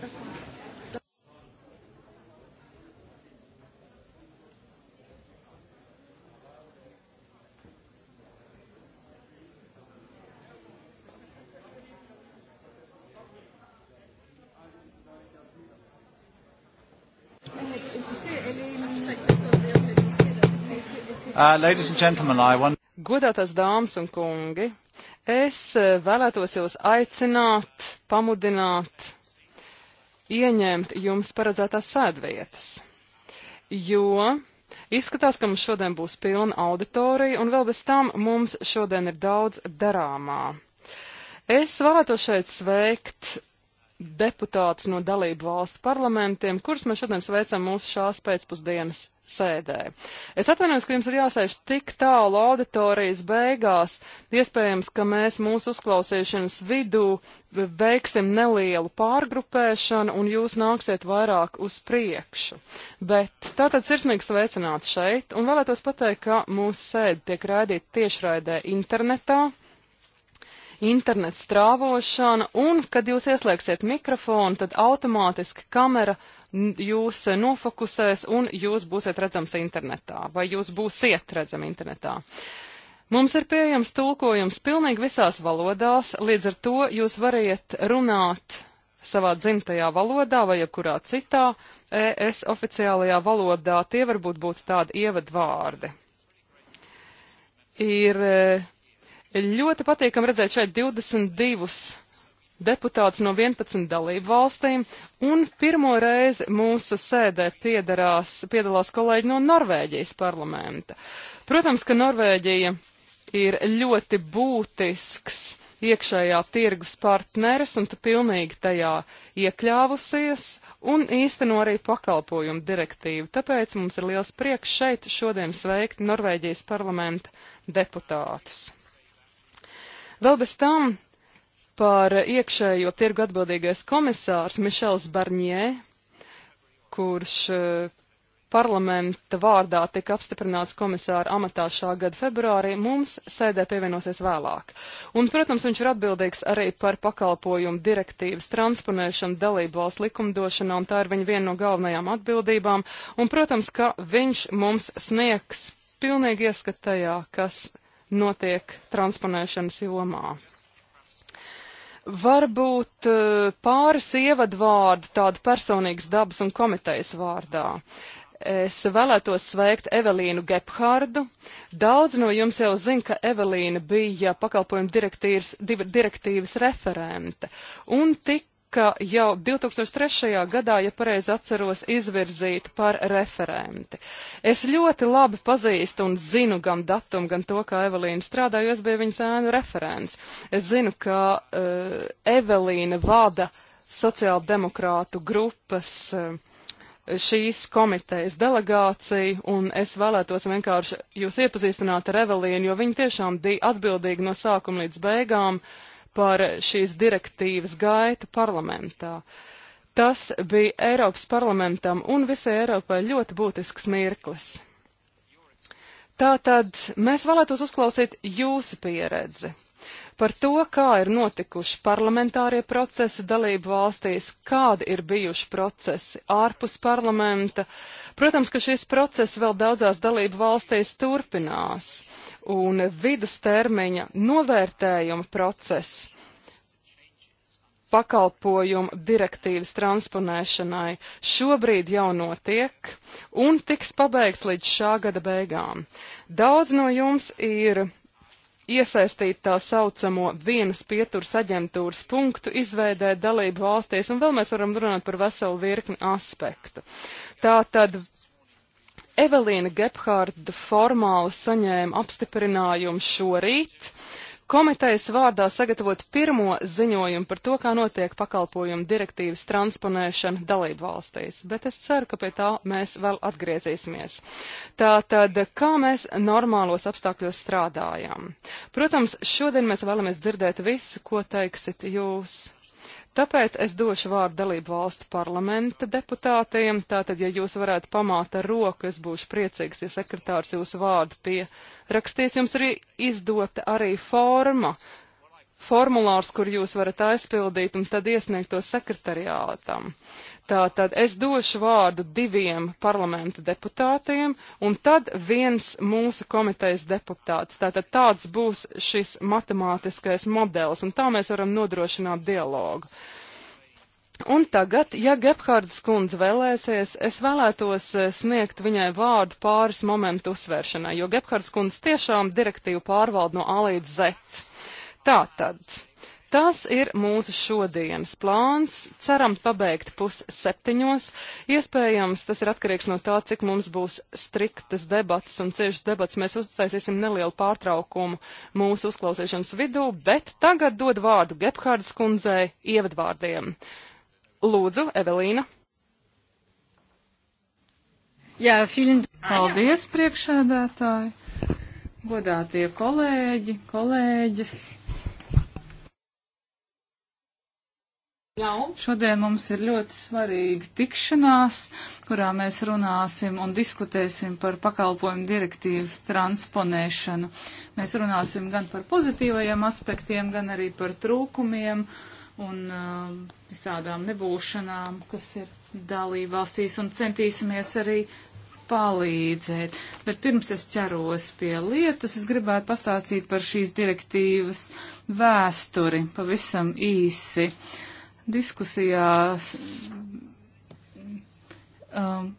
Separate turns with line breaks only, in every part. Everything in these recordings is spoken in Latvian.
Uh,
Godātās dāmas un kungi, es eh, vēlētos jūs aicināt, pamudināt ieņemt jums paredzētās sēdvietas. Jo izskatās, ka mums šodien būs pilna auditorija, un vēl bez tam mums šodien ir daudz darāmā. Es vēlētu šeit sveikt deputātus no dalību valstu parlamentiem, kurus mēs šodien sveicam mūsu šās pēcpusdienas sēdē. Es atvainojos, ka jums ir jāsēž tik tālu auditorijas beigās. Iespējams, ka mēs mūsu uzklausīšanas vidū veiksim nelielu pārgrupēšanu un jūs nāksiet vairāk uz priekšu. Bet tātad sirsnīgi sveicināt šeit un vēlētos pateikt, ka mūsu sēde tiek raidīta tiešraidē internetā internets strāvošana, un, kad jūs ieslēgsiet mikrofonu, tad automātiski kamera jūs nofokusēs un jūs būsiet redzams internetā vai jūs būsiet redzami internetā. Mums ir pieejams tulkojums pilnīgi visās valodās, līdz ar to jūs variet runāt savā dzimtajā valodā vai jebkurā citā ES oficiālajā valodā. Tie varbūt būtu tādi ievadvārdi. Ir e, ļoti patīkam redzēt šeit 22 deputāts no 11 dalību valstīm, un pirmo reizi mūsu sēdē piedarās, piedalās kolēģi no Norvēģijas parlamenta. Protams, ka Norvēģija ir ļoti būtisks iekšējā tirgus partneris, un tu pilnīgi tajā iekļāvusies, un īsteno arī pakalpojumu direktīvu. Tāpēc mums ir liels prieks šeit šodien sveikt Norvēģijas parlamenta deputātus. Vēl bez tam par iekšējo tirgu atbildīgais komisārs Mišels Barņē, kurš eh, parlamenta vārdā tika apstiprināts komisāra amatā šā gada februārī, mums sēdē pievienosies vēlāk. Un, protams, viņš ir atbildīgs arī par pakalpojumu direktīvas transponēšanu dalību valsts likumdošanā, un tā ir viņa viena no galvenajām atbildībām. Un, protams, ka viņš mums sniegs pilnīgi ieskatējā, kas notiek transponēšanas jomā. Varbūt eh, pāris ievadvārdu tādu personīgas dabas un komitejas vārdā. Es vēlētos sveikt Evelīnu Gephardu. Daudz no jums jau zina, ka Evelīna bija pakalpojuma direktīvas referente un tik ka jau 2003. gadā, ja pareizi atceros, izvirzīta par referenti. Es ļoti labi pazīstu un zinu gan datumu, gan to, kā Evelīna strādāja, es biju viņas ēnu referents. Es zinu, ka uh, Evelīna vada sociāldemokrātu grupas uh, šīs komitejas delegāciju, un es vēlētos vienkārši jūs iepazīstināt ar Evelīnu, jo viņa tiešām bija atbildīga no sākuma līdz beigām. Uh, par šīs direktīvas gaitu parlamentā. Tas bija Eiropas parlamentam un visai Eiropai ļoti būtisks mirklis. Tātad mēs vēlētos uzklausīt jūsu pieredzi par to, kā ir notikuši parlamentārie procesi dalību valstīs, kādi ir bijuši procesi ārpus parlamenta. Protams, ka šis process vēl daudzās dalību valstīs turpinās un vidustermiņa novērtējuma process pakalpojumu direktīvas transponēšanai šobrīd jau notiek un tiks pabeigts līdz šā gada beigām. Daudz no jums ir iesaistīti tā saucamo vienas pieturas aģentūras punktu izveidē dalību valstīs, un vēl mēs varam runāt par veselu virkni aspektu. Tā tad Evelīna Gebhārda formāli saņēma apstiprinājumu šorīt komitejas vārdā sagatavot pirmo ziņojumu par to, kā notiek pakalpojumu direktīvas transponēšana dalību valstīs, bet es ceru, ka pie tā mēs vēl atgriezīsimies. Tātad, kā mēs normālos apstākļos strādājam? Protams, šodien mēs vēlamies dzirdēt visu, ko teiksit jūs. Tāpēc es došu vārdu dalību valstu parlamenta deputātiem. Tātad, ja jūs varētu pamāt ar roku, es būšu priecīgs, ja sekretārs jūsu vārdu pierakstīs. Jums arī izdota arī forma, formulārs, kur jūs varat aizpildīt un tad iesniegt to sekretariātam. Tātad es došu vārdu diviem parlamenta deputātiem un tad viens mūsu komitejas deputāts. Tātad tāds būs šis matemātiskais modelis un tā mēs varam nodrošināt dialogu. Un tagad, ja Gebhards kundze vēlēsies, es vēlētos eh, sniegt viņai vārdu pāris momentu uzsvēršanai, jo Gebhards kundze tiešām direktīvu pārvalda no A līdz Z. Tātad. Tas ir mūsu šodienas plāns. Ceram pabeigt pusseptiņos. Iespējams, tas ir atkarīgs no tā, cik mums būs striktas debatas un ciešas debatas. Mēs uztaisīsim nelielu pārtraukumu mūsu uzklausīšanas vidū, bet tagad dod vārdu Gebhārdas kundzei ievadvārdiem. Lūdzu, Evelīna.
Jā, filin... Paldies, priekšēdētāji, godātie kolēģi, kolēģis. Šodien mums ir ļoti svarīga tikšanās, kurā mēs runāsim un diskutēsim par pakalpojumu direktīvas transponēšanu. Mēs runāsim gan par pozitīvajiem aspektiem, gan arī par trūkumiem un uh, visādām nebūšanām, kas ir dalībvalstīs, un centīsimies arī palīdzēt. Bet pirms es ķeros pie lietas, es gribētu pastāstīt par šīs direktīvas vēsturi pavisam īsi. Uh, diskusijās um,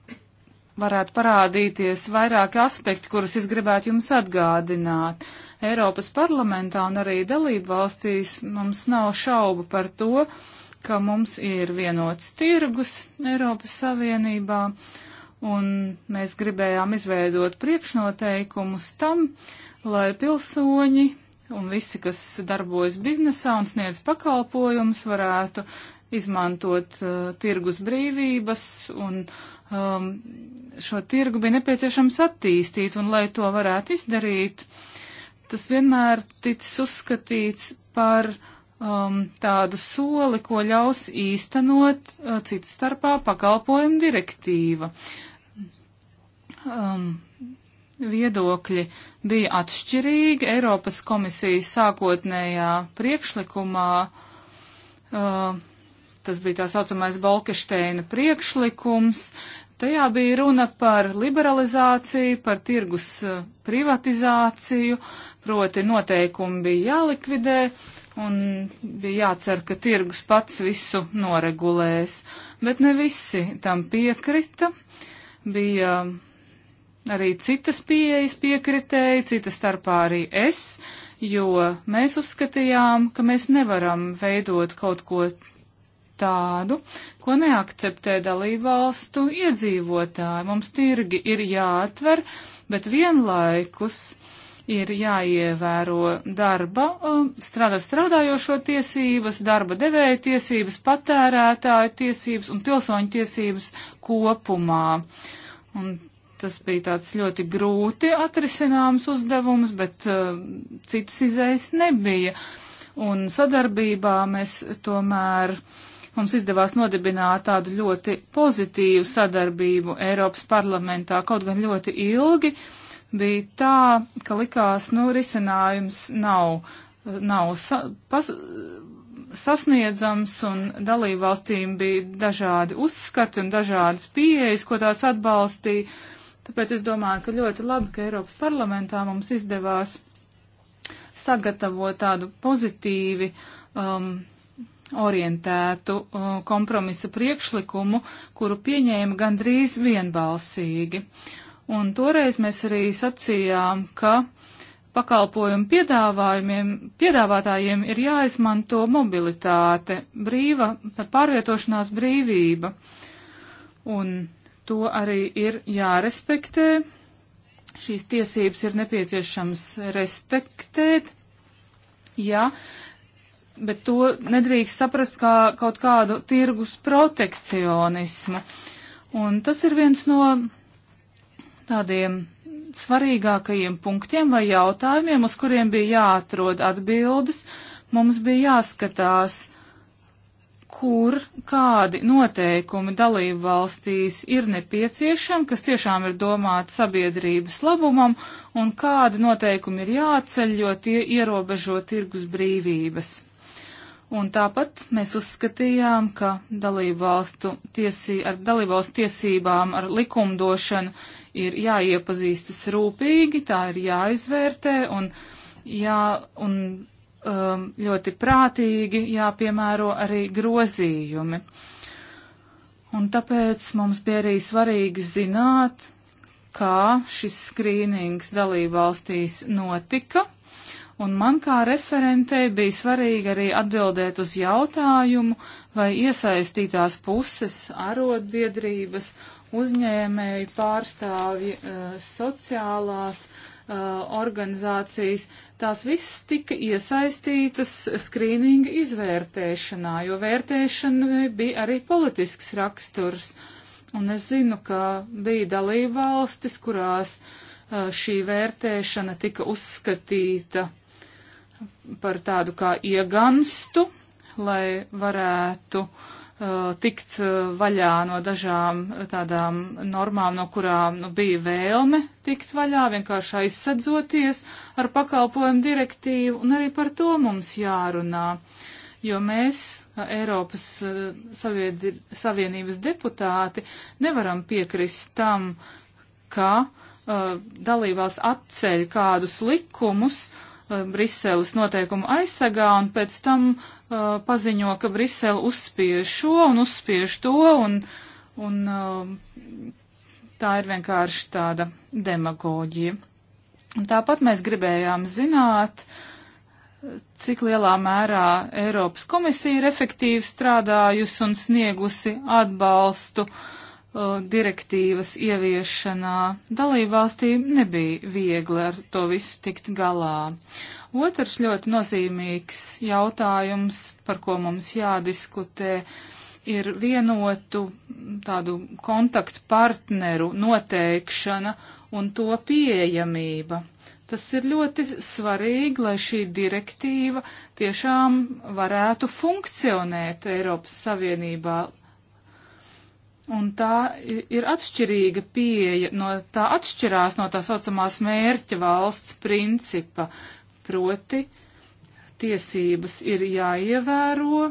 varētu parādīties vairāki aspekti, kurus es gribētu jums atgādināt. Eiropas parlamentā un arī dalību valstīs mums nav šaubu par to, ka mums ir vienots tirgus Eiropas Savienībā, un mēs gribējām izveidot priekšnoteikumus tam, lai pilsoņi un visi, kas darbojas biznesā un sniedz pakalpojumus, varētu izmantot uh, tirgus brīvības, un um, šo tirgu bija nepieciešams attīstīt, un lai to varētu izdarīt, tas vienmēr ticis uzskatīts par um, tādu soli, ko ļaus īstenot uh, citas starpā pakalpojumu direktīva. Um, viedokļi bija atšķirīgi. Eiropas komisijas sākotnējā priekšlikumā, uh, tas bija tā saucamais Balkešteina priekšlikums, tajā bija runa par liberalizāciju, par tirgus uh, privatizāciju, proti noteikumi bija jālikvidē un bija jācer, ka tirgus pats visu noregulēs, bet ne visi tam piekrita. Bija uh, arī citas pieejas piekritēji, citas starpā arī es, jo mēs uzskatījām, ka mēs nevaram veidot kaut ko tādu, ko neakceptē dalībvalstu iedzīvotāji. Mums tirgi ir jāatver, bet vienlaikus ir jāievēro darba, um, strādā strādājošo tiesības, darba devēja tiesības, patērētāju tiesības un pilsoņu tiesības kopumā. Un Tas bija tāds ļoti grūti atrisināms uzdevums, bet uh, citas izējas nebija. Un sadarbībā mēs tomēr, mums izdevās nodibināt tādu ļoti pozitīvu sadarbību Eiropas parlamentā, kaut gan ļoti ilgi bija tā, ka likās, nu, risinājums nav, nav sa pas sasniedzams un dalībvalstīm bija dažādi uzskati un dažādas pieejas, ko tās atbalstīja Tāpēc es domāju, ka ļoti labi, ka Eiropas parlamentā mums izdevās sagatavot tādu pozitīvi um, orientētu uh, kompromisa priekšlikumu, kuru pieņēma gandrīz vienbalsīgi. Un toreiz mēs arī sacījām, ka pakalpojumu piedāvātājiem ir jāizmanto mobilitāte, brīva, pārvietošanās brīvība. Un To arī ir jārespektē. Šīs tiesības ir nepieciešams respektēt, ja, bet to nedrīkst saprast kā kaut kādu tirgus protekcionismu. Un tas ir viens no tādiem svarīgākajiem punktiem vai jautājumiem, uz kuriem bija jāatrod atbildes, mums bija jāskatās, kur, kādi noteikumi dalību valstīs ir nepieciešami, kas tiešām ir domāti sabiedrības labumam, un kādi noteikumi ir jāceļ, jo tie ierobežo tirgus brīvības. Un tāpat mēs uzskatījām, ka dalībvalstu tiesī, ar dalībvalstu tiesībām, ar likumdošanu ir jāiepazīstas rūpīgi, tā ir jāizvērtē un, jā, un um, ļoti prātīgi jāpiemēro arī grozījumi. Un tāpēc mums bija arī svarīgi zināt, kā šis skrīnings dalībvalstīs notika. Un man kā referentei bija svarīgi arī atbildēt uz jautājumu, vai iesaistītās puses, arotbiedrības, uzņēmēju pārstāvji, uh, sociālās uh, uh, organizācijas, tās viss tika iesaistītas skrīninga izvērtēšanā, jo vērtēšana bija arī politisks raksturs. Un es zinu, ka bija dalība valstis, kurās uh, šī vērtēšana tika uzskatīta par tādu kā ieganstu, lai varētu uh, Uh, tikt uh, vaļā no dažām uh, tādām normām, no kurām nu, bija vēlme tikt vaļā, vienkārši aizsadzoties ar pakalpojumu direktīvu, un arī par to mums jārunā. Jo mēs, Eiropas saviedri, Savienības deputāti, nevaram piekrist tam, ka uh, dalībās atceļ kādus likumus, uh, Briseles noteikumu aizsegā un pēc tam uh, uh, paziņo, ka Brisele uzspiež šo un uzspiež to, un, un uh, tā ir vienkārši tāda demagoģija. Un tāpat mēs gribējām zināt, cik lielā mērā Eiropas komisija ir efektīvi strādājusi un sniegusi atbalstu uh, direktīvas ieviešanā. Dalībvalstīm nebija viegli ar to visu tikt galā. Uh, Otrs ļoti nozīmīgs jautājums, par ko mums jādiskutē, ir vienotu tādu kontaktu partneru noteikšana un to pieejamība. Tas ir ļoti svarīgi, lai šī direktīva tiešām varētu funkcionēt Eiropas Savienībā. Un tā ir atšķirīga pieeja, no, tā atšķirās no tā saucamās mērķa valsts principa, Proti, tiesības ir jāievēro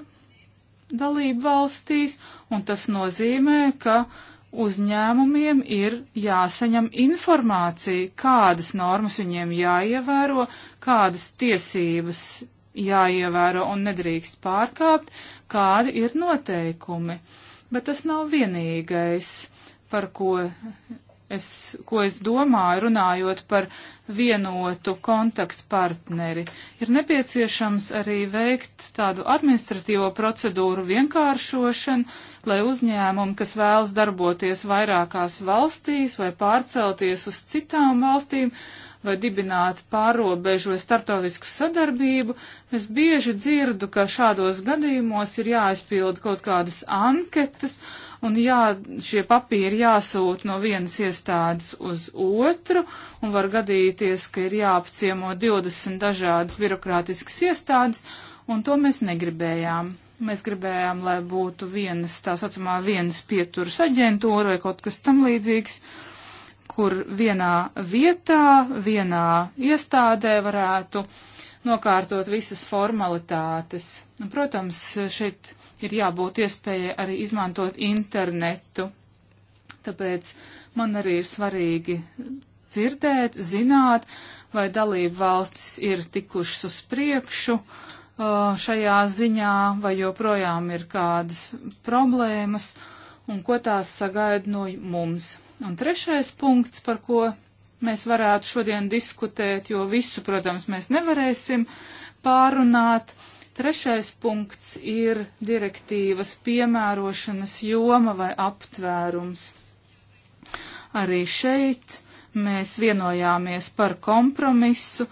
dalību valstīs, un tas nozīmē, ka uzņēmumiem ir jāsaņem informācija, kādas normas viņiem jāievēro, kādas tiesības jāievēro un nedrīkst pārkāpt, kādi ir noteikumi. Bet tas nav vienīgais, par ko es, ko es domāju, runājot par vienotu kontaktpartneri. Ir nepieciešams arī veikt tādu administratīvo procedūru vienkāršošanu, lai uzņēmumi, kas vēlas darboties vairākās valstīs vai pārcelties uz citām valstīm, vai dibināt pārobežu vai startautisku sadarbību, es bieži dzirdu, ka šādos gadījumos ir jāizpilda kaut kādas anketas, uh, un jā, šie papīri jāsūt no vienas iestādes uz otru, un var gadīties, ka ir jāapciemo 20 dažādas birokrātiskas iestādes, un to mēs negribējām. Mēs gribējām, lai būtu vienas, tā saucamā, vienas pieturas aģentūra vai kaut kas tam līdzīgs, kur vienā vietā, vienā iestādē varētu nokārtot visas formalitātes. Protams, šeit ir jābūt iespējai arī izmantot internetu. Tāpēc man arī ir svarīgi dzirdēt, zināt, vai dalību valstis ir tikušas uz priekšu uh, šajā ziņā, vai joprojām ir kādas problēmas un ko tās sagaida no mums. Un trešais punkts, par ko mēs varētu šodien diskutēt, jo visu, protams, mēs nevarēsim pārunāt, Trešais punkts ir direktīvas piemērošanas joma vai aptvērums. Arī šeit mēs vienojāmies par kompromisu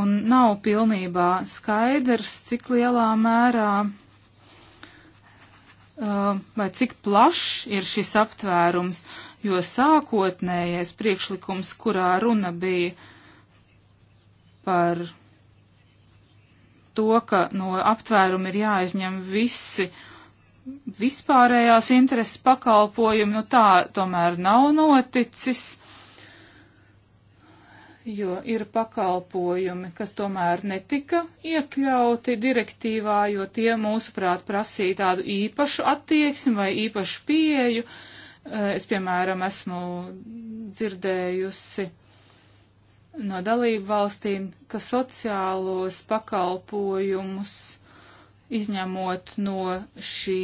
un nav pilnībā skaidrs, cik lielā mērā uh, vai cik plašs ir šis aptvērums, jo sākotnējais priekšlikums, kurā runa bija par to, ka no aptvērumu ir jāizņem visi vispārējās intereses pakalpojumi, nu tā tomēr nav noticis, jo ir pakalpojumi, kas tomēr netika iekļauti direktīvā, jo tie mūsuprāt prasīja tādu īpašu attieksmi vai īpašu pieeju. Es, piemēram, esmu dzirdējusi no dalību valstīm, ka sociālos pakalpojumus izņemot no šī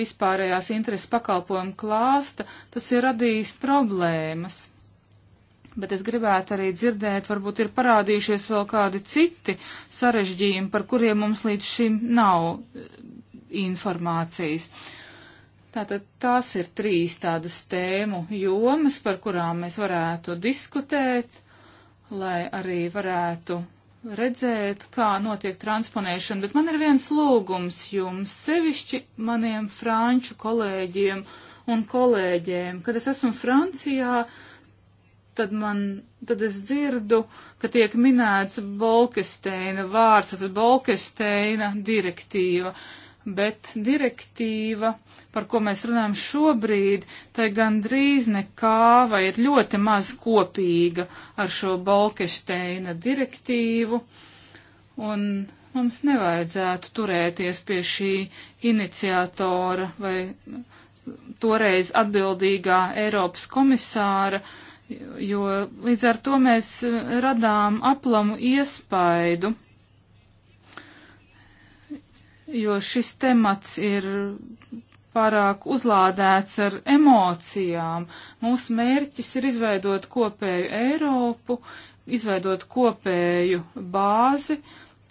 vispārējās intereses pakalpojumu klāsta, tas ir radījis problēmas. Bet es gribētu arī dzirdēt, varbūt ir parādījušies vēl kādi citi sarežģījumi, par kuriem mums līdz šim nav eh, informācijas. Tātad tās ir trīs tādas tēmu jomas, par kurām mēs varētu diskutēt lai arī varētu redzēt, kā notiek transponēšana, bet man ir viens lūgums jums, sevišķi maniem franču kolēģiem un kolēģiem. Kad es esmu Francijā, tad, man, tad es dzirdu, ka tiek minēts Bolkesteina vārds, tad Bolkesteina direktīva bet direktīva, par ko mēs runājam šobrīd, tai gandrīz nekā vai ir ļoti maz kopīga ar šo Bolkesteina direktīvu, un mums nevajadzētu turēties pie šī iniciatora vai toreiz atbildīgā Eiropas komisāra, jo līdz ar to mēs radām aplamu iespaidu jo šis temats ir pārāk uzlādēts ar emocijām. Mūsu mērķis ir izveidot kopēju Eiropu, izveidot kopēju bāzi.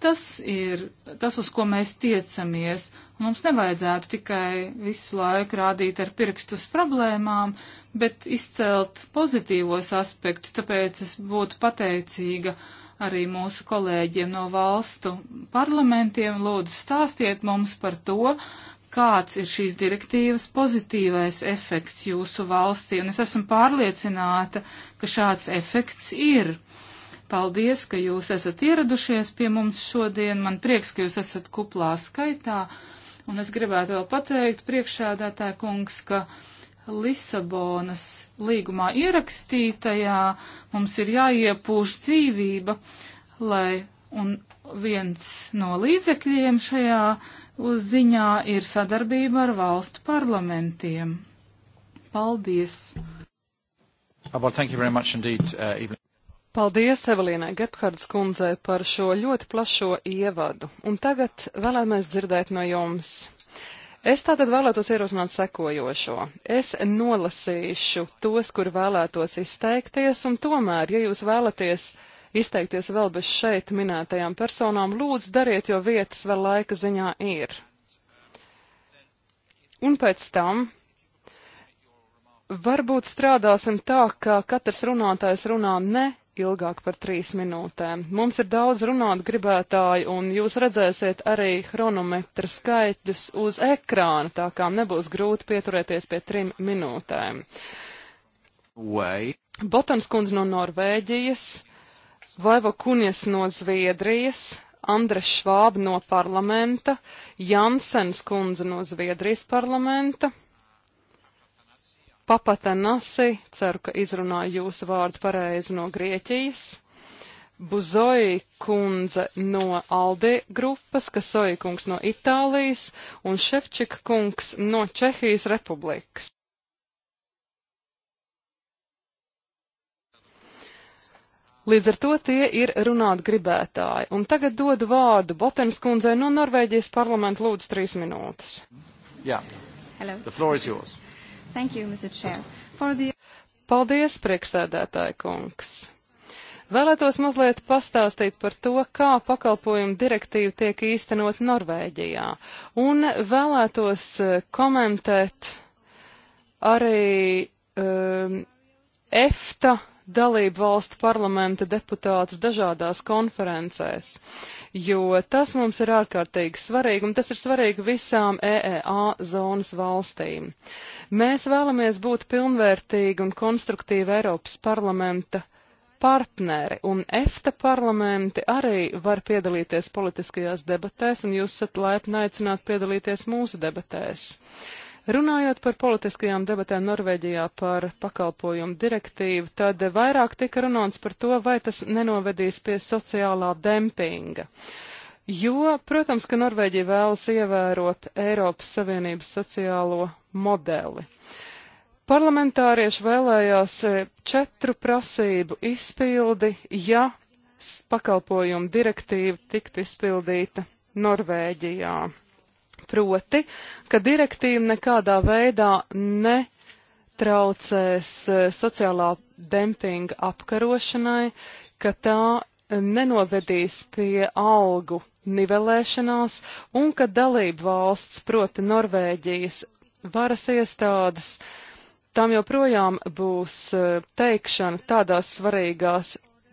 Tas ir tas, uz ko mēs tiecamies. Mums nevajadzētu tikai visu laiku rādīt ar pirkstus problēmām, bet izcelt pozitīvos aspektus, tāpēc es būtu pateicīga uh, arī mūsu kolēģiem no valstu parlamentiem. Lūdzu, stāstiet mums par to, kāds ir šīs direktīvas pozitīvais efekts jūsu valstī, un es esmu pārliecināta, ka šāds efekts ir. Paldies, ka jūs esat ieradušies pie mums šodien. Man prieks, ka jūs esat kuplā skaitā. Un es gribētu vēl pateikt priekšādātāja kungs, ka Lisabonas līgumā ierakstītajā mums ir jāiepūš dzīvība, lai un viens no līdzekļiem šajā ziņā ir sadarbība ar valstu parlamentiem. Paldies!
Oh, well, thank you very much indeed, uh, Evelyn.
Paldies
Evelīnai Gephardas kundzei par šo ļoti plašo ievadu, un tagad vēlēmies dzirdēt no jums. Es tātad vēlētos ierosināt sekojošo. Es nolasīšu tos, kur vēlētos izteikties, un tomēr, ja jūs vēlaties izteikties vēl bez šeit minētajām personām, lūdzu dariet, jo vietas vēl laika ziņā ir. Un pēc tam varbūt strādāsim tā, ka katrs runātājs runā ne ilgāk par trīs minūtēm. Mums ir daudz runāt gribētāju, un jūs redzēsiet arī chronometra skaitļus uz ekrāna, tā kā nebūs grūti pieturēties pie trim minūtēm. Vai? Botans kundze no Norvēģijas, Vaiva Kunjas no Zviedrijas, Andres Švāb no parlamenta, Jansens kundze no Zviedrijas parlamenta. Papata Nasi, ceru, ka izrunāju jūsu vārdu pareizi no Grieķijas. Buzoji kundze no Aldi grupas, Kasoji kungs no Itālijas un Ševčika kungs no Čehijas republikas. Līdz ar to tie ir runāt gribētāji. Un tagad dodu vārdu Botens kundzei no Norvēģijas parlamenta lūdzu trīs minūtes.
Jā. Yeah. Hello. The floor is yours.
Thank you, Mr.
Chair. For the... Paldies, priekšsēdētāja kungs. Vēlētos mazliet pastāstīt par to, kā pakalpojumu direktīva tiek īstenot Norvēģijā, un vēlētos eh, komentēt arī um, EFTA dalību valstu parlamenta deputātus dažādās konferencēs jo tas mums ir ārkārtīgi svarīgi, un tas ir svarīgi visām EEA zonas valstīm. Mēs vēlamies būt pilnvērtīgi un konstruktīvi Eiropas parlamenta partneri, un EFTA parlamenti arī var piedalīties politiskajās debatēs, un jūs esat laipni aicināt piedalīties mūsu debatēs. Runājot par politiskajām debatēm Norvēģijā par pakalpojumu direktīvu, tad vairāk tika runāts par to, vai tas nenovedīs pie sociālā dempinga. Jo, protams, ka Norvēģija vēlas ievērot Eiropas Savienības sociālo modeli. Parlamentārieši vēlējās četru prasību izpildi, ja pakalpojumu direktīva tiktu izpildīta Norvēģijā proti, ka direktīva nekādā veidā netraucēs eh, sociālā dempinga apkarošanai, ka tā eh, nenovedīs pie algu nivelēšanās un ka dalību valsts, proti Norvēģijas varas iestādes, tam joprojām būs eh, teikšana tādās svarīgās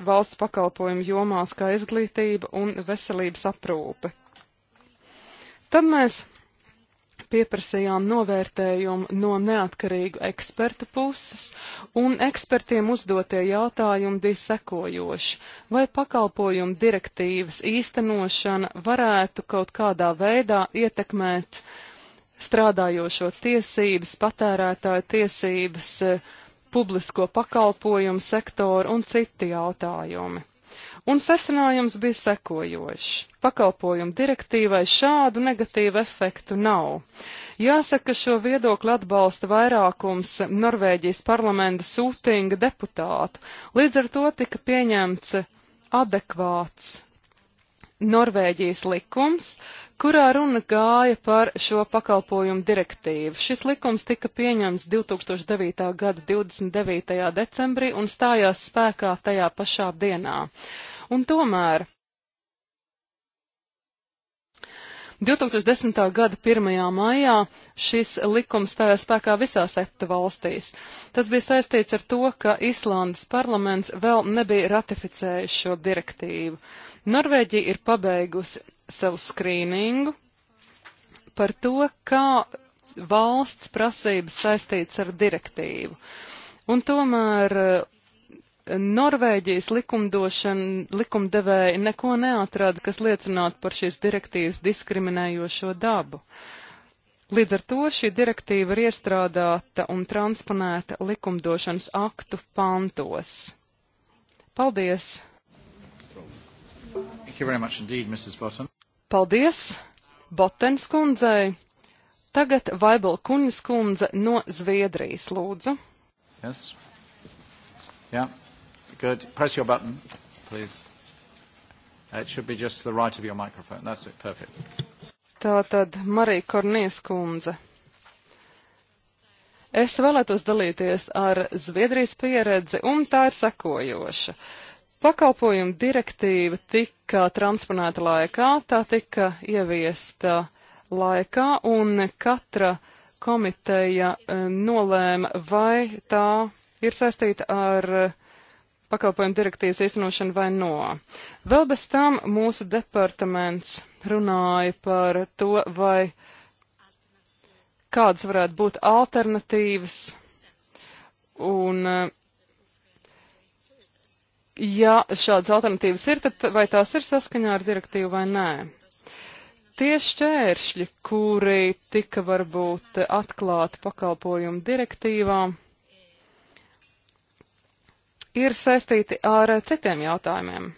valsts pakalpojumu jomās kā izglītība un veselības aprūpe. Tad mēs pieprasījām novērtējumu no neatkarīgu ekspertu puses, un ekspertiem uzdotie jautājumi bija sekojoši. Vai pakalpojumu direktīvas īstenošana varētu kaut kādā veidā ietekmēt strādājošo tiesības, patērētāju tiesības, eh, publisko pakalpojumu sektoru un citi jautājumi? Un secinājums bija sekojošs. Pakalpojumu direktīvai šādu negatīvu efektu nav. Jāsaka, šo viedokli atbalsta vairākums Norvēģijas parlamenta sūtinga deputātu. Līdz ar to tika pieņemts adekvāts Norvēģijas likums, kurā runa gāja par šo pakalpojumu direktīvu. Šis likums tika pieņemts 2009. gada 29. decembrī un stājās spēkā tajā pašā dienā. Un tomēr 2010. gada 1. maijā šis likums stājās spēkā visās EFTA valstīs. Tas bija saistīts ar to, ka Islandes parlaments vēl nebija ratificējis šo direktīvu. Norvēģija ir pabeigusi savu skrīningu par to, kā valsts prasības saistīts ar direktīvu. Un tomēr Norvēģijas likumdevēji neko neatrada, kas liecinātu par šīs direktīvas diskriminējošo dabu. Līdz ar to šī direktīva ir iestrādāta un transponēta likumdošanas aktu pantos. Paldies!
Indeed,
Paldies Botens kundzei! Tagad Vaibala Kuņas kundze no Zviedrijas lūdzu.
Yes. Yeah. Good. Press your button, please. Uh, it should be just to the right of your microphone. That's it. Perfect.
Tātad Marija Kornijas kundze. Es vēlētos dalīties ar Zviedrijas pieredzi, un tā ir sekojoša. Pakalpojumu direktīva tika transponēta laikā, tā tika ieviesta laikā, un katra komiteja eh, nolēma, vai tā ir saistīta ar uh, pakalpojumu direktīvas īstenošanu vai no. Vēl bez tam mūsu departaments runāja par to, vai kādas varētu būt alternatīvas un eh, ja šādas alternatīvas ir, tad vai tās ir saskaņā ar direktīvu vai nē. Tie šķēršļi, kuri tika varbūt atklāti pakalpojumu direktīvām, ir saistīti ar citiem jautājumiem.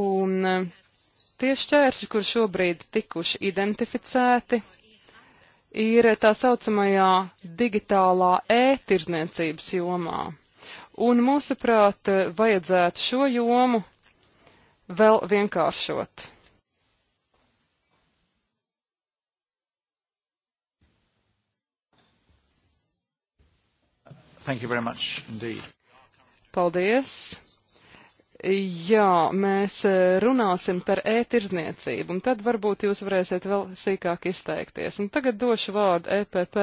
Un eh, tie šķēršļi, kur šobrīd tikuši identificēti, ir tā saucamajā digitālā ētirdzniecības e jomā. Un mūsuprāt, vajadzētu šo jomu vēl vienkāršot.
Thank you very much indeed.
Paldies.
Jā, mēs eh, runāsim par e-tirzniecību, un tad varbūt jūs varēsiet vēl sīkāk izteikties. Un tagad došu vārdu EPP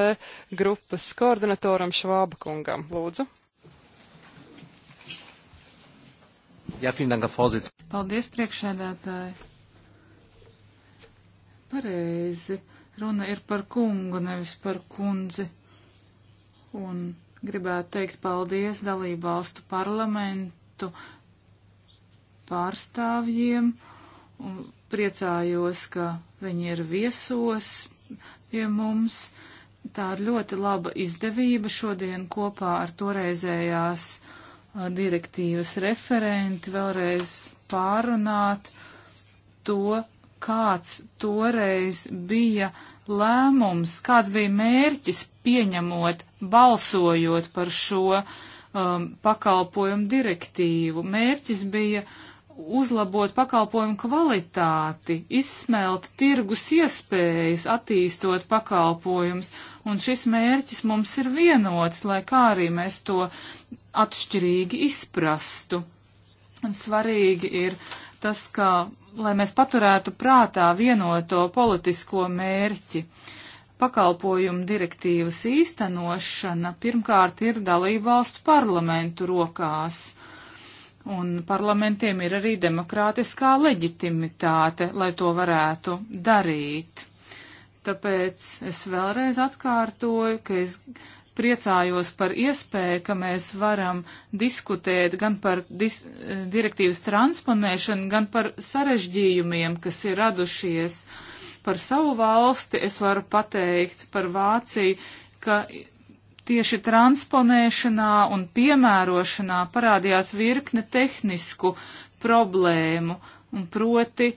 grupas koordinatoram Švāba kungam. Lūdzu.
Jā, Paldies,
priekšēdētāji. Pareizi. Runa ir par kungu, nevis par kundzi. Un gribētu teikt paldies dalību valstu parlamentu pārstāvjiem un priecājos, ka viņi ir viesos pie mums. Tā ir ļoti laba izdevība šodien kopā ar toreizējās direktīvas referenti vēlreiz pārunāt to, kāds toreiz bija uh, lēmums, kāds bija mērķis pieņemot, balsojot par šo um, pakalpojumu direktīvu. Mērķis bija uzlabot pakalpojumu kvalitāti, izsmelt tirgus iespējas, attīstot pakalpojumus, un šis mērķis mums ir vienots, lai kā arī mēs to atšķirīgi izprastu. Un svarīgi ir tas, kā lai mēs paturētu prātā vienoto politisko mērķi. Pakalpojumu direktīvas īstenošana pirmkārt ir dalībvalstu parlamentu rokās, un parlamentiem ir arī demokrātiskā leģitimitāte, lai to varētu darīt. Tāpēc es vēlreiz atkārtoju, ka es priecājos par iespēju, ka mēs varam diskutēt gan par dis eh, direktīvas transponēšanu, gan par sarežģījumiem, kas ir radušies. Par savu valsti es varu pateikt, par Vāciju, ka tieši transponēšanā un piemērošanā parādījās virkne tehnisku problēmu, un proti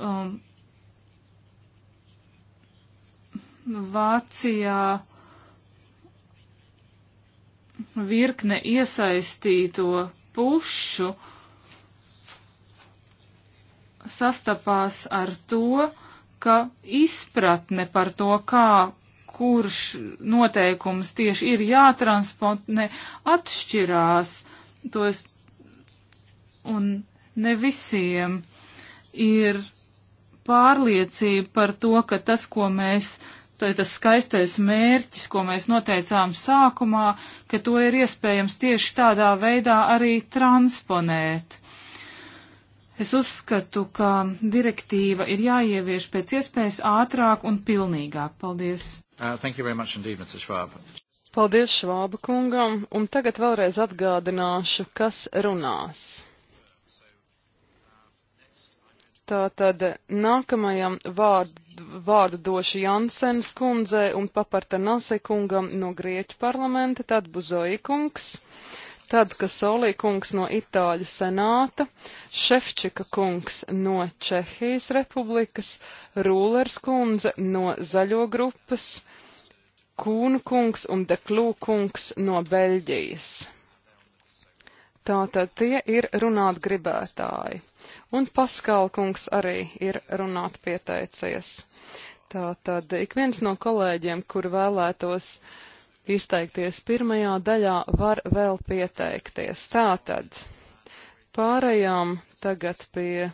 um, Vācijā virkne iesaistīto pušu sastapās ar to, ka izpratne par to, kā kurš noteikums tieši ir jātransponē, atšķirās. Tos, un ne visiem ir pārliecība par to, ka tas, ko mēs Tā ir tas skaistais mērķis, ko mēs noteicām sākumā, ka to ir iespējams tieši tādā veidā arī transponēt. Es uzskatu, ka direktīva ir jāievieš pēc iespējas ātrāk un pilnīgāk. Paldies!
Uh, indeed, Schwab.
Paldies Švāba kungam, un tagad vēlreiz atgādināšu, kas runās. Tātad nākamajam vārdu vārdu došu Jansens kundzē un paparta Nasekungam no Grieķu parlamenta, tad Buzoja kungs, tad Kasolī kungs no Itāļu senāta, Šefčika kungs no Čehijas republikas, Rūlers kundze no Zaļo grupas, Kūnu kungs un Deklū kungs no Beļģijas. Tātad tie ir runāt gribētāji. Un Paskalkungs arī ir runāt pieteicies. Tātad ik viens no kolēģiem, kur vēlētos izteikties pirmajā daļā, var vēl pieteikties. Tātad pārējām tagad pie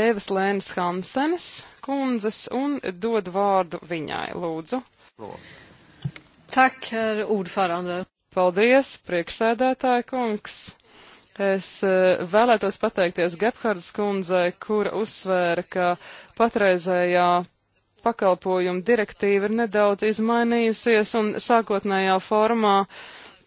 Ēvas Lēnas Hansenes kundzes un dod vārdu viņai, lūdzu. Tak, herr ordförande. Paldies, prieksēdētāja kungs! Es eh, vēlētos pateikties Gebhardas kundzei, kura uzsvēra, ka patreizējā pakalpojuma direktīva ir nedaudz izmainījusies un sākotnējā formā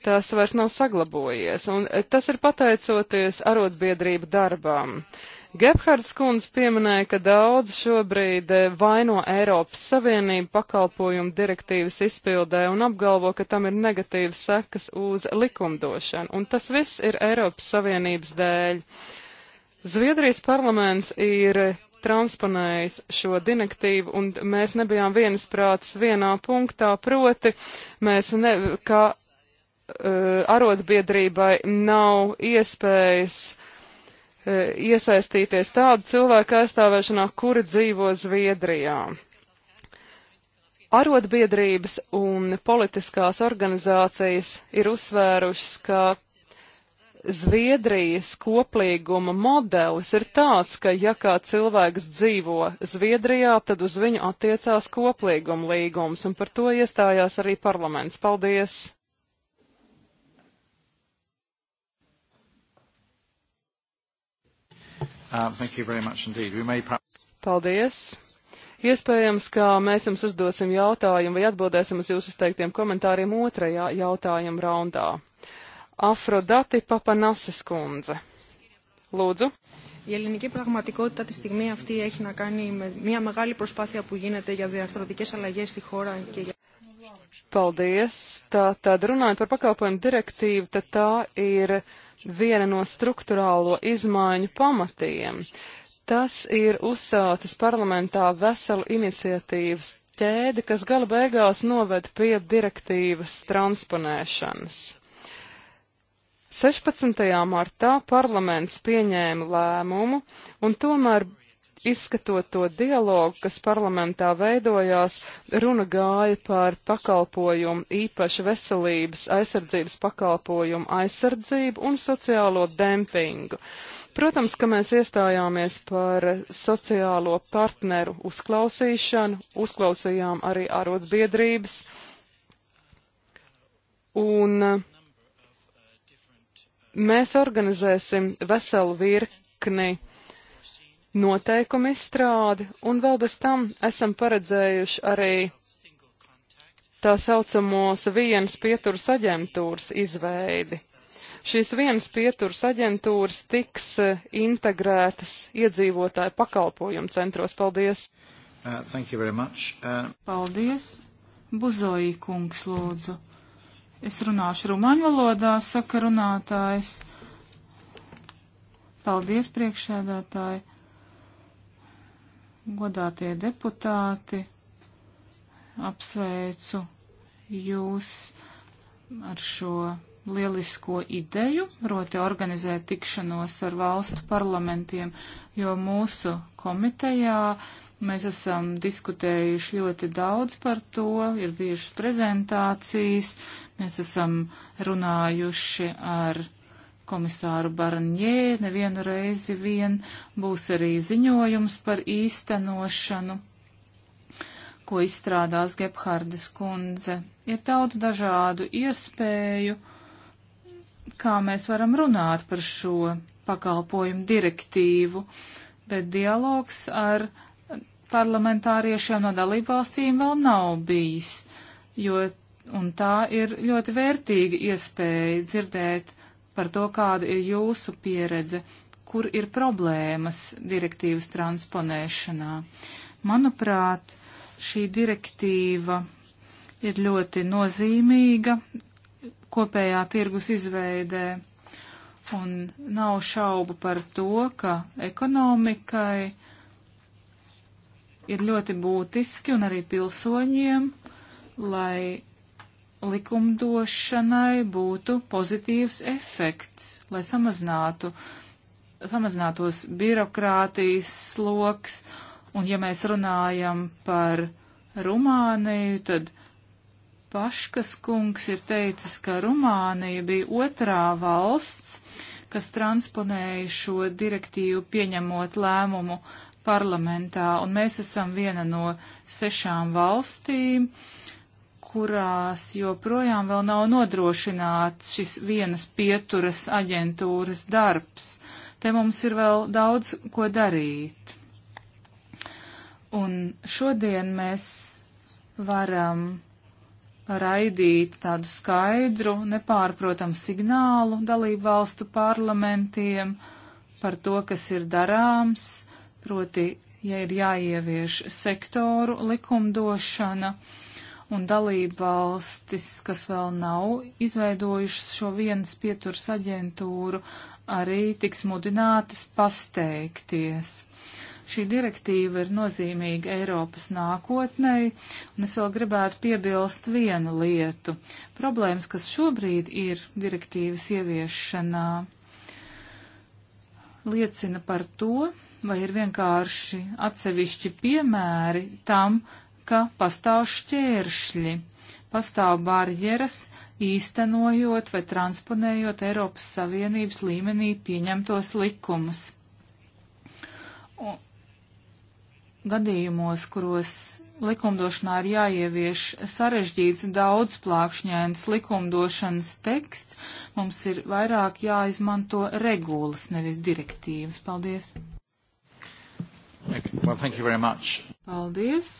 tas vairs nav saglabojies. Un eh, tas ir pateicoties arotbiedrību darbām. Uh, Gebhards kundze pieminēja, ka daudz šobrīd eh, vaino Eiropas Savienību pakalpojumu direktīvas izpildē un apgalvo, ka tam ir negatīvas sekas uz likumdošanu, un tas viss ir Eiropas Savienības dēļ. Zviedrijas parlaments ir transponējis šo direktīvu, un mēs nebijām viensprāts vienā punktā, proti, mēs ne, ka uh, arotbiedrībai nav iespējas E, iesaistīties tādu cilvēku aizstāvēšanā, kuri dzīvo Zviedrijā. Arotbiedrības un politiskās organizācijas ir uzsvērušas, ka Zviedrijas koplīguma modelis ir tāds, ka ja kā cilvēks dzīvo Zviedrijā, tad uz viņu attiecās koplīguma līgums, un par to iestājās arī parlaments. Paldies!
Uh, thank you very much indeed. We may
Paldies! Iespējams, ka mēs jums uzdosim jautājumu vai atbildēsim uz jūsu izteiktiem komentāriem otrajā jautājuma raundā. Afrodati Papanases kundze. Lūdzu. Η ελληνική πραγματικότητα τη στιγμή αυτή έχει να κάνει με μια μεγάλη προσπάθεια που γίνεται για διαρθρωτικές αλλαγές στη χώρα και για... Paldies! Tā, tad runājot par pakalpojumu direktīvu, tad tā ir viena no struktūrālo izmaiņu pamatiem. Tas ir uzsācis parlamentā veselu iniciatīvas ķēdi, kas gala beigās noved pie direktīvas transponēšanas. 16. martā parlaments pieņēma lēmumu, un tomēr izskatot to dialogu, kas parlamentā veidojās, runa gāja par pakalpojumu, īpaši veselības aizsardzības pakalpojumu aizsardzību un sociālo dempingu. Protams, ka mēs iestājāmies par sociālo partneru uzklausīšanu, uzklausījām arī arotbiedrības. Un uh, mēs organizēsim veselu virkni noteikumu izstrādi, un vēl bez tam esam paredzējuši arī tā saucamos vienas pieturas aģentūras izveidi. Šīs vienas pieturas aģentūras tiks eh, integrētas iedzīvotāju pakalpojumu
centros. Paldies! Uh, thank you very much. Uh...
Paldies! Buzoī kungs lūdzu. Es runāšu rumāņu valodā, saka runātājs. Paldies, priekšsēdētāji godātie deputāti, apsveicu jūs ar šo lielisko ideju, proti organizēt tikšanos ar valstu parlamentiem, jo mūsu komitejā mēs esam diskutējuši ļoti daudz par to, ir bijušas prezentācijas, mēs esam runājuši ar komisāru Barņē nevienu reizi vien būs arī ziņojums par īstenošanu, ko izstrādās Gebhardas kundze. Ir daudz dažādu iespēju, kā mēs varam runāt par šo pakalpojumu direktīvu, bet dialogs ar parlamentāriešiem no dalībvalstīm vēl nav bijis, jo, un tā ir ļoti vērtīga iespēja dzirdēt par to, kāda ir jūsu pieredze, kur ir problēmas direktīvas transponēšanā. Manuprāt, šī direktīva ir ļoti nozīmīga kopējā tirgus izveidē, un nav šaubu par to, ka ekonomikai ir ļoti būtiski un arī pilsoņiem, lai likumdošanai būtu pozitīvs efekts, lai samazinātu, samazinātos birokrātijas sloks. Un ja mēs runājam par Rumāniju, tad Paškas kungs ir teicis, ka Rumānija bija otrā valsts, kas transponēja šo direktīvu pieņemot lēmumu parlamentā, un mēs esam viena no sešām valstīm, uh, kurās joprojām vēl nav nodrošināts šis vienas pieturas aģentūras darbs. Te mums ir vēl daudz ko darīt. Un šodien mēs varam raidīt tādu skaidru, nepārprotam signālu dalību valstu parlamentiem par to, kas ir darāms, proti, ja ir jāievieš sektoru likumdošana un dalība valstis, kas vēl nav izveidojušas šo vienas pieturas aģentūru, arī tiks mudinātas pasteikties. Šī direktīva ir nozīmīga Eiropas nākotnei, un es vēl gribētu piebilst vienu lietu. Problēmas, kas šobrīd ir direktīvas ieviešanā, liecina par to, vai ir vienkārši atsevišķi piemēri tam, ka pastāv šķēršļi, pastāv barjeras, īstenojot vai transponējot Eiropas Savienības līmenī pieņemtos likumus. Un gadījumos, kuros likumdošanā ir jāievieš sarežģīts daudzplākšņēns likumdošanas teksts, mums ir vairāk jāizmanto regulas, nevis direktīvas. Paldies!
Well, thank you very much.
Paldies!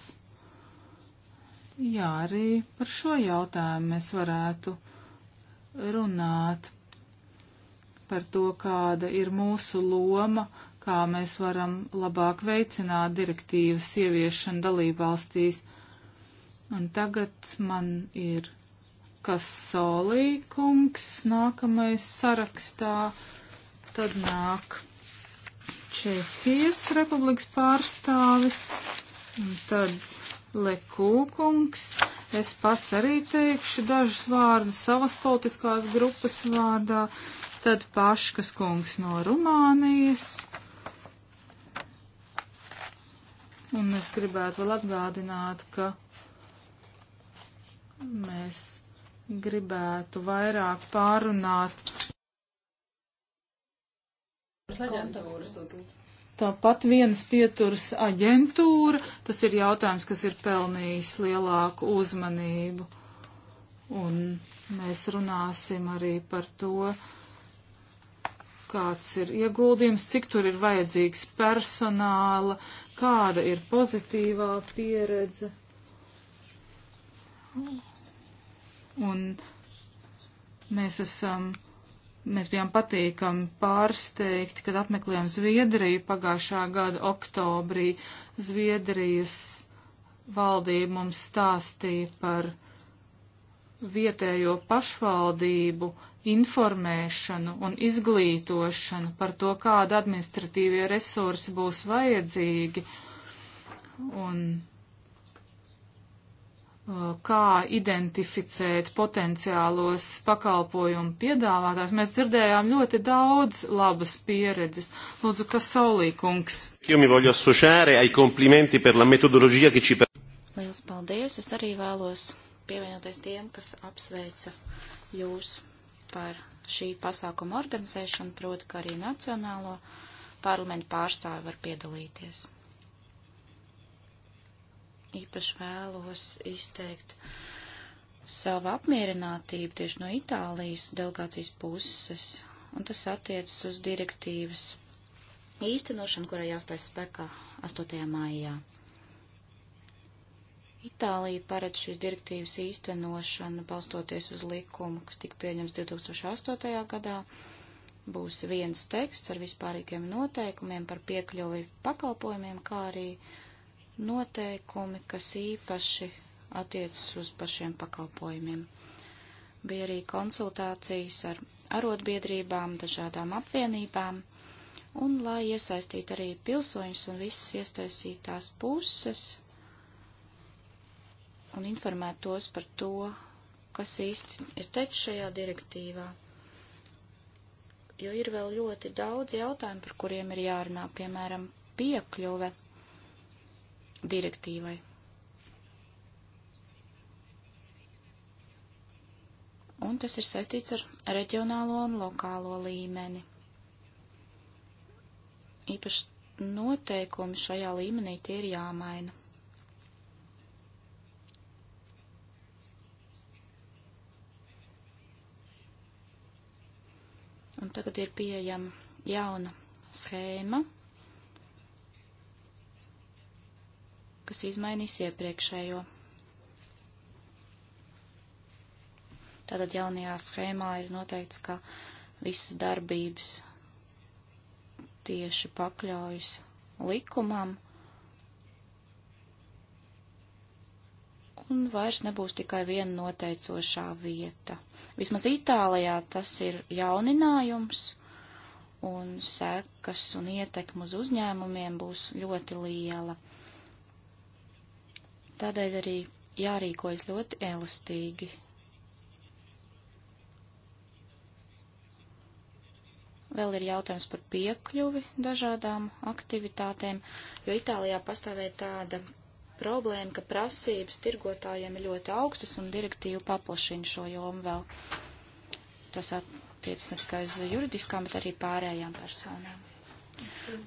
Jā, arī par šo jautājumu mēs varētu runāt par to, kāda ir mūsu loma, kā mēs varam labāk veicināt direktīvas ieviešanu dalībvalstīs. Un tagad man ir kas solīkungs nākamais sarakstā, tad nāk Čehijas republikas pārstāvis, un tad Lekūkungs. Es pats arī teikšu dažus vārdus savas politiskās grupas vārdā. Tad Paškas kungs no Rumānijas. Un es gribētu vēl atgādināt, ka mēs gribētu vairāk pārunāt.
Aģentūras.
Tāpat vienas pieturas aģentūra, tas ir jautājums, kas ir pelnījis lielāku uzmanību. Un mēs runāsim arī par to, kāds ir ieguldījums, cik tur ir vajadzīgs personāla, kāda ir pozitīvā pieredze. Un mēs esam. Um, Mēs bijām patīkami pārsteigti, kad apmeklējām Zviedriju pagājušā gada oktobrī. Zviedrijas valdība mums stāstīja par vietējo pašvaldību informēšanu un izglītošanu par to, kāda administratīvie resursi būs vajadzīgi. Un Uh, kā identificēt potenciālos pakalpojumu piedāvātājs. Mēs dzirdējām ļoti daudz labas pieredzes. Lūdzu, kas saulīkungs?
Liels paldies! Es arī vēlos pievienoties tiem, kas apsveica jūs par šī pasākuma organizēšanu, proti, ka arī nacionālo parlamentu pārstāvi var piedalīties īpaši vēlos izteikt savu apmierinātību tieši no Itālijas delegācijas puses, un tas attiecas uz direktīvas īstenošanu, kurai jāstājas spēkā 8. maijā. Itālija paredz šīs direktīvas īstenošanu balstoties uz likumu, kas tika pieņems 2008. gadā. Būs viens teksts ar vispārīgiem noteikumiem par piekļuvi pakalpojumiem, kā arī uh, noteikumi, kas īpaši attiecas uz pašiem pakalpojumiem. Bija arī konsultācijas ar arotbiedrībām, dažādām apvienībām, un, lai iesaistītu arī pilsoņus un visas iesaistītās puses un informētu tos par to, kas īsti ir teikts šajā direktīvā. Jo ir vēl ļoti daudz jautājumu, par kuriem ir jārunā, piemēram, piekļuve direktīvai. Un tas ir saistīts ar reģionālo un lokālo līmeni. Īpaši noteikumi šajā līmenī tie ir jāmaina. Un tagad ir pieejama jauna schēma, kas izmainīs iepriekšējo. Tātad jaunajā schēmā ir noteikts, ka visas darbības tieši pakļaujas likumam un vairs nebūs tikai viena noteicošā vieta. Vismaz Itālijā tas ir jauninājums un sekas un ietekmu uz uzņēmumiem būs ļoti liela. Tādēļ arī jārīkojas ļoti elastīgi. Vēl ir jautājums par piekļuvi dažādām aktivitātēm, jo Itālijā pastāvēja tāda problēma, ka prasības tirgotājiem ir ļoti augstas un direktīva paplašina šo jomu vēl. Tas attiecas ne tikai uz juridiskām, bet arī pārējām personām.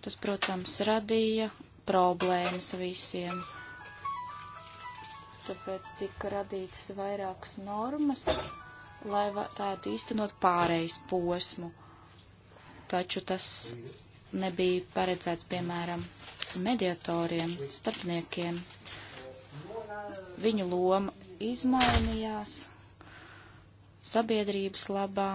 Tas, protams, radīja problēmas visiem tāpēc tika radītas vairākas normas, lai varētu īstenot pārejas posmu. Taču tas nebija paredzēts, piemēram, mediatoriem, starpniekiem. Viņu loma izmainījās sabiedrības labā,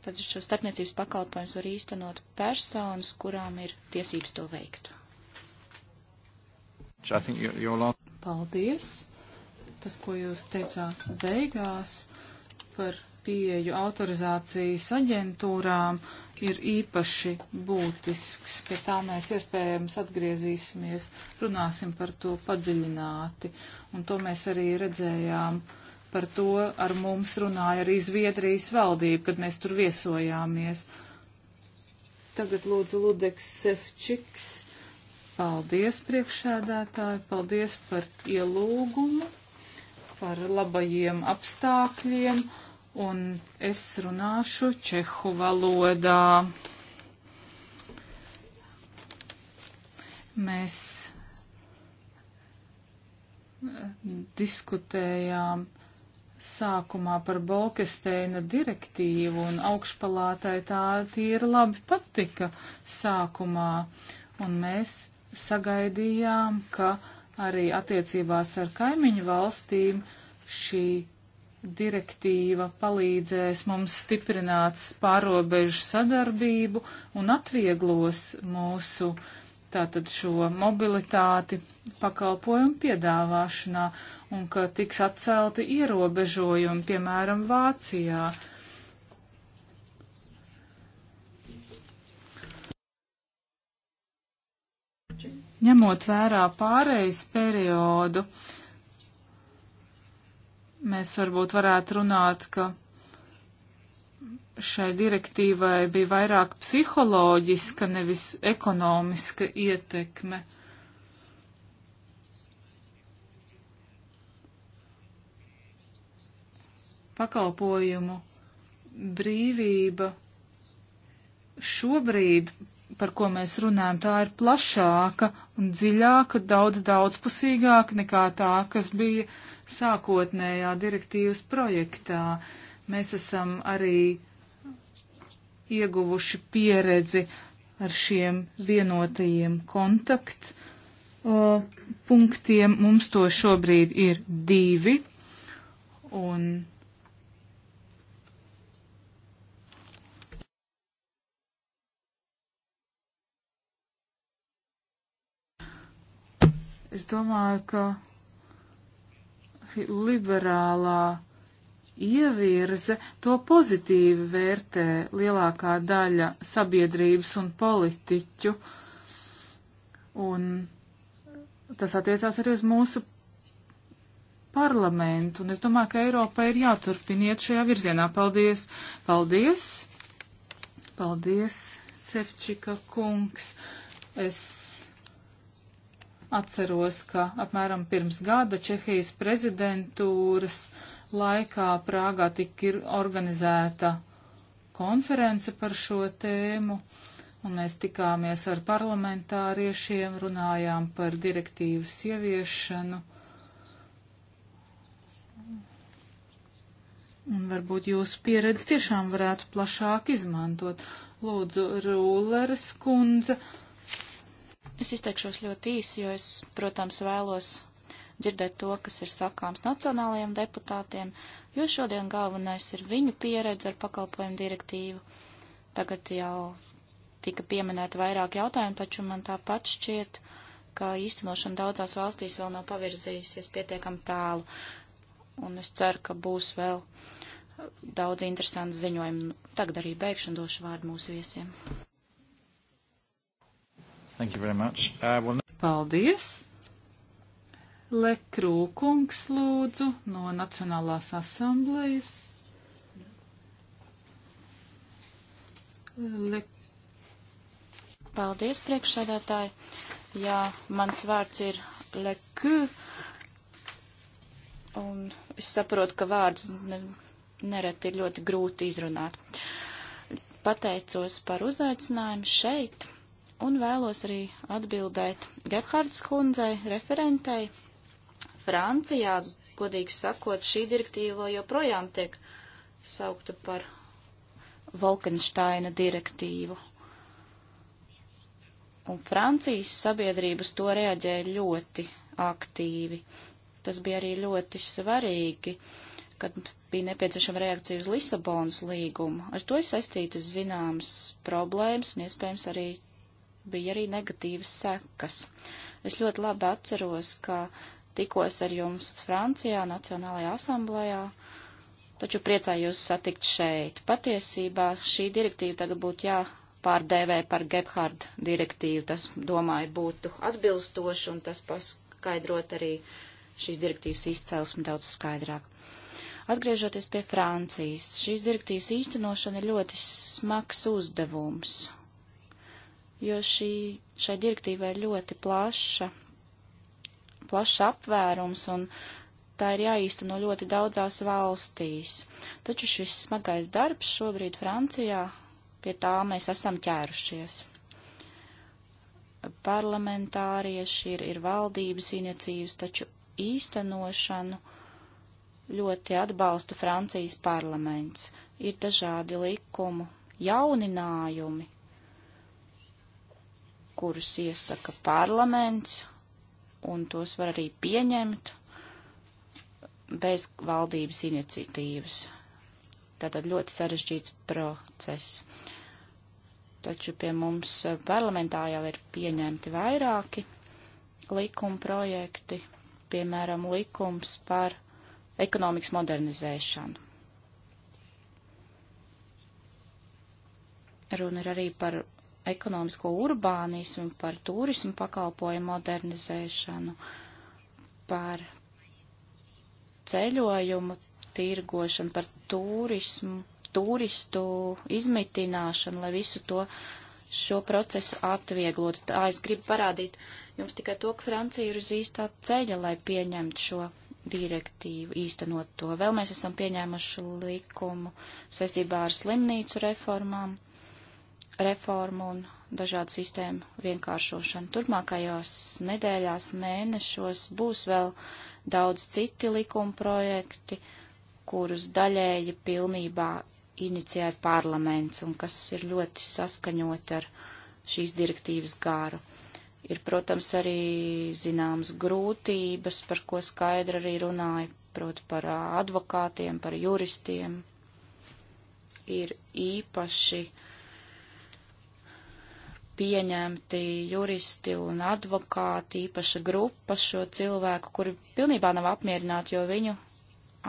Tad šo starpniecības pakalpojumus var īstenot personas, kurām ir tiesības to veikt. Paldies!
Tas, ko jūs teicāt beigās par pieeju autorizācijas aģentūrām ir īpaši būtisks. Pie tā mēs iespējams atgriezīsimies, runāsim par to padziļināti. Un to mēs arī redzējām Par to ar mums runāja arī Zviedrijas valdība, kad mēs tur viesojāmies. Tagad lūdzu Ludeks Sefčiks. Paldies, priekšsēdētāji, paldies par ielūgumu, par labajiem apstākļiem, un es runāšu čehu valodā. Mēs eh, diskutējām sākumā par Bolkesteina direktīvu un augšpalātai tā tīri labi patika sākumā. Un mēs sagaidījām, ka arī attiecībās ar kaimiņu valstīm šī direktīva palīdzēs mums stiprināt pārobežu sadarbību un atvieglos mūsu tātad šo mobilitāti pakalpojumu piedāvāšanā un ka tiks atcelti ierobežojumi, piemēram, Vācijā. Ņemot vērā pārejas periodu, mēs varbūt varētu runāt, ka šai direktīvai bija vairāk psiholoģiska, nevis ekonomiska ietekme. pakalpojumu brīvība šobrīd, par ko mēs runājam, tā ir plašāka un dziļāka, daudz daudzpusīgāka nekā tā, kas bija sākotnējā direktīvas projektā. Mēs esam arī ieguvuši pieredzi ar šiem vienotajiem kontaktu o, punktiem. Mums to šobrīd ir divi, un Es domāju, ka liberālā ievirze to pozitīvi vērtē lielākā daļa sabiedrības un politiķu. Un tas attiecās arī uz mūsu parlamentu. Un es domāju, ka Eiropai ir jāturpiniet šajā virzienā. Paldies! Paldies! Paldies, Sefčika kungs! Es Atceros, ka apmēram pirms gada Čehijas prezidentūras laikā Prāgā tika ir organizēta konference par šo tēmu, un mēs tikāmies ar parlamentāriešiem, runājām par direktīvas ieviešanu. Un varbūt jūsu pieredzi tiešām varētu plašāk izmantot. Lūdzu, Rūleres kundze,
Es izteikšos ļoti īsi, jo es, protams, vēlos dzirdēt to, kas ir sakāms nacionālajiem deputātiem, jo šodien galvenais ir viņu pieredze ar pakalpojumu direktīvu. Tagad jau tika pieminēta vairāk jautājumu, taču man tāpat šķiet, ka īstenošana daudzās valstīs vēl nav pavirzījusies pietiekam tālu, un es ceru, ka būs vēl daudz interesantu ziņojumu. Tagad arī beigšu un došu vārdu mūsu viesiem.
Thank you very much. Uh, well... Paldies.
Lekrūkungs
lūdzu no Nacionālās asamblejas.
Le... Paldies, priekšsēdētāji. Jā, mans vārds ir Lekū. Un es saprotu, ka vārds ne, nereti ir ļoti grūti izrunāt. Pateicos par uzaicinājumu šeit un vēlos arī atbildēt Gebhardas kundzei, referentei. Francijā, godīgi sakot, šī direktīva joprojām tiek saukta par Volkensteina direktīvu. Un Francijas sabiedrības to reaģēja ļoti aktīvi. Tas bija arī ļoti svarīgi, kad bija nepieciešama reakcija uz Lisabonas līgumu. Ar to ir saistītas zināmas problēmas un iespējams arī bija arī negatīvas sekas. Es ļoti labi atceros, ka tikos ar jums Francijā, Nacionālajā asamblējā, taču priecājos satikt šeit. Patiesībā šī direktīva tagad būtu jāpārdēvē par Gebhard direktīvu. Tas, domāju, būtu atbilstoši un tas paskaidrot arī šīs direktīvas izcelsmi daudz skaidrāk. Atgriežoties pie Francijas, šīs direktīvas īstenošana ir ļoti smags uzdevums, jo šī, šai direktīvai ir ļoti plaša, plašs apvērums un tā ir jāīsteno ļoti daudzās valstīs. Taču šis smagais darbs šobrīd Francijā, pie tā mēs esam ķērušies. Parlamentārieši ir, ir valdības iniciatīvas, taču īstenošanu ļoti atbalsta Francijas parlaments. Ir dažādi likumu jauninājumi, kurus iesaka parlaments, un tos var arī pieņemt bez valdības iniciatīvas. Tātad ļoti sarežģīts process. Taču pie mums parlamentā jau ir pieņemti vairāki likuma projekti, piemēram, likums par ekonomikas modernizēšanu. Runa ir arī par ekonomisko urbānismu, par turismu pakalpoju modernizēšanu, par ceļojumu tirgošanu, par turismu, turistu izmitināšanu, lai visu to šo procesu atvieglotu. Tā es gribu parādīt jums tikai to, ka Francija ir uz īstā ceļa, lai pieņemtu šo direktīvu, īstenot to. Vēl mēs esam pieņēmuši likumu saistībā ar slimnīcu reformām reformu un dažādu sistēmu vienkāršošanu. Turmākajos nedēļās, mēnešos būs vēl daudz citi likuma projekti, kurus daļēji pilnībā inicijē parlaments un kas ir ļoti saskaņot ar šīs direktīvas gāru. Ir, protams, arī zināmas grūtības, par ko skaidri arī runāja, proti par advokātiem, par juristiem. Ir īpaši uh, pieņemti juristi un advokāti, īpaša grupa šo cilvēku, kuri pilnībā nav apmierināti, jo viņu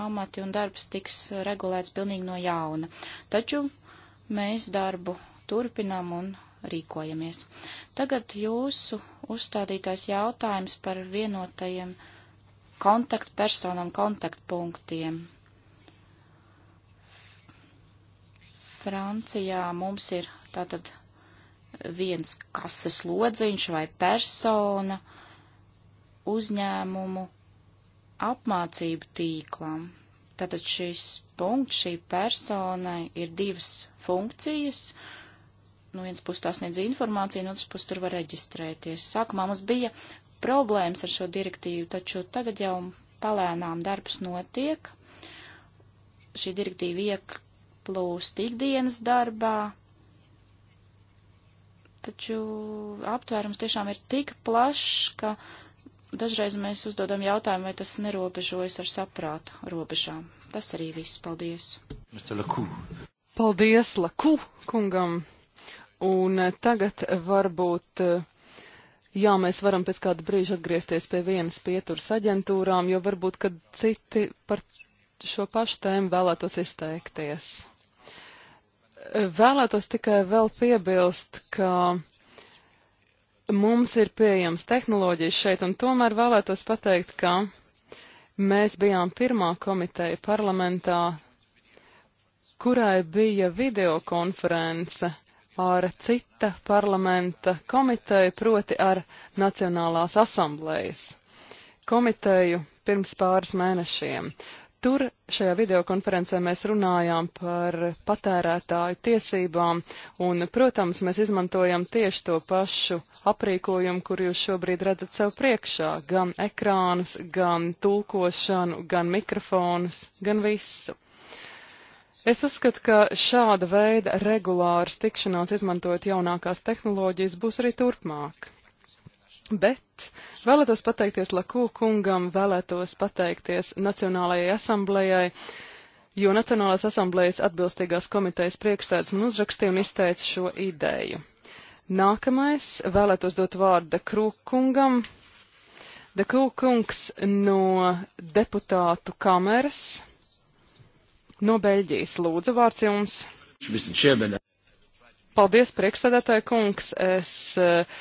amati un darbs tiks regulēts pilnīgi no jauna. Taču mēs darbu turpinām un rīkojamies. Tagad jūsu uzstādītais jautājums par vienotajiem kontaktpersonam kontaktpunktiem. Francijā mums ir tātad viens kases lodziņš vai persona uzņēmumu apmācību tīklam. Tātad šis punkts šī personai ir divas funkcijas. No nu, vienas puses tās sniedz informāciju, no otras puses tur var reģistrēties. Sākumā mums bija problēmas ar šo direktīvu, taču tagad jau palēnām darbs notiek. Šī direktīva ieplūst ikdienas darbā, Taču aptvērums tiešām ir tik plašs, ka dažreiz mēs uzdodam jautājumu, vai tas nerobežojas ar saprātu robežām. Tas arī viss. Paldies!
Paldies Laku kungam! Un eh, tagad varbūt. Eh, jā, mēs varam pēc kāda brīža atgriezties pie vienas pieturas aģentūrām, jo varbūt, kad citi par šo pašu tēmu vēlētos izteikties. Vēlētos tikai vēl piebilst, ka mums ir pieejams tehnoloģijas šeit, un tomēr vēlētos pateikt, ka mēs bijām pirmā komiteja parlamentā, kurai bija videokonference ar cita parlamenta komiteju, proti ar Nacionālās asamblējas komiteju pirms pāris mēnešiem. Tur šajā videokonferencē mēs runājām par patērētāju tiesībām, un, protams, mēs izmantojam tieši to pašu aprīkojumu, kur jūs šobrīd redzat sev priekšā - gan ekrānus, gan tulkošanu, gan mikrofonus, gan visu. Es uzskatu, ka šāda veida regulāras tikšanās izmantojot jaunākās tehnoloģijas būs arī turpmāk. Bet vēlētos pateikties Lakū kungam, vēlētos pateikties Nacionālajai asamblējai, jo Nacionālās asamblējas atbilstīgās komitejas priekšsēdus un uzrakstīja un izteica šo ideju. Nākamais vēlētos dot vārdu Krūkungam. Dekūkungs no deputātu kameras no Beļģijas. Lūdzu, vārds jums. Paldies, priekšsēdētāja kungs. Es uh,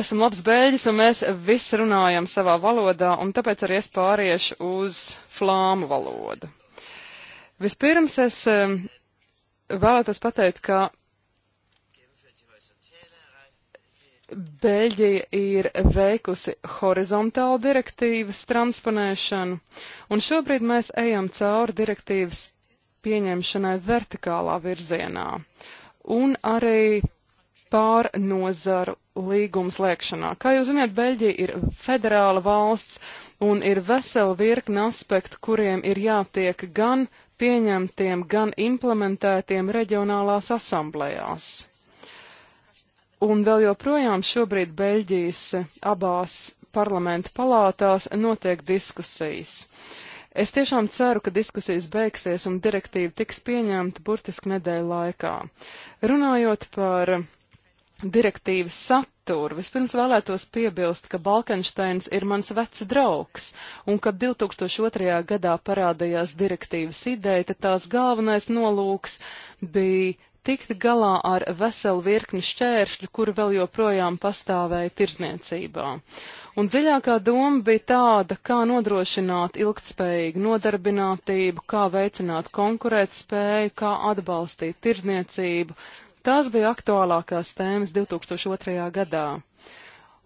esam labs bēļģis un mēs visi runājam savā valodā, un tāpēc arī es pāriešu uz flāmu valodu. Vispirms es vēlētos pateikt, ka Bēļģija ir veikusi horizontālu direktīvas transponēšanu, un šobrīd mēs ejam cauri direktīvas pieņemšanai vertikālā virzienā. Un arī pārnozaru līgumslēgšanā. Kā jūs zināt, Beļģija ir federāla valsts un ir vesela virkna aspektu, kuriem ir jātiek gan pieņemtiem, gan implementētiem reģionālās asamblējās. Un vēl joprojām šobrīd Beļģijas abās parlamenta palātās notiek diskusijas. Es tiešām ceru, ka diskusijas beigsies un direktīva tiks pieņemta burtiski nedēļu laikā. Runājot par direktīvas saturu, vispirms vēlētos piebilst, ka Balkensteins ir mans vecs draugs, un kad 2002. gadā parādījās direktīvas ideja, tad tās galvenais nolūks bija tikt galā ar veselu virkni šķēršļu, kuri vēl joprojām pastāvēja tirzniecībā. Un dziļākā doma bija tāda, kā nodrošināt ilgtspējīgu nodarbinātību, kā veicināt konkurētspēju, kā atbalstīt tirzniecību, Tās bija aktuālākās tēmas 2002. gadā.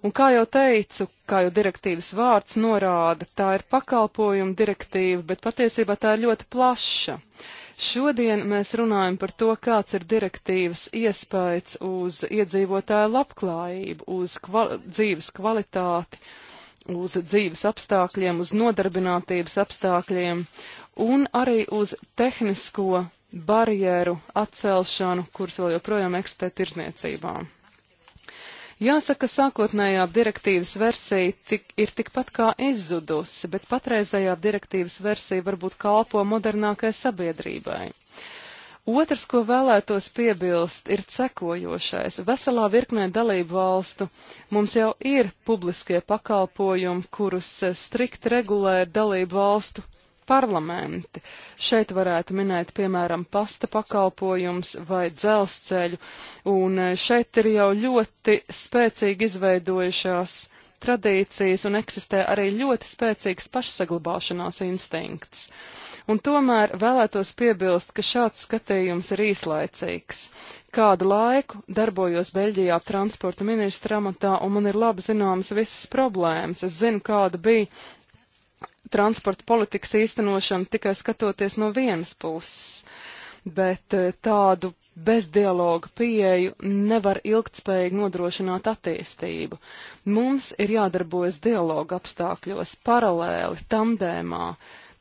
Un kā jau teicu, kā jau direktīvas vārds norāda, tā ir pakalpojuma direktīva, bet patiesībā tā ir ļoti plaša. Šodien mēs runājam par to, kāds ir direktīvas iespējas uz iedzīvotāju labklājību, uz kval dzīves kvalitāti, uz dzīves apstākļiem, uz nodarbinātības apstākļiem un arī uz tehnisko barjeru atcelšanu, kuras vēl joprojām eksistē tirdzniecībā. Jāsaka, sākotnējā direktīvas versija tik, ir tikpat kā izzudusi, bet patreizējā direktīvas versija varbūt kalpo modernākai sabiedrībai. Otrs, ko vēlētos piebilst, ir cekojošais. Veselā virknē dalību valstu mums jau ir publiskie pakalpojumi, kurus strikt regulē dalību valstu parlamenti. Šeit varētu minēt, piemēram, pasta pakalpojums vai dzelzceļu, un e, šeit ir jau ļoti spēcīgi izveidojušās tradīcijas un eksistē arī ļoti spēcīgs pašsaglabāšanās instinkts. Un tomēr vēlētos piebilst, ka šāds skatījums ir īslaicīgs. Kādu laiku darbojos Beļģijā transporta ministra amatā, un man ir labi zināmas visas problēmas. Es zinu, kāda bija transporta politikas īstenošanu tikai skatoties no vienas puses, bet eh, tādu bezdialoga pieeju nevar ilgtspējīgi nodrošināt attīstību. Mums ir jādarbojas dialoga apstākļos, paralēli, tandēmā.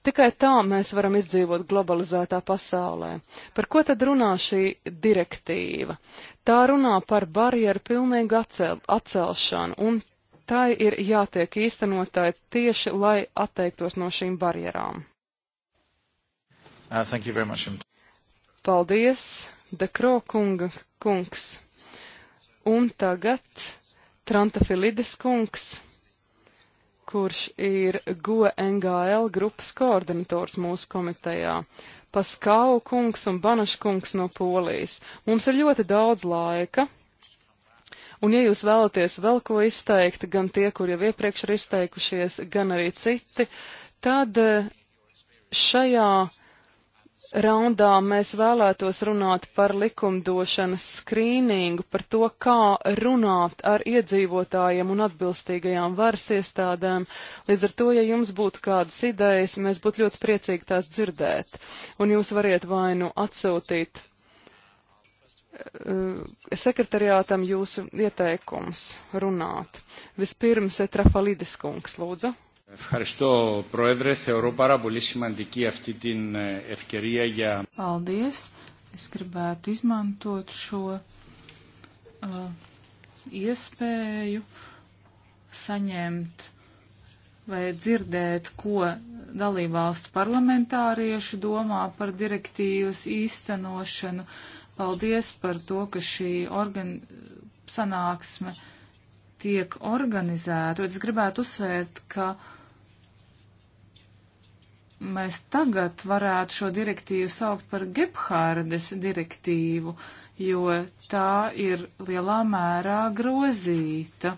Tikai tā mēs varam izdzīvot globalizētā pasaulē. Par ko tad runā šī direktīva? Tā runā par barjeru pilnīgu atcel, atcelšanu un tai ir jātiek īstenotai tieši, lai atteiktos no šīm barjerām.
Uh,
Paldies, Dekro kunga, kungs. Un tagad Trantafilides kungs, kurš ir GOENGL grupas koordinators mūsu komitejā. Paskau kungs un Banaš kungs no Polijas. Mums ir ļoti daudz laika, Un, ja jūs vēlaties vēl ko izteikt, gan tie, kur jau iepriekš ir izteikušies, gan arī citi, tad eh, šajā raundā mēs vēlētos runāt par likumdošanas skrīningu, par to, kā runāt ar iedzīvotājiem un atbilstīgajām varas iestādēm. Līdz ar to, ja jums būtu kādas idejas, mēs būtu ļoti priecīgi tās dzirdēt. Un jūs variet vai nu atsūtīt Eh, sekretariātam jūsu ieteikums runāt. Vispirms eh, Trafalidis kungs, lūdzu.
Ευχαριστώ, Πρόεδρε. Θεωρώ
πάρα πολύ σημαντική αυτή την ευκαιρία για...
Paldies. Es gribētu izmantot šo uh, iespēju saņemt vai dzirdēt, ko dalībvalstu parlamentārieši domā par direktīvas īstenošanu Paldies par to, ka šī organ... sanāksme tiek organizēta. Es gribētu uzsvērt, ka mēs tagad varētu šo direktīvu saukt par Gebhārdes direktīvu, jo tā ir lielā mērā grozīta.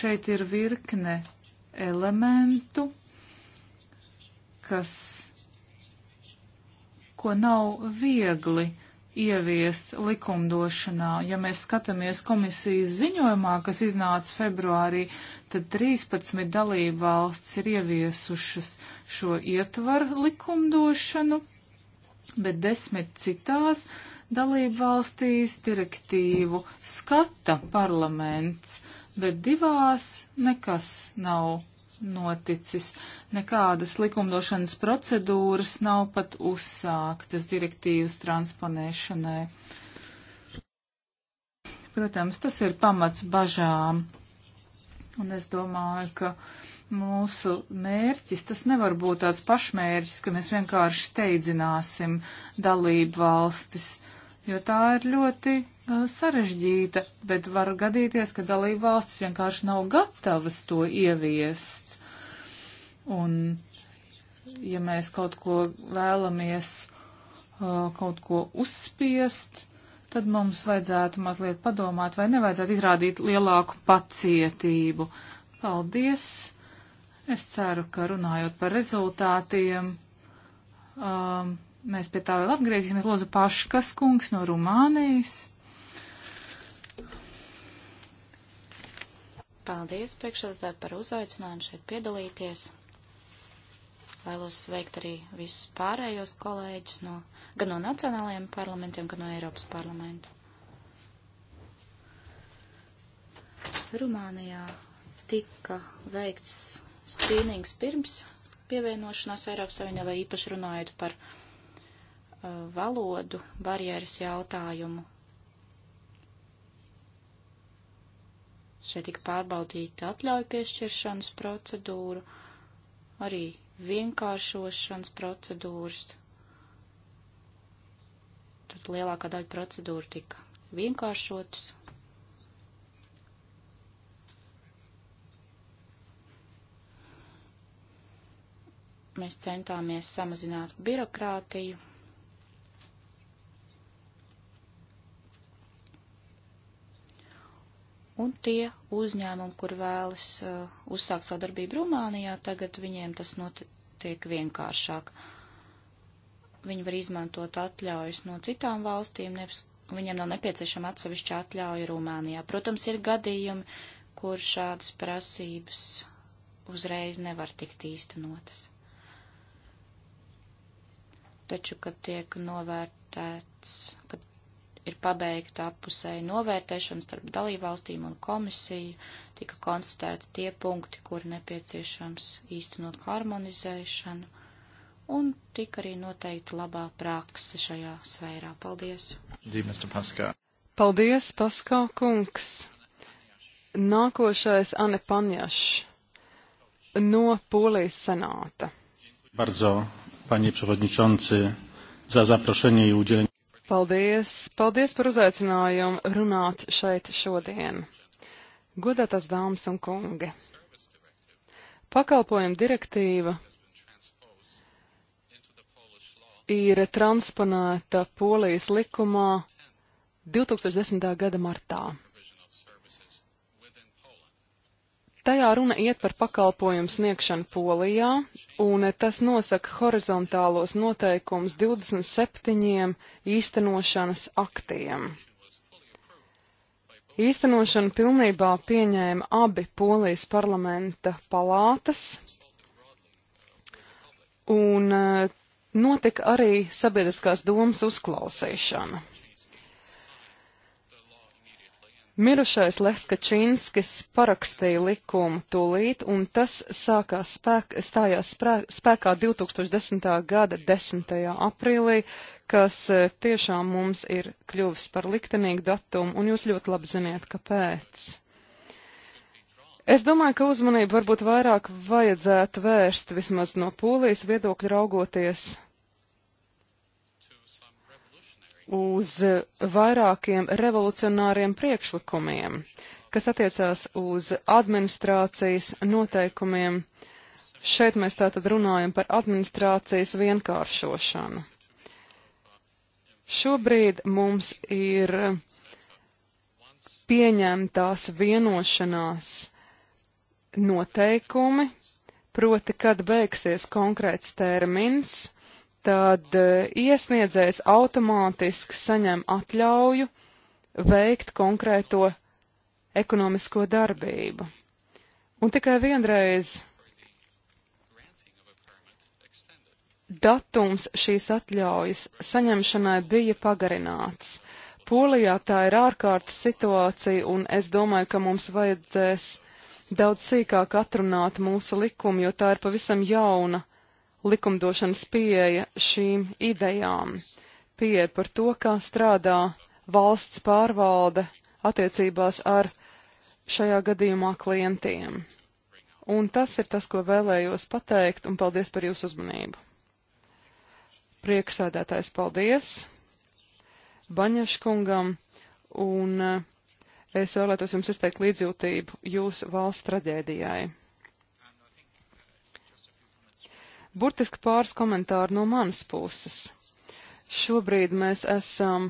Šeit ir virkne elementu, kas, ko nav viegli ieviest likumdošanā. Ja mēs skatāmies komisijas ziņojumā, kas iznāca februārī, tad 13 dalība valsts ir ieviesušas šo ietvaru likumdošanu, bet desmit citās dalība valstīs direktīvu skata parlaments, bet divās nekas nav noticis. Nekādas likumdošanas procedūras nav pat uzsāktas direktīvas transponēšanai. Protams, tas ir pamats bažām. Un es domāju, ka mūsu mērķis, tas nevar būt tāds pašmērķis, ka mēs vienkārši steidzināsim dalību valstis, jo tā ir ļoti uh, sarežģīta, bet var gadīties, ka dalību valstis vienkārši nav gatavas to ieviest. Un, ja mēs kaut ko vēlamies, uh, kaut ko uzspiest, tad mums vajadzētu mazliet padomāt, vai nevajadzētu izrādīt lielāku pacietību. Paldies! Es ceru, ka runājot par rezultātiem, um, mēs pie tā vēl atgriezīsimies. Lūdzu, Paškas kungs no Rumānijas.
Paldies, priekšsēdētāji, par uzaicinājumu šeit piedalīties. Vēlos sveikt arī visus pārējos kolēģus no, gan no nacionālajiem parlamentiem, gan no Eiropas parlamenta. Rumānijā tika veikts skrīnings pirms pievienošanās Eiropas Savienībai, īpaši runājot par uh, valodu barjeras jautājumu. Šeit tika pārbaudīta atļauju piešķiršanas procedūra, arī vienkāršošanas procedūras. Tad lielākā daļa procedūra tika vienkāršotas. Mēs centāmies samazināt birokrātiju. Un tie uzņēmumi, kur vēlas uh, uzsākt savu darbību Rumānijā, tagad viņiem tas notiek vienkāršāk. Viņi var izmantot atļaujas no citām valstīm, nevis, viņiem nav nepieciešama atsevišķa atļauja Rumānijā. Protams, ir gadījumi, kur šādas prasības uzreiz nevar tikt īstenotas. Taču, kad tiek novērtēts, kad ir pabeigta apusēja novērtēšana starp dalībvalstīm un komisiju, tika konstatēti tie punkti, kur nepieciešams īstenot harmonizēšanu, un tika arī noteikti labā prakse šajā sfērā. Paldies! Paldies, Paskā kungs!
Nākošais Ane Panjašs no Polijas senāta.
Bardzo, panie przewodniczący, za zaproszenie i udzielenie.
Paldies! Paldies par uzaicinājumu runāt šeit šodien. Godātās dāmas un kungi! Pakalpojuma direktīva ir transponēta Polijas likumā 2010. gada martā. Tajā runa iet par pakalpojumu sniegšanu Polijā, un tas nosaka horizontālos noteikumus 27 īstenošanas aktiem. Īstenošanu pilnībā pieņēma abi Polijas parlamenta palātas, un eh, notika arī sabiedriskās domas uzklausīšana. Mirušais Leskačinskis parakstīja likumu tūlīt, un tas sākās spēk, stājās spēkā 2010. gada 10. aprīlī, kas e, tiešām mums ir kļuvis par liktenīgu datumu, un jūs ļoti labi ziniet, kāpēc. Es domāju, ka uzmanību varbūt vairāk vajadzētu vērst vismaz no polijas viedokļa raugoties uz vairākiem revolucionāriem priekšlikumiem, kas attiecās uz administrācijas noteikumiem. Šeit mēs tātad runājam par administrācijas vienkāršošanu. Šobrīd mums ir pieņemtās vienošanās noteikumi, proti, kad beigsies konkrēts termins, tad e, iesniedzējs automātiski saņem atļauju veikt konkrēto ekonomisko darbību. Un tikai vienreiz datums šīs atļaujas saņemšanai bija pagarināts. Polijā tā ir ārkārtas situācija, un es domāju, ka mums vajadzēs daudz sīkāk atrunāt mūsu likumu, jo tā ir pavisam jauna likumdošanas pieeja šīm idejām. Pieeja par to, kā strādā valsts pārvalde attiecībās ar šajā gadījumā klientiem. Un tas ir tas, ko vēlējos pateikt, un paldies par jūsu uzmanību. Priekšsēdētājs paldies Baņaškungam, un eh, es vēlētos jums izteikt līdzjūtību jūsu valsts traģēdijai. Burtiski pāris komentāri no manas puses. Šobrīd mēs esam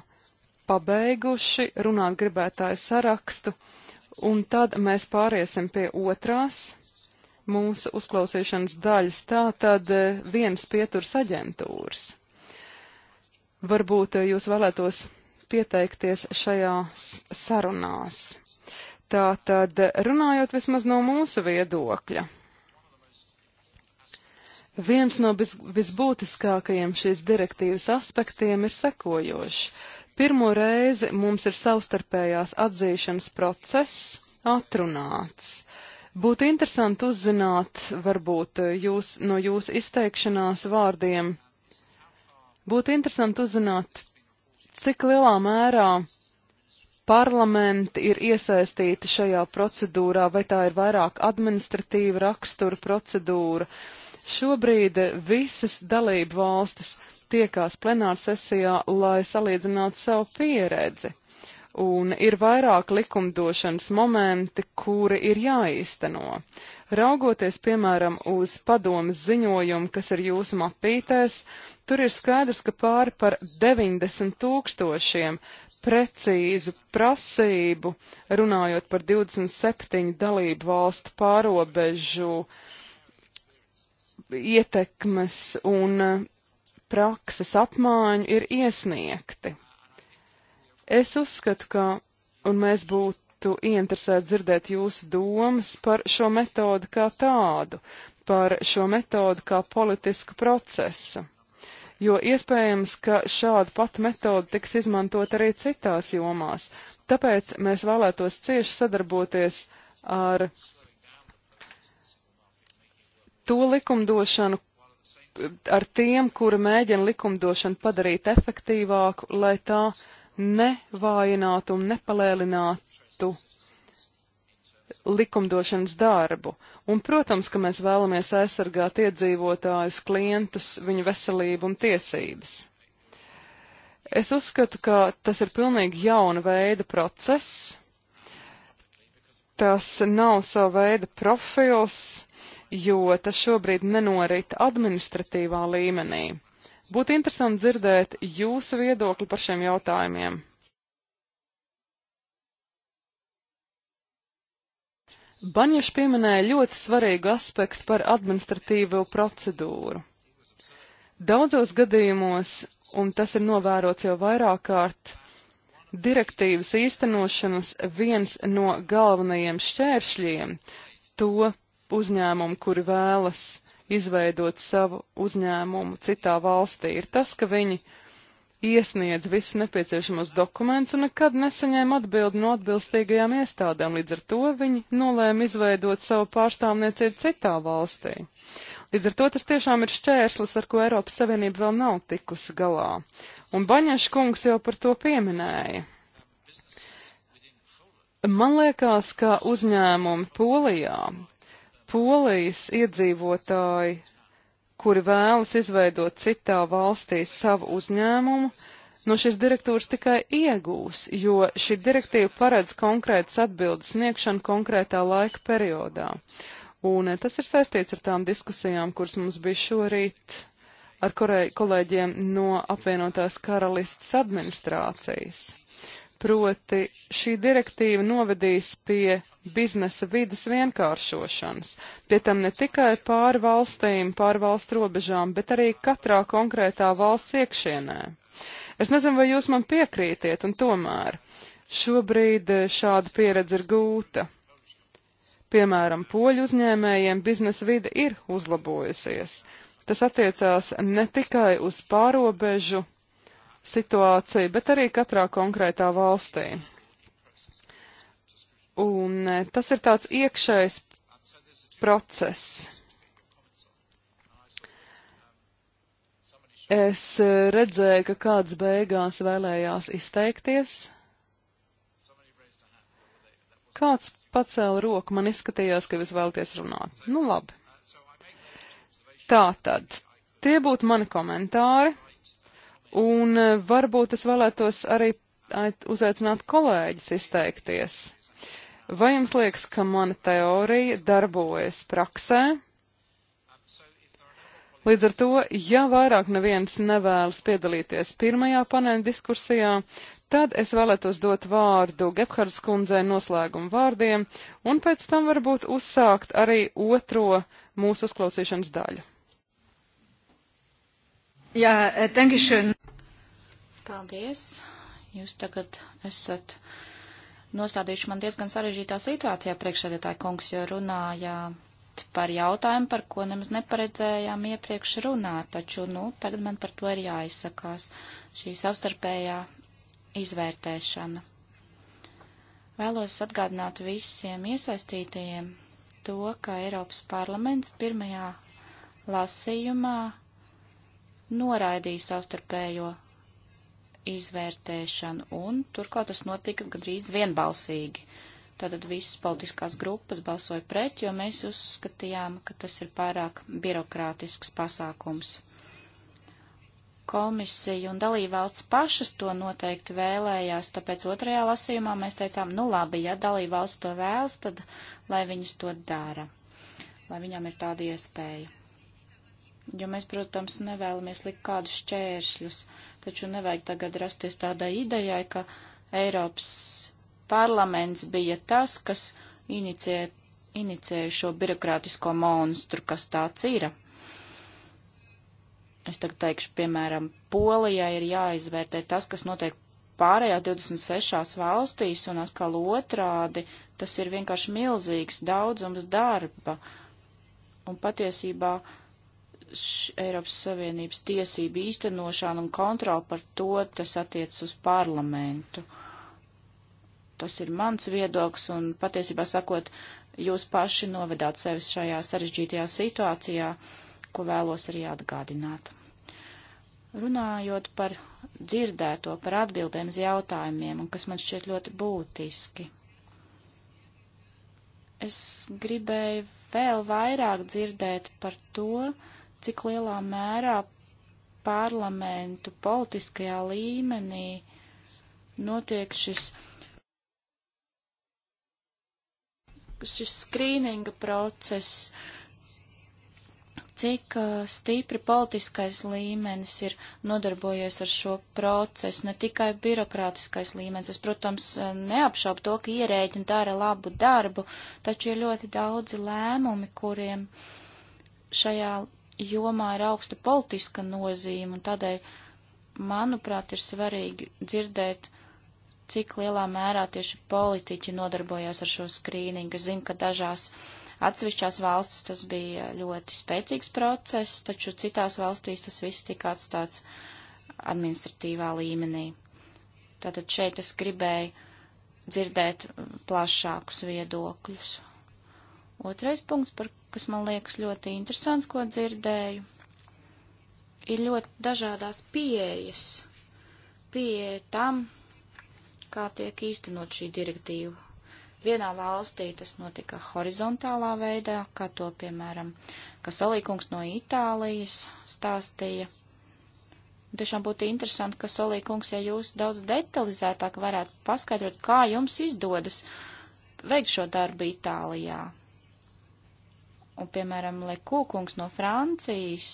pabeiguši runāt gribētāju sarakstu, un tad mēs pāriesim pie otrās mūsu uzklausīšanas daļas, tātad eh, viens pieturs aģentūras. Varbūt eh, jūs vēlētos pieteikties šajās sarunās. Tātad eh, runājot vismaz no mūsu viedokļa. Viens no visbūtiskākajiem šīs direktīvas aspektiem ir sekojošs. Pirmo reizi mums ir savstarpējās atzīšanas process atrunāts. Būtu interesanti uzzināt, varbūt jūs, no jūsu izteikšanās vārdiem, būtu interesanti uzzināt, cik lielā mērā parlamenti ir iesaistīti šajā procedūrā, vai tā ir vairāk administratīva rakstura procedūra. Uh, Šobrīd visas dalību valstis tiekās plenārsesijā, lai salīdzinātu savu pieredzi. Un ir vairāk likumdošanas momenti, kuri ir jāīsteno. Raugoties, piemēram, uz padomas ziņojumu, kas ir jūsu mapītēs, tur ir skaidrs, ka pāri par 90 tūkstošiem precīzu prasību, runājot par 27 dalību valstu pārobežu uh, ietekmes un eh, prakses apmaiņu ir iesniegti. Es uzskatu, ka, un mēs būtu ieinteresēti dzirdēt jūsu domas par šo metodu kā tādu, par šo metodu kā politisku procesu, jo iespējams, ka šāda pati metoda tiks izmantot arī citās jomās. Tāpēc mēs vēlētos cieši sadarboties ar to likumdošanu, ar tiem, kuri mēģina likumdošanu padarīt efektīvāku, lai tā nevājinātu un nepalēlinātu likumdošanas darbu. Un, protams, ka mēs vēlamies aizsargāt iedzīvotājus, klientus, viņu veselību un tiesības. Es uzskatu, ka tas ir pilnīgi jauna veida process. Tas nav sava veida profils jo tas šobrīd nenorit administratīvā līmenī. Būtu interesanti dzirdēt jūsu viedokli par šiem jautājumiem. Baņš pieminēja ļoti svarīgu aspektu par administratīvo procedūru. Daudzos gadījumos, un tas ir novērots jau vairāk kārt, direktīvas īstenošanas viens no galvenajiem šķēršļiem to uzņēmumi, kuri vēlas izveidot savu uzņēmumu citā valstī, ir tas, ka viņi iesniedz visus nepieciešamos dokumentus un nekad nesaņēma atbildi no atbilstīgajām iestādēm. Līdz ar to viņi nolēma izveidot savu pārstāvniecību citā valstī. Līdz ar to tas tiešām ir šķērslis, ar ko Eiropas Savienība vēl nav tikusi galā. Un Baņaš kungs jau par to pieminēja. Man liekas, ka uzņēmumi Polijā, Polijas iedzīvotāji, kuri vēlas izveidot citā valstī savu uzņēmumu, no šīs direktīvas tikai iegūs, jo šī direktīva paredz konkrētas atbildes sniegšanu konkrētā laika periodā. Un eh, tas ir saistīts ar tām diskusijām, kuras mums bija šorīt ar kolēģiem no apvienotās karalistas administrācijas. Proti šī direktīva novedīs pie biznesa vidas vienkāršošanas, pie tam ne tikai pāri valstīm, pāri valstu robežām, bet arī katrā konkrētā valsts iekšienē. Es nezinu, vai jūs man piekrītiet, un tomēr šobrīd eh, šāda pieredze ir gūta. Piemēram, poļu uzņēmējiem biznesa vide ir uzlabojusies. Tas attiecās ne tikai uz pārobežu situāciju, bet arī katrā konkrētā valstī. Un e, tas ir tāds iekšējs process. Es e, redzēju, ka kāds beigās vēlējās izteikties. Kāds pacēla roku, man izskatījās, ka jūs vēlaties runāt. Nu labi. Tā tad, tie būtu mani komentāri. Un e, varbūt es vēlētos arī uzaicināt kolēģis izteikties. Vai jums liekas, ka mana teorija darbojas praksē? Līdz ar to, ja vairāk neviens nevēlas piedalīties pirmajā paneļa diskusijā, tad es vēlētos dot vārdu Gebhards kundzei noslēgumu vārdiem, un pēc tam varbūt uzsākt arī otro mūsu uzklausīšanas daļu.
Jā, dankeschön. Eh, Paldies. Jūs tagad esat nostādījuši man diezgan sarežģītā situācijā priekšsēdētāja kungs, jo runājāt par jautājumu, par ko nemaz neparedzējām iepriekš runāt, taču, nu, tagad man par to ir jāizsakās šī savstarpējā izvērtēšana. Vēlos atgādināt visiem iesaistītajiem to, ka Eiropas parlaments pirmajā lasījumā noraidīja savstarpējo izvērtēšanu, un turklāt tas notika gandrīz vienbalsīgi. Tātad visas politiskās grupas balsoja pret, jo mēs uzskatījām, ka tas ir pārāk birokrātisks pasākums. Komisija un dalībvalsts pašas to noteikti vēlējās, tāpēc otrajā lasījumā mēs teicām, nu labi, ja dalībvalsts to vēlas, tad lai viņas to dara, lai viņām ir tāda iespēja jo mēs, protams, nevēlamies likt kādus šķēršļus, taču nevajag tagad rasties tādai idejai, ka Eiropas parlaments bija tas, kas inicē, inicēja šo birokrātisko monstru, kas tāds ir. Es tagad teikšu, piemēram, Polijai ir jāizvērtē tas, kas notiek pārējās 26 valstīs, un atkal otrādi, tas ir vienkārši milzīgs daudzums darba. Un patiesībā uh, Eiropas Savienības tiesību īstenošana un kontrola par to, tas attiec uz parlamentu. Tas ir mans viedoklis un patiesībā sakot, jūs paši novedāt sevi šajā sarežģītajā situācijā, ko vēlos arī atgādināt. Runājot par dzirdēto, par atbildēm uz jautājumiem, un kas man šķiet ļoti būtiski. Es gribēju vēl vairāk dzirdēt par to, uh, cik lielā mērā parlamentu politiskajā līmenī notiek šis, šis skrīninga process, cik uh, stipri politiskais līmenis ir nodarbojies ar šo procesu, ne tikai birokrātiskais līmenis. Es, protams, uh, neapšaubu to, ka ierēģi dara labu darbu, taču ir ļoti daudzi lēmumi, kuriem šajā jomā ir augsta politiska nozīme, un tādēļ, manuprāt, ir svarīgi dzirdēt, cik lielā mērā tieši politiķi nodarbojās ar šo skrīningu. Es zinu, ka dažās atsevišķās valstis tas bija ļoti spēcīgs process, taču citās valstīs tas viss tika atstāts administratīvā līmenī. Tātad šeit es gribēju dzirdēt plašākus viedokļus. Otrais punkts, par, kas man liekas ļoti interesants, ko dzirdēju, ir ļoti dažādās pieejas. Pieeja tam, kā tiek īstenot šī direktīva. Vienā valstī tas notika horizontālā veidā, kā to, piemēram, Kasolīkungs no Itālijas stāstīja. Tiešām būtu interesanti, ka Solīkungs, ja jūs daudz detalizētāk varētu paskaidrot, kā jums izdodas veikt šo darbu Itālijā Un, piemēram, Lekūkungs no Francijas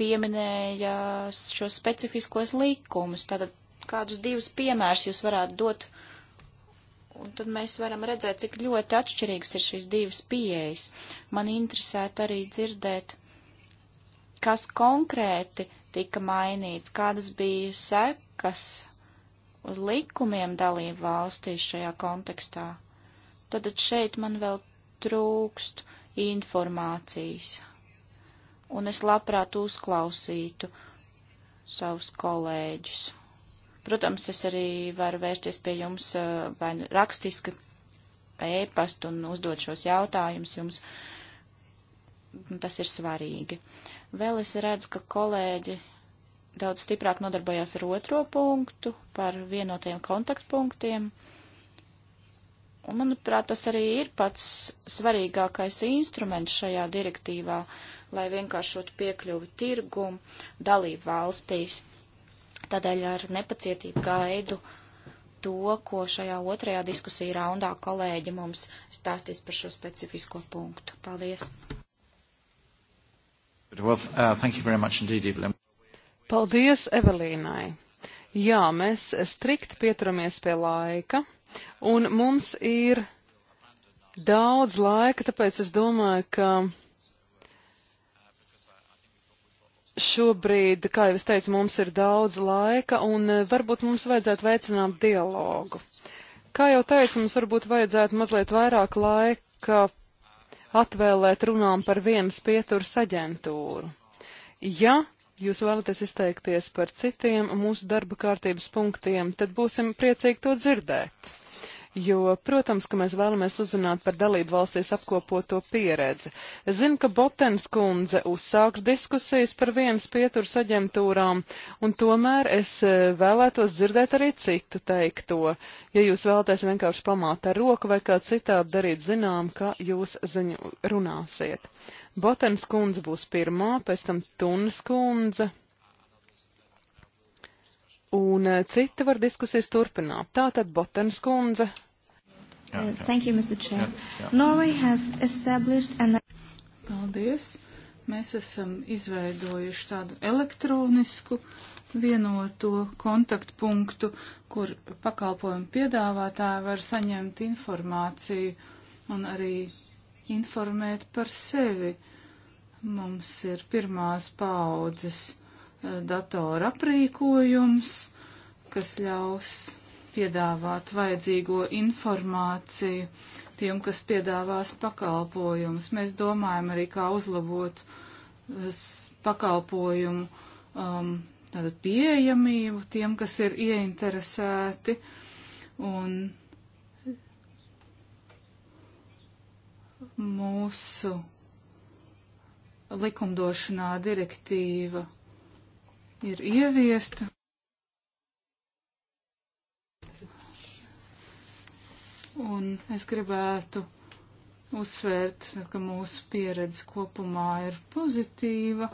pieminēja šos specifiskos likumus. Tātad kādus divus piemērus jūs varētu dot, un tad mēs varam redzēt, cik ļoti atšķirīgas ir šīs divas pieejas. Man interesētu arī dzirdēt, kas konkrēti tika mainīts, kādas bija sekas uz likumiem dalību valstīs šajā kontekstā. Tad šeit man vēl trūkst informācijas. Un es labprāt uzklausītu savus kolēģus. Protams, es arī varu vērsties pie jums eh, vai nu rakstiski pa ēpastu un uzdot šos jautājumus jums. Nu, tas ir svarīgi. Vēl es redzu, ka kolēģi daudz stiprāk nodarbojās ar otro punktu par vienotajiem kontaktpunktiem. Uh, Un, manuprāt, tas arī ir pats svarīgākais instruments šajā direktīvā, lai vienkāršot piekļuvi tirgumu dalību valstīs. Tādēļ ar nepacietību gaidu to, ko šajā otrajā diskusija raundā kolēģi mums stāstīs par šo specifisko punktu. Paldies!
Well, uh,
Paldies Evelīnai! Jā, mēs strikt pieturamies pie laika. Un mums ir daudz laika, tāpēc es domāju, ka šobrīd, kā jau es teicu, mums ir daudz laika un eh, varbūt mums vajadzētu veicināt dialogu. Kā jau teicu, mums varbūt vajadzētu mazliet vairāk laika atvēlēt runām par vienas pieturas aģentūru. Ja jūs vēlaties izteikties par citiem mūsu darba kārtības punktiem, tad būsim priecīgi to dzirdēt jo, protams, ka mēs vēlamies uzzināt par dalību valstīs apkopoto pieredzi. Es zinu, ka Botens kundze uzsāks diskusijas par vienas pieturas aģentūrām, un tomēr es e, vēlētos dzirdēt arī citu teikto. Ja jūs vēlaties vienkārši pamāt ar roku vai kā citādi darīt zinām, ka jūs ziņu runāsiet. Botens kundze būs pirmā, pēc tam Tunas kundze un eh, citi var diskusijas turpināt. Tātad Botenas
kundze. Yeah,
okay. Thank
you, Mr. Chair. Yeah,
yeah. Norway has established an... Paldies. Mēs esam izveidojuši tādu elektronisku vienoto kontaktpunktu, kur pakalpojumu piedāvātāji var saņemt informāciju un arī informēt par sevi. Mums ir pirmās paudzes datora aprīkojums, kas ļaus piedāvāt vajadzīgo informāciju tiem, kas piedāvās pakalpojumus. Mēs domājam arī, kā uzlabot eh, pakalpojumu um, pieejamību tiem, kas ir ieinteresēti. Un mūsu likumdošanā direktīva ir ieviesta. Un es gribētu uzsvērt, ka mūsu pieredze kopumā ir pozitīva.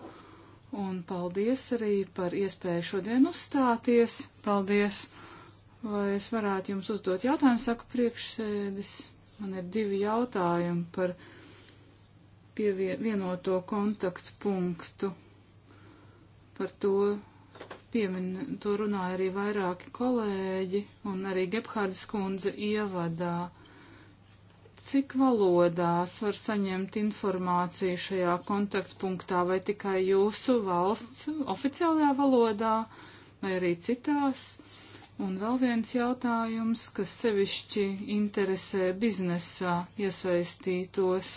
Un paldies arī par iespēju šodien uzstāties. Paldies! Vai es varētu jums uzdot jautājumu, saka priekšsēdis? Man ir divi jautājumi par pievienoto kontaktu punktu. Par to piemin, to runāja arī vairāki kolēģi un arī Gebhārdas kundze ievadā. Cik valodās var saņemt informāciju šajā kontaktpunktā, vai tikai jūsu valsts oficiālajā valodā, vai arī citās? Un vēl viens jautājums, kas sevišķi interesē biznesā iesaistītos.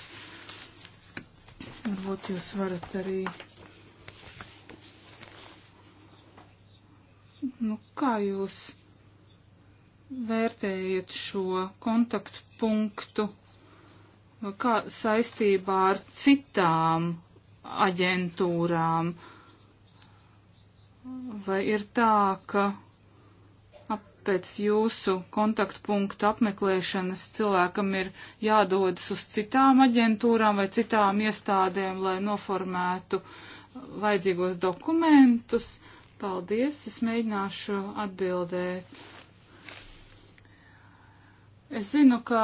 Varbūt jūs varat arī Nu, kā jūs vērtējat šo kontaktu punktu nu, kā saistībā ar citām aģentūrām? Vai ir tā, ka pēc jūsu kontaktpunktu apmeklēšanas cilvēkam ir jādodas uz citām aģentūrām vai citām iestādēm, lai noformētu vajadzīgos dokumentus? Uh, Paldies, es mēģināšu atbildēt. Es zinu, ka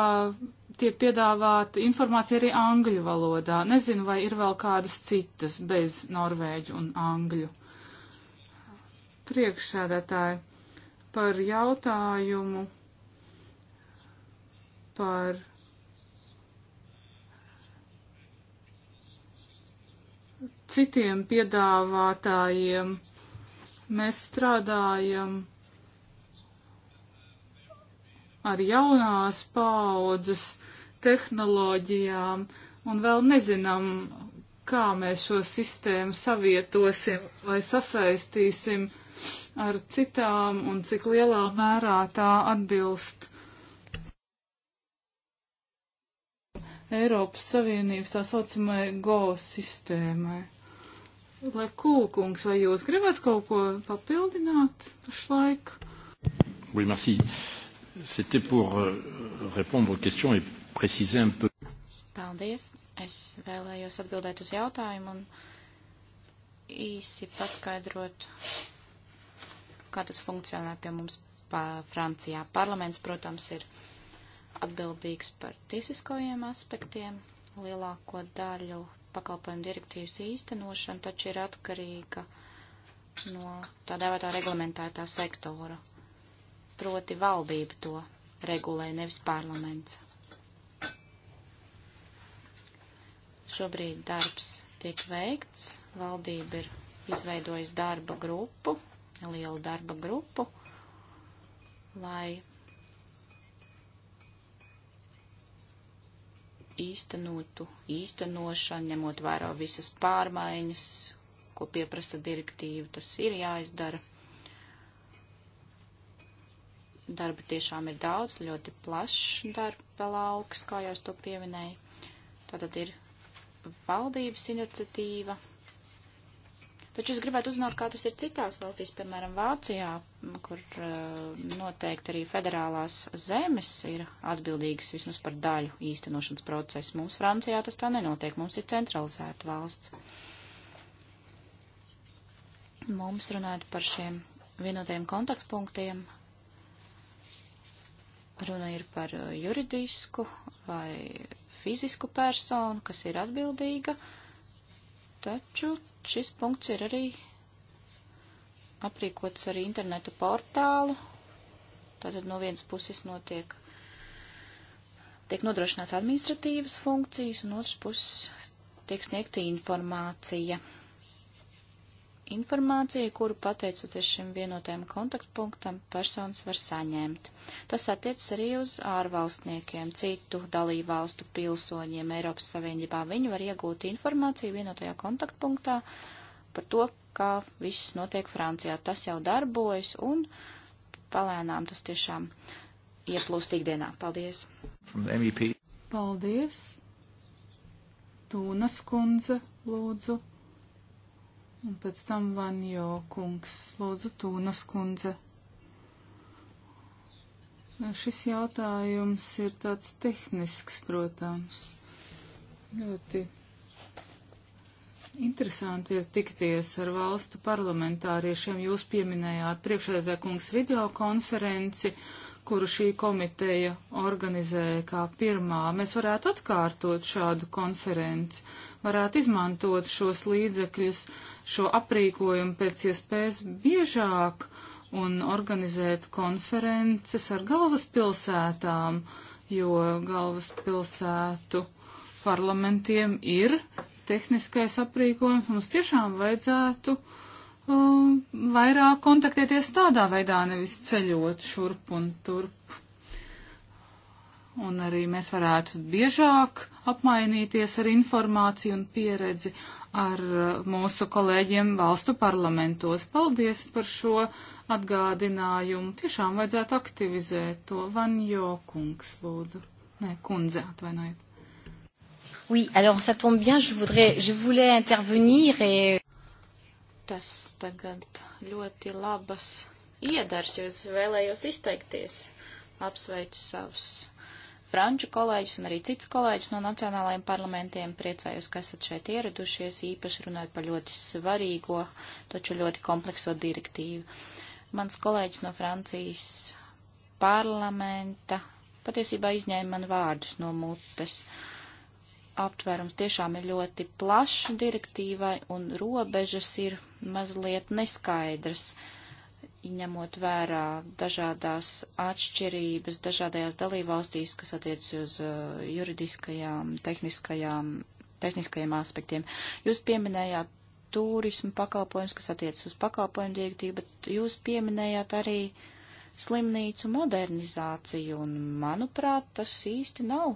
tiek piedāvāta informācija arī angļu valodā. Nezinu, vai ir vēl kādas citas bez norvēģu un angļu. Priekšsēdētāji par jautājumu par citiem piedāvātājiem Mēs strādājam ar jaunās paaudzes tehnoloģijām un vēl nezinām, kā mēs šo sistēmu savietosim vai sasaistīsim ar citām un cik lielā mērā tā atbilst Eiropas Savienības tā saucamai GO sistēmai. Lai kūkungs, vai jūs gribat kaut ko papildināt pašlaik?
Oui, merci. C'était pour euh, répondre aux questions et préciser un
peu. Paldies. Es vēlējos atbildēt uz jautājumu un īsi paskaidrot, kā tas funkcionē pie mums pa Francijā. Parlaments, protams, ir atbildīgs par tiesiskajiem aspektiem. Lielāko daļu pakalpojumu direktīvas īstenošana taču ir atkarīga no tā dēvētā reglamentētā sektora. Proti valdība to regulē, nevis parlaments. Šobrīd darbs tiek veikts, valdība ir izveidojusi darba grupu, lielu darba grupu, lai īstenotu īstenošanu, ņemot vērā visas pārmaiņas, ko pieprasa direktīva, tas ir jāizdara. Darba tiešām ir daudz, ļoti plašs darba lauks, kā jau es to pieminēju. Tātad ir valdības iniciatīva, Taču es gribētu uzzināt, kā tas ir citās valstīs, piemēram, Vācijā, kur eh, noteikti arī federālās zemes ir atbildīgas vismaz par daļu īstenošanas procesu. Mums Francijā tas tā nenotiek, mums ir centralizēta valsts. Mums runājot par šiem vienotajiem kontaktpunktiem, runa ir par eh, juridisku vai fizisku personu, kas ir atbildīga, taču šis punkts ir arī aprīkots ar internetu portālu. Tātad no vienas puses notiek, tiek nodrošināts administratīvas funkcijas, un otrs puses tiek sniegta informācija informācija, kuru pateicoties šim vienotajam kontaktpunktam personas var saņemt. Tas attiecas arī uz ārvalstniekiem, citu dalībvalstu pilsoņiem Eiropas Savienībā. Viņi var iegūt informāciju vienotajā kontaktpunktā par to, kā viss notiek Francijā. Tas jau darbojas un palēnām tas tiešām ieplūst ikdienā. Paldies! E Paldies! Tūnas kundze, lūdzu.
Un pēc tam Vanjo kungs, lūdzu, Tūnas kundze. Šis jautājums ir tāds tehnisks, protams. Ļoti interesanti ir tikties ar valstu parlamentāriešiem. Jūs pieminējāt priekšredatē kungs video konferenci. Uh, kuru šī komiteja organizēja kā pirmā. Mēs varētu atkārtot šādu konferenci, varētu izmantot šos līdzekļus, šo aprīkojumu pēc iespējas biežāk un organizēt konferences ar galvaspilsētām, jo galvaspilsētu parlamentiem ir tehniskais aprīkojums. Mums tiešām vajadzētu uh, um, vairāk kontaktēties tādā veidā, nevis ceļot šurp un turp. Un arī mēs varētu biežāk apmainīties ar informāciju un pieredzi ar uh, mūsu kolēģiem valstu parlamentos. Paldies par šo atgādinājumu. Tiešām vajadzētu aktivizēt to. Vanjo kungs, lūdzu. Nē, kundze, atvainojiet.
Oui, alors ça tombe bien, je, voudrais, je voulais intervenir et tas tagad ļoti labas iedars, jo es vēlējos izteikties. Apsveicu savus franču kolēģus un arī citus kolēģus no nacionālajiem parlamentiem. Priecājos, ka esat šeit ieradušies, īpaši runājot par ļoti svarīgo, taču ļoti komplekso direktīvu. Mans kolēģis no Francijas parlamenta patiesībā izņēma man vārdus no mutes. Uh, aptvērums tiešām ir ļoti plašs direktīvai un robežas ir mazliet neskaidras, ņemot vērā dažādās atšķirības dažādajās dalībvalstīs, kas attiecas uz uh, juridiskajām, tehniskajām, tehniskajiem aspektiem. Jūs pieminējāt turismu pakalpojums, kas attiecas uz pakalpojumu direktīvu, bet jūs pieminējāt arī slimnīcu modernizāciju, un, manuprāt, tas īsti nav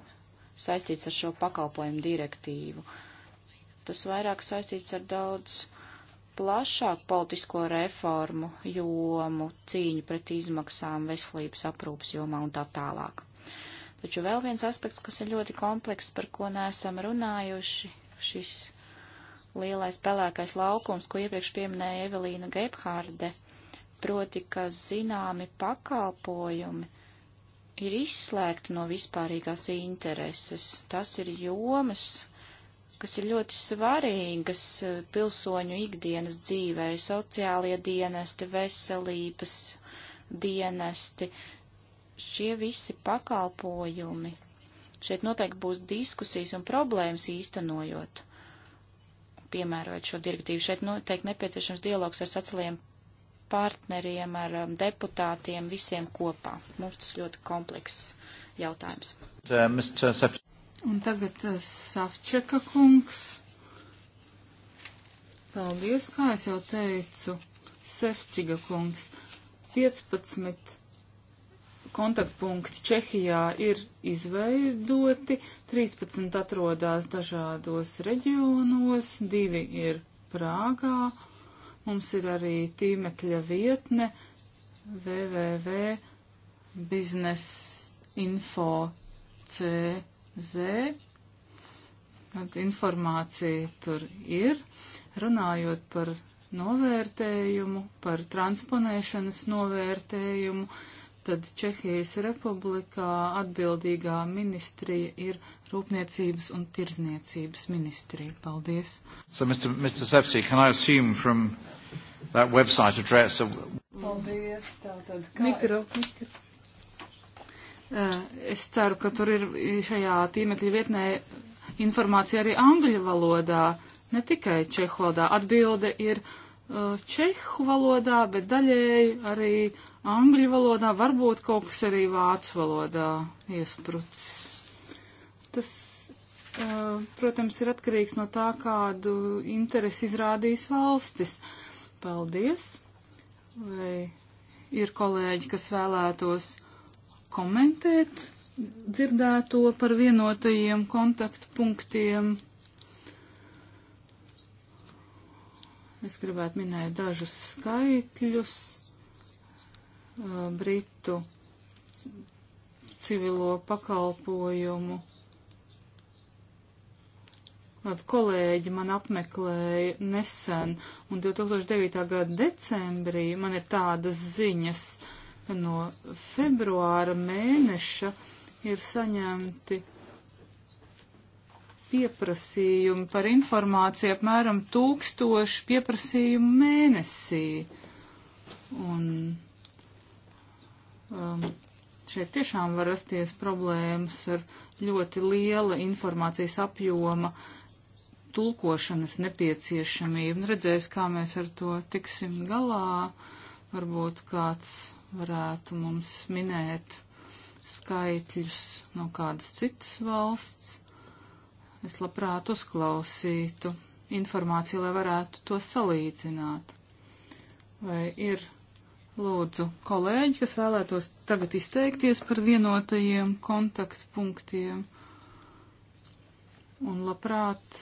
saistīts ar šo pakalpojumu direktīvu. Tas vairāk saistīts ar daudz plašāku politisko reformu jomu, cīņu pret izmaksām, veselības aprūpas jomā un tā tālāk. Taču vēl viens aspekts, kas ir ļoti komplekss, par ko neesam runājuši, šis lielais pelēkais laukums, ko iepriekš pieminēja Evelīna Gebhārde, proti, ka zināmi pakalpojumi ir izslēgti no vispārīgās intereses. Tas ir jomas, kas ir ļoti svarīgas eh, pilsoņu ikdienas dzīvē - sociālie dienesti, veselības dienesti, šie visi pakalpojumi. Šeit noteikti būs diskusijas un problēmas īstenojot, piemērojot šo direktīvu. Šeit noteikti nepieciešams dialogs ar saceliem partneriem, ar um, deputātiem, visiem kopā. Mums tas ļoti komplekss jautājums.
Uh,
Un tagad uh, Savčeka kungs. Paldies,
kā es jau teicu, Sefciga kungs. 15 kontaktpunkti Čehijā ir izveidoti, 13 atrodas dažādos reģionos, 2 ir Prāgā Mums ir arī tīmekļa vietne www.biznesinfo.cz. Informācija tur ir. Runājot par novērtējumu, par transponēšanas novērtējumu, tad Čehijas republikā atbildīgā ministrija ir Rūpniecības un Tirzniecības ministrija. Paldies. So, Mr. Mr.
Sepsi, that website address.
Paldies, tātad, mikro, es...
mikro. Uh, es ceru, ka tur ir šajā tīmekļa vietnē informācija arī angļu valodā, ne tikai čehu valodā. Atbilde ir uh, čehu valodā, bet daļēji arī angļu valodā, varbūt kaut kas arī vācu valodā iesprucis. Tas, uh, protams, ir atkarīgs no tā, kādu interesi izrādīs valstis. Uh, Paldies! Vai ir kolēģi, kas vēlētos komentēt dzirdēto par vienotajiem kontaktpunktiem? Es gribētu minēt dažus skaitļus. Britu civilo pakalpojumu Kādu kolēģi man apmeklēja nesen, un 2009. gada decembrī man ir tādas ziņas, ka no februāra mēneša ir saņemti pieprasījumi par informāciju apmēram tūkstoši pieprasījumu mēnesī. Un um, šeit tiešām var rasties problēmas ar ļoti liela informācijas apjoma uh, tulkošanas nepieciešamību un redzēs, kā mēs ar to tiksim galā. Varbūt kāds varētu mums minēt skaitļus no kādas citas valsts. Es labprāt uzklausītu informāciju, lai varētu to salīdzināt. Vai ir lūdzu kolēģi, kas vēlētos tagad izteikties par vienotajiem kontaktpunktiem? Un labprāt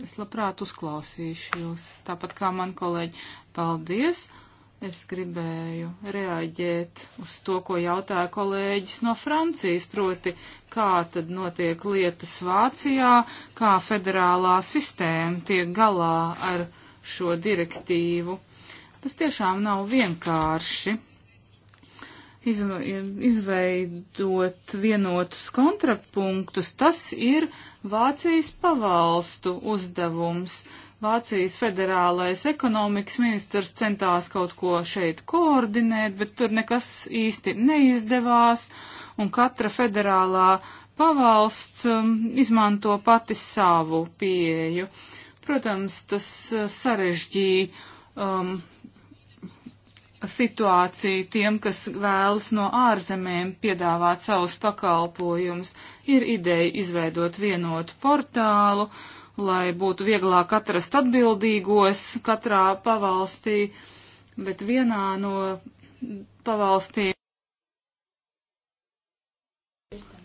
Es labprāt uzklausīšu jūs, tāpat kā man kolēģi. Paldies! Es gribēju reaģēt uz to, ko jautāja kolēģis no Francijas, proti, kā tad notiek lietas Vācijā, kā federālā sistēma tiek galā ar šo direktīvu. Tas tiešām nav vienkārši izveidot vienotus kontraktpunktus, tas ir Vācijas pavalstu uzdevums. Vācijas federālais ekonomikas ministrs centās kaut ko šeit koordinēt, bet tur nekas īsti neizdevās, un katra federālā pavalsts um, izmanto pati savu pieeju. Protams, tas uh, sarežģīja um, situāciju tiem, kas vēlas no ārzemēm piedāvāt savus pakalpojumus. Ir ideja izveidot vienotu portālu, lai būtu vieglāk atrast atbildīgos katrā pavalstī, bet vienā no pavalstīm.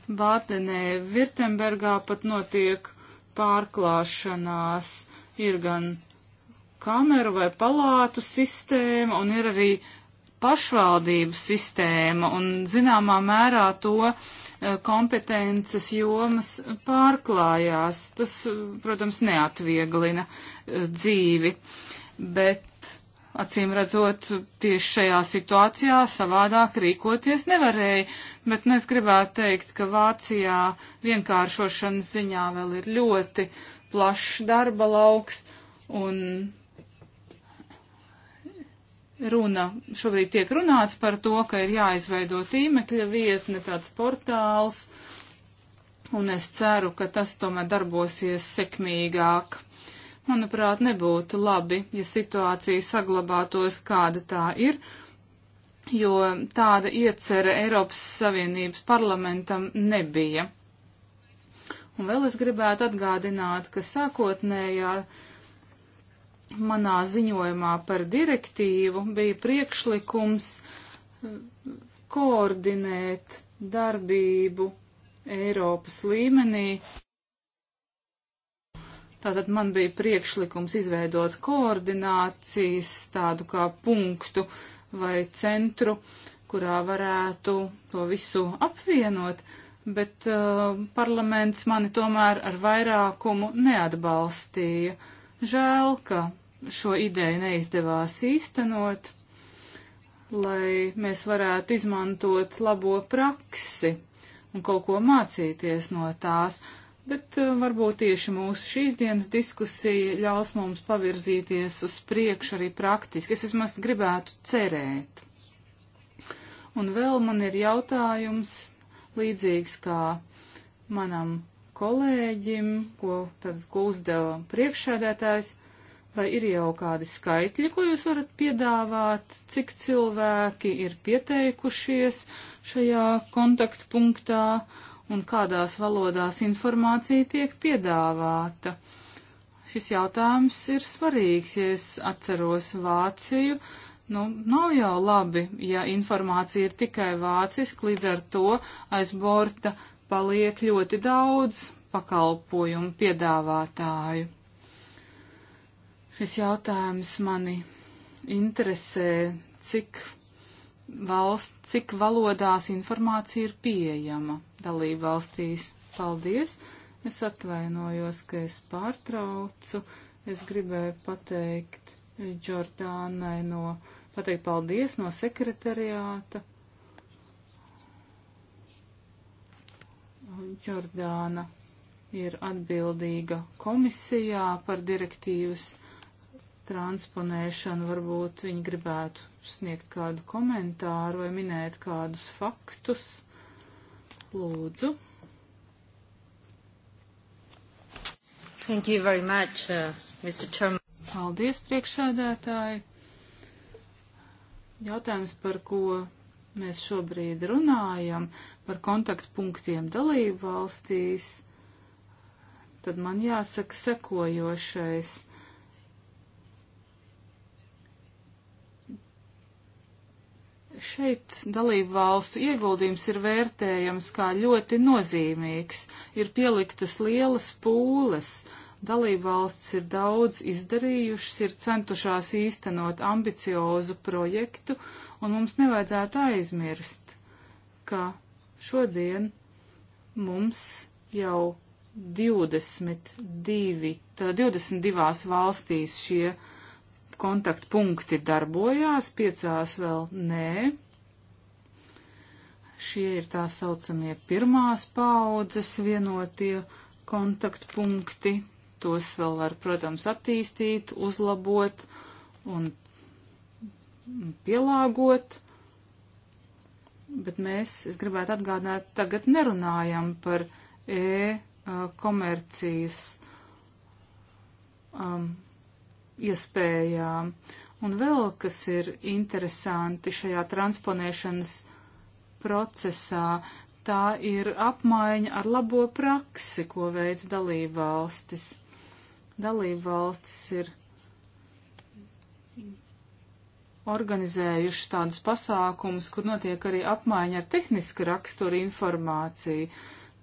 Bātenē, Virtembergā pat notiek pārklāšanās, ir gan kameru vai palātu sistēma un ir arī pašvaldību sistēma un zināmā mērā to eh, kompetences jomas pārklājās. Tas, eh, protams, neatvieglina eh, dzīvi, bet acīm redzot, tieši šajā situācijā savādāk rīkoties nevarēja, bet nu, es gribētu teikt, ka Vācijā vienkāršošanas ziņā vēl ir ļoti plašs darba lauks un runa, šobrīd tiek runāts par to, ka ir jāizveido tīmekļa vietne, tāds portāls, un es ceru, ka tas tomēr darbosies sekmīgāk. Manuprāt, nebūtu labi, ja situācija saglabātos, kāda tā ir, jo tāda iecere Eiropas Savienības parlamentam nebija. Un vēl es gribētu atgādināt, ka sākotnējā manā ziņojumā par direktīvu bija priekšlikums eh, koordinēt darbību Eiropas līmenī. Tātad man bija priekšlikums izveidot koordinācijas tādu kā punktu vai centru, kurā varētu to visu apvienot, bet uh, parlaments mani tomēr ar vairākumu neatbalstīja. Žēl, ka šo ideju neizdevās īstenot, lai mēs varētu izmantot labo praksi un kaut ko mācīties no tās. Bet uh, varbūt tieši mūsu šīs dienas diskusija ļaus mums pavirzīties uz priekšu arī praktiski. Es vismaz gribētu cerēt. Un vēl man ir jautājums līdzīgs kā manam kolēģim, ko, tad, ko uzdeva priekšsēdētājs. Vai ir jau kādi skaitļi, ko jūs varat piedāvāt, cik cilvēki ir pieteikušies šajā kontaktpunktā un kādās valodās informācija tiek piedāvāta? Šis jautājums ir svarīgs, ja es atceros Vāciju. Nu, nav jau labi, ja informācija ir tikai vāciski, līdz ar to aiz borta paliek ļoti daudz pakalpojumu piedāvātāju. Šis jautājums mani interesē, cik valsts, cik valodās informācija ir pieejama dalību valstīs. Paldies! Es atvainojos, ka es pārtraucu. Es gribēju pateikt Džordānai no, pateikt paldies no sekretariāta. Džordāna ir atbildīga komisijā par direktīvas transponēšanu, varbūt viņi gribētu sniegt kādu komentāru vai minēt kādus faktus. Lūdzu. Thank you very much, uh, Mr. Chairman. Paldies, priekšsēdētāji. Jautājums, par ko mēs šobrīd runājam, par kontaktpunktiem dalību valstīs, tad man jāsaka sekojošais Šeit dalību valstu ieguldījums ir vērtējams kā ļoti nozīmīgs, ir pieliktas lielas pūles, dalību valsts ir daudz izdarījušas, ir centušās īstenot ambiciozu projektu, un mums nevajadzētu aizmirst, ka šodien mums jau 22, 22 valstīs šie projekti kontaktpunkti darbojās, piecās vēl nē. Šie ir tā saucamie pirmās paudzes vienotie kontaktpunkti. Tos vēl var, protams, attīstīt, uzlabot un pielāgot. Bet mēs, es gribētu atgādināt, tagad nerunājam par e-komercijas um, iespējām. Un vēl kas ir interesanti šajā transponēšanas procesā, tā ir apmaiņa ar labo praksi, ko veids dalībvalstis. Dalībvalstis ir organizējuši tādus pasākumus, kur notiek arī apmaiņa ar tehniska rakstura informāciju.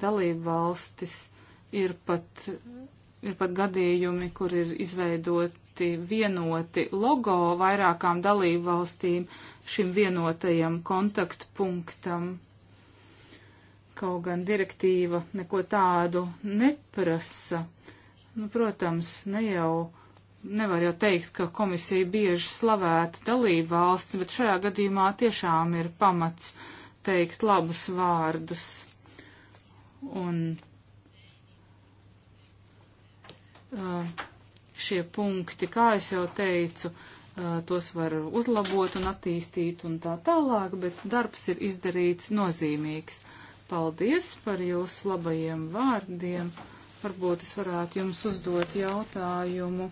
Dalībvalstis ir pat, ir pat gadījumi, kur ir izveidot ļoti vienoti logo vairākām dalību valstīm šim vienotajam kontaktpunktam. Kaut gan direktīva neko tādu neprasa. Nu, protams, ne jau nevar jau teikt, ka komisija bieži slavētu dalību valsts, bet šajā gadījumā tiešām ir pamats teikt labus vārdus. Un, uh, šie punkti, kā es jau teicu, tos var uzlabot un attīstīt un tā tālāk, bet darbs ir izdarīts nozīmīgs. Paldies par jūsu labajiem vārdiem. Varbūt es varētu jums uzdot jautājumu.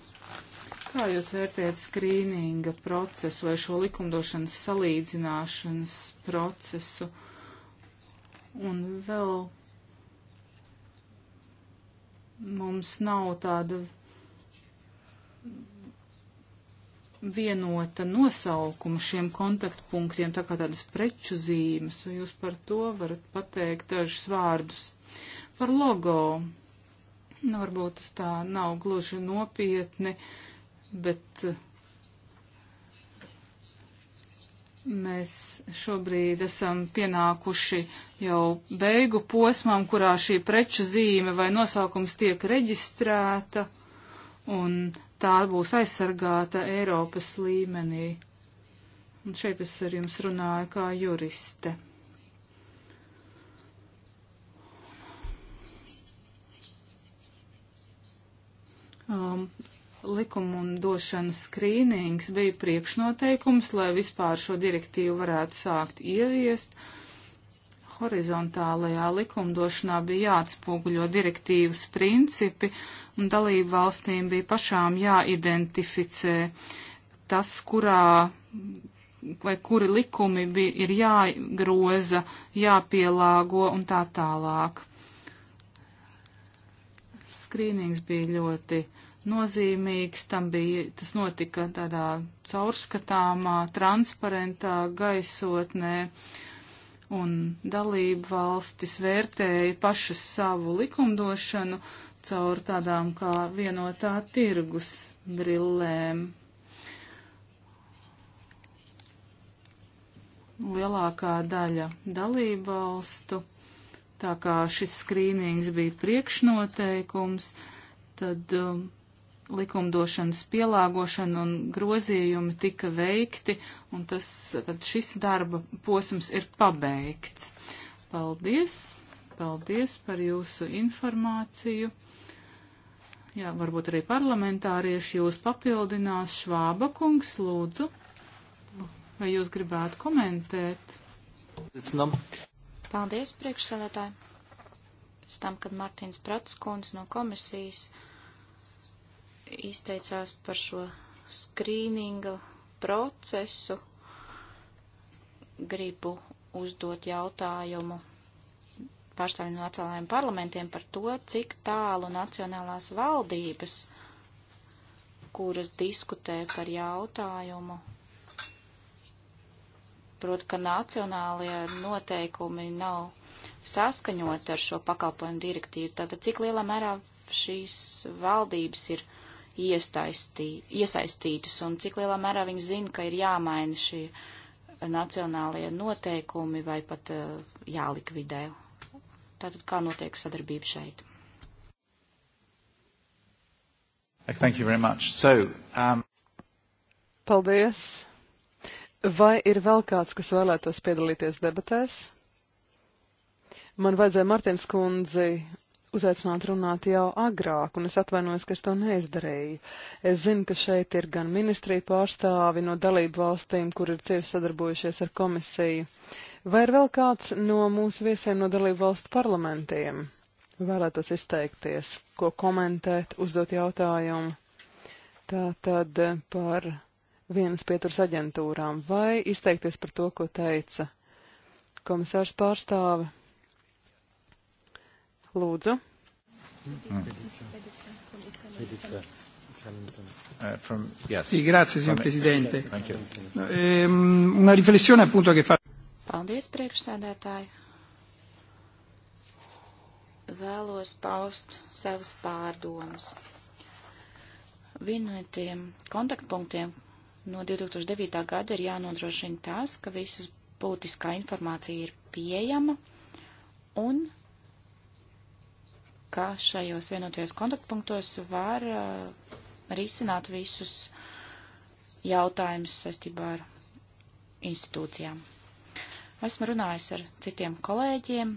Kā jūs vērtējat skrīninga procesu vai šo likumdošanas salīdzināšanas procesu? Un vēl mums nav tāda vienota nosaukuma šiem kontaktpunktiem, tā kā tādas preču zīmes, vai jūs par to varat pateikt dažus vārdus. Par logo. Nu, varbūt tas tā nav gluži nopietni, bet eh, mēs šobrīd esam pienākuši jau beigu posmam, kurā šī preču zīme vai nosaukums tiek reģistrēta. Un tā būs aizsargāta Eiropas līmenī. Un šeit es ar jums runāju kā juriste. Um, likumu un došanas skrīnings bija priekšnoteikums, lai vispār šo direktīvu varētu sākt ieviest. Uh, horizontālajā likumdošanā bija jāatspoguļo direktīvas principi, un dalību valstīm bija pašām jāidentificē tas, kurā vai kuri likumi bija, ir jāgroza, jāpielāgo un tā tālāk. Skrīnings bija ļoti nozīmīgs, tam bija, tas notika tādā caurskatāmā, transparentā gaisotnē. Uh, un dalību valstis vērtēja pašas savu likumdošanu caur tādām kā vienotā tirgus brillēm. Lielākā daļa dalību valstu, tā kā šis skrīnings bija priekšnoteikums, tad um, likumdošanas pielāgošana un grozījumi tika veikti, un tas, tad šis darba posms ir pabeigts. Paldies! Paldies par jūsu informāciju. Jā, varbūt arī parlamentārieši jūs papildinās. Švāba kungs, lūdzu, vai jūs gribētu komentēt?
Paldies, priekšsēdētāji! Pēc tam, kad Martins Pratskons no komisijas izteicās par šo skrīninga procesu, gribu uzdot jautājumu pārstāvjiem no nacionālajiem parlamentiem par to, cik tālu nacionālās valdības, kuras diskutē par jautājumu, proti, ka nacionālie noteikumi nav saskaņot ar šo pakalpojumu direktīvu, tātad cik lielā mērā šīs valdības ir iesaistī, iesaistītas un cik lielā mērā viņi zina, ka ir jāmaina šie nacionālie noteikumi vai pat uh, jālikvidē. Tātad kā notiek sadarbība šeit?
Thank you very much. So, um...
Paldies. Vai ir vēl kāds, kas vēlētos piedalīties debatēs? Man vajadzēja Martins kundzi uzaicināt runāt jau agrāk, un es atvainojos, ka es to neizdarīju. Es zinu, ka šeit ir gan ministrija pārstāvi no dalību valstīm, kur ir cieši sadarbojušies ar komisiju. Vai ir vēl kāds no mūsu viesiem no dalību valstu parlamentiem? Vēlētos izteikties, ko komentēt, uzdot jautājumu. Tā tad eh, par vienas pieturas aģentūrām vai izteikties par to, ko teica komisārs pārstāve. Lūdzu.
Mm.
Uh, from, yes. Sì, grazie signor Presidente. Um, una riflessione appunto che fa.
Paldies, priekšsēdētāji. Vēlos paust savas pārdomas. Vienotiem kontaktpunktiem no 2009. gada ir jānodrošina tas, ka visas būtiskā informācija ir pieejama un ka šajos vienotajos kontaktpunktos var uh, risināt visus jautājumus saistībā ar institūcijām. Esmu runājis ar citiem kolēģiem,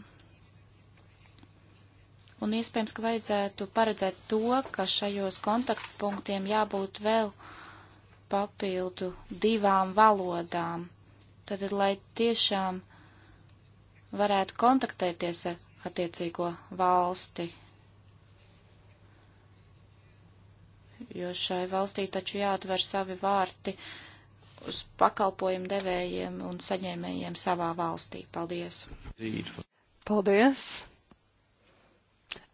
un iespējams, ka vajadzētu paredzēt to, ka šajos kontaktpunktiem jābūt vēl papildu divām valodām. Tad, lai tiešām varētu kontaktēties ar attiecīgo valsti, jo šai valstī taču jāatver savi vārti uz pakalpojumu devējiem un saņēmējiem savā valstī. Paldies! Paldies!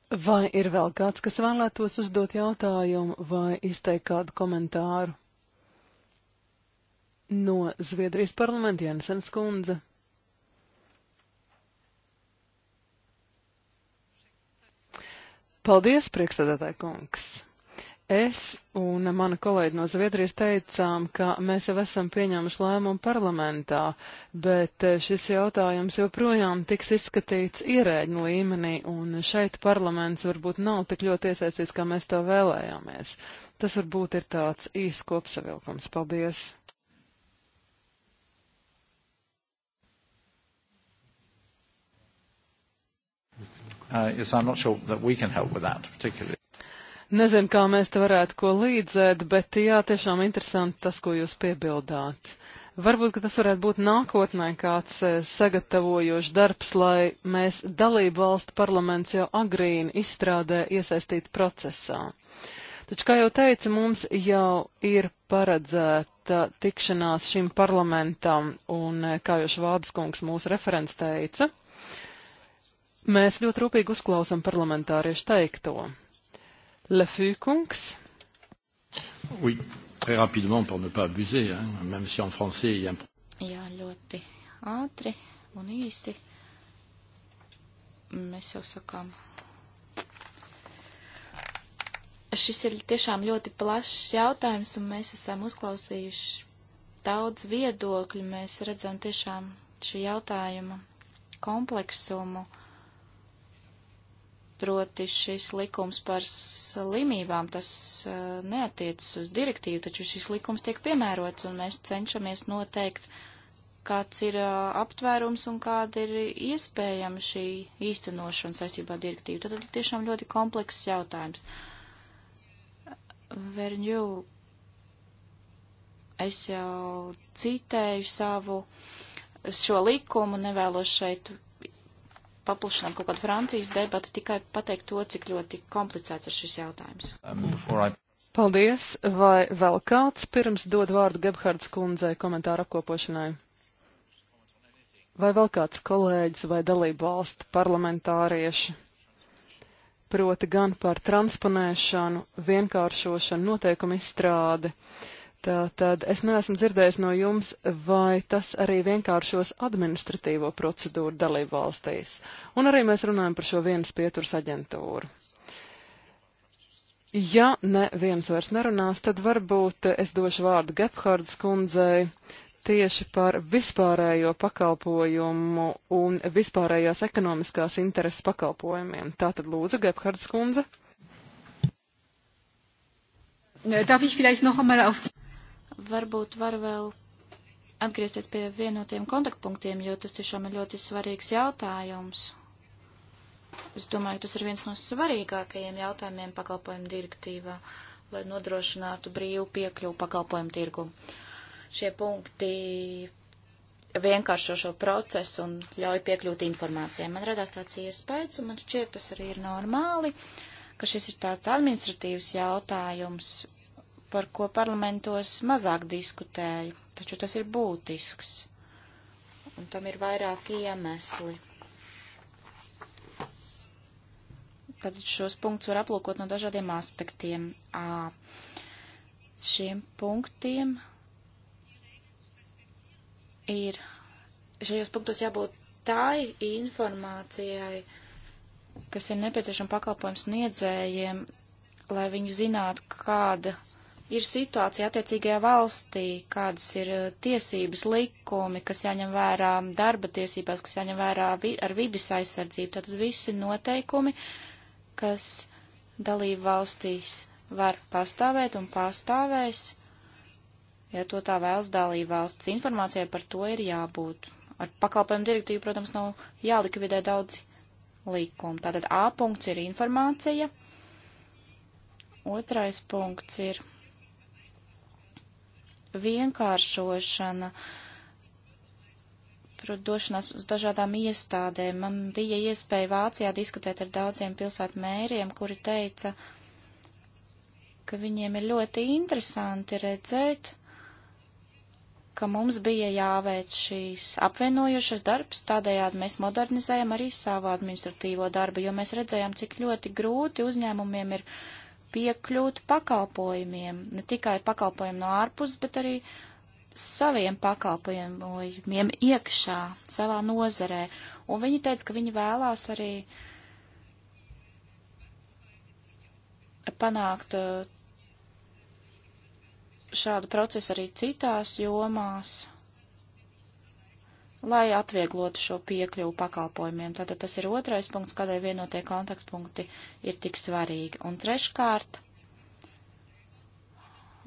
Vai ir vēl kāds, kas vēlētos uzdot jautājumu vai izteikt kādu komentāru? No Zviedrijas parlamenta Jensens kundze. Paldies, priekšsēdētāji kungs! Es un mana kolēģi no Zviedrijas teicām, ka mēs jau esam pieņēmuši lēmumu parlamentā, bet eh, šis jautājums joprojām tiks izskatīts ierēģu līmenī, un šeit parlaments varbūt nav tik ļoti iesaistīts, kā mēs to vēlējāmies. Tas varbūt ir tāds īsts kopsavilkums. Paldies!
Uh, yes, I'm not sure that we can help with that particularly.
Nezinu, kā mēs te varētu ko līdzēt, bet jā, tiešām interesanti tas, ko jūs piebildāt. Varbūt, ka tas varētu būt nākotnē kāds eh, sagatavojošs darbs, lai mēs dalību valstu parlaments jau agrīni izstrādē iesaistītu procesā. Taču, kā jau teicu, mums jau ir paredzēta tikšanās šim parlamentam, un, eh, kā jau Švābas kungs mūsu referents teica, mēs ļoti rūpīgi uzklausam parlamentāriešu teikto. Lefūkungs.
Oui, très rapidement pour ne pas abuser, hein, même si en français il y a un...
Jā, ļoti ātri un īsi. Mēs jau sakām. Šis ir tiešām ļoti plašs jautājums, un mēs esam uzklausījuši daudz viedokļu. Mēs redzam tiešām šī jautājuma kompleksumu proti šis likums par slimībām, tas uh, neatiecas uz direktīvu, taču šis likums tiek piemērots, un mēs cenšamies noteikt, kāds ir uh, aptvērums un kāda ir iespējama šī īstenošana saistībā ar direktīvu. Tad ir tiešām ļoti komplekss jautājums. Verņū, es jau citēju savu šo likumu, nevēlos šeit paplašinām kaut kādu Francijas debatu, tikai pateikt to, cik ļoti komplicēts ir šis jautājums. Um,
I...
Paldies! Vai vēl kāds pirms dod vārdu Gebhards kundzei komentāru apkopošanai? Vai vēl kāds kolēģis vai dalību valstu parlamentārieši? Proti gan par transponēšanu, vienkāršošanu, noteikumu izstrādi. Uh, Tātad es neesmu dzirdējis no jums, vai tas arī vienkāršos administratīvo procedūru dalību valstīs. Un arī mēs runājam par šo vienas pieturas aģentūru. Ja neviens vairs nerunās, tad varbūt es došu vārdu Gephardas kundzei tieši par vispārējo pakalpojumu un vispārējās ekonomiskās intereses pakalpojumiem. Tātad lūdzu, Gephardas kundze.
Darf ich vielleicht noch einmal auf die varbūt var vēl atgriezties pie vienotiem kontaktpunktiem, jo tas tiešām ir ļoti svarīgs jautājums. Es domāju, ka tas ir viens no svarīgākajiem jautājumiem pakalpojumu direktīvā, lai nodrošinātu brīvu piekļuvu pakalpojumu tirgu. Šie punkti vienkāršo šo procesu un ļauj piekļūt informācijai. Man radās tāds iespējas, un man šķiet, tas arī ir normāli, ka šis ir tāds administratīvs jautājums, par ko parlamentos mazāk diskutēju, taču tas ir būtisks, un tam ir vairāki iemesli. Tad šos punktus var aplūkot no dažādiem aspektiem. À, šiem punktiem ir, šajos punktos jābūt tai informācijai, kas ir nepieciešama pakalpojums niedzējiem, lai viņi zinātu, kāda ir situācija attiecīgajā valstī, kādas ir eh, tiesības likumi, kas jāņem vērā darba tiesībās, kas jāņem vērā vi ar vidas aizsardzību. Tātad visi noteikumi, kas dalību valstīs var pastāvēt un pastāvēs, ja to tā vēlas dalību valsts. Informācijai par to ir jābūt. Ar pakalpojumu direktīvu, protams, nav jālikvidē daudz likumu. Tātad A punkts ir informācija. Otrais punkts ir vienkāršošana, došanās uz dažādām iestādēm. Man bija iespēja Vācijā diskutēt ar daudziem pilsētu mēriem, kuri teica, ka viņiem ir ļoti interesanti redzēt, ka mums bija jāveic šīs apvienojušas darbs, tādējādi mēs modernizējam arī savu administratīvo darbu, jo mēs redzējām, cik ļoti grūti uzņēmumiem ir uh, piekļūt pakalpojumiem, ne tikai pakalpojumiem no ārpus, bet arī saviem pakalpojumiem iekšā, savā nozarē. Un viņi teica, ka viņi vēlās arī panākt uh, šādu procesu arī citās jomās lai atvieglotu šo piekļuvu pakalpojumiem. Tātad tas ir otrais punkts, kādēļ vienotie kontaktpunkti ir tik svarīgi. Un treškārt,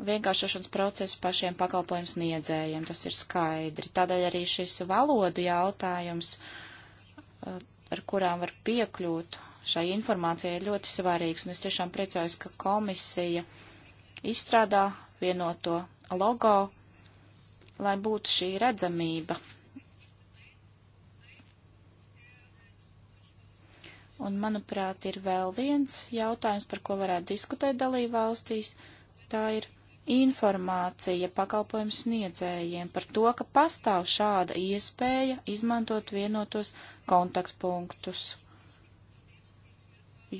vienkāršošanas procesu pašiem pakalpojums niedzējiem, tas ir skaidri. Tādēļ arī šis valodu jautājums, eh, ar kurām var piekļūt šai informācijai, ir ļoti svarīgs. Un es tiešām priecājos, ka komisija izstrādā vienoto logo, lai būtu šī redzamība Un, manuprāt, ir vēl viens jautājums, par ko varētu diskutēt dalību valstīs. Tā ir informācija pakalpojumu sniedzējiem par to, ka pastāv šāda iespēja izmantot vienotos kontaktpunktus.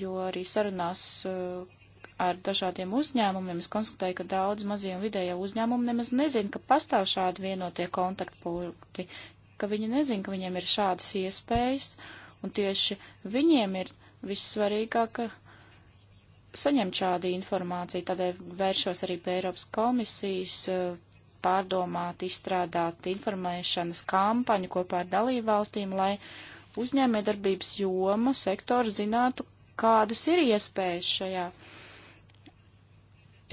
Jo arī sarunās uh, ar dažādiem uzņēmumiem es konstatēju, ka daudz mazie un vidējie uzņēmumi nemaz nezin, ka pastāv šādi vienotie kontaktpunkti, ka viņi nezin, ka viņiem ir šādas iespējas. Uh, un tieši viņiem ir vissvarīgāk saņemt šādu informāciju, tādēļ vēršos arī pie Eiropas komisijas eh, pārdomāt, izstrādāt informēšanas kampaņu kopā ar dalībvalstīm, lai uzņēmējdarbības joma, sektors zinātu, kādas ir iespējas šajā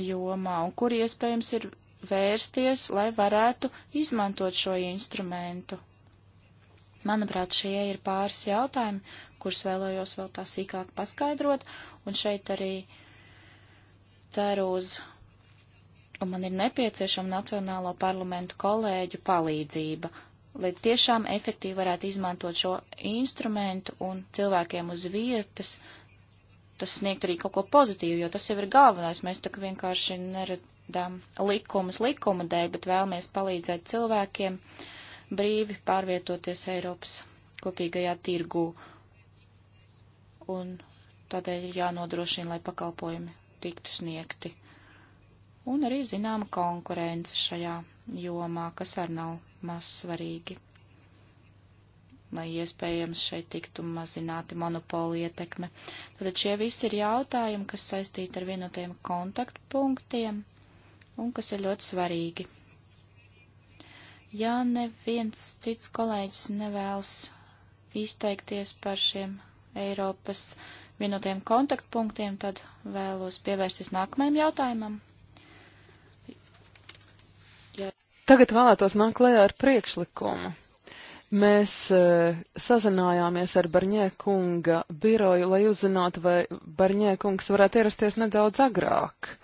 jomā un kur iespējams ir vērsties, lai varētu izmantot šo instrumentu. Manuprāt, šie ir pāris jautājumi, kurus vēlējos vēl tā sīkāk paskaidrot, un šeit arī ceru uz, un man ir nepieciešama Nacionālo parlamentu kolēģu palīdzība, lai tiešām efektīvi varētu izmantot šo instrumentu un cilvēkiem uz vietas tas sniegt arī kaut ko pozitīvu, jo tas jau ir galvenais. Mēs tā kā vienkārši neredām likumus likuma dēļ, bet vēlamies palīdzēt cilvēkiem. Uh, brīvi pārvietoties Eiropas kopīgajā tirgū. Un tādēļ ir jānodrošina, lai pakalpojumi tiktu sniegti. Un arī zināma konkurence šajā jomā, kas arī nav maz svarīgi. Lai iespējams šeit tiktu mazināti monopoli ietekme. Tad šie visi ir jautājumi, kas saistīti ar vienotiem kontaktpunktiem un kas ir ļoti svarīgi. Ja neviens cits kolēģis nevēlas izteikties par šiem Eiropas vienotiem kontaktpunktiem, tad vēlos pievērsties nākamajam jautājumam.
Ja...
Tagad vēlētos nākt klajā ar priekšlikumu. Mēs e, sazinājāmies ar Barņē kunga biroju, lai uzzinātu, vai Barņē kungs varētu ierasties nedaudz agrāk.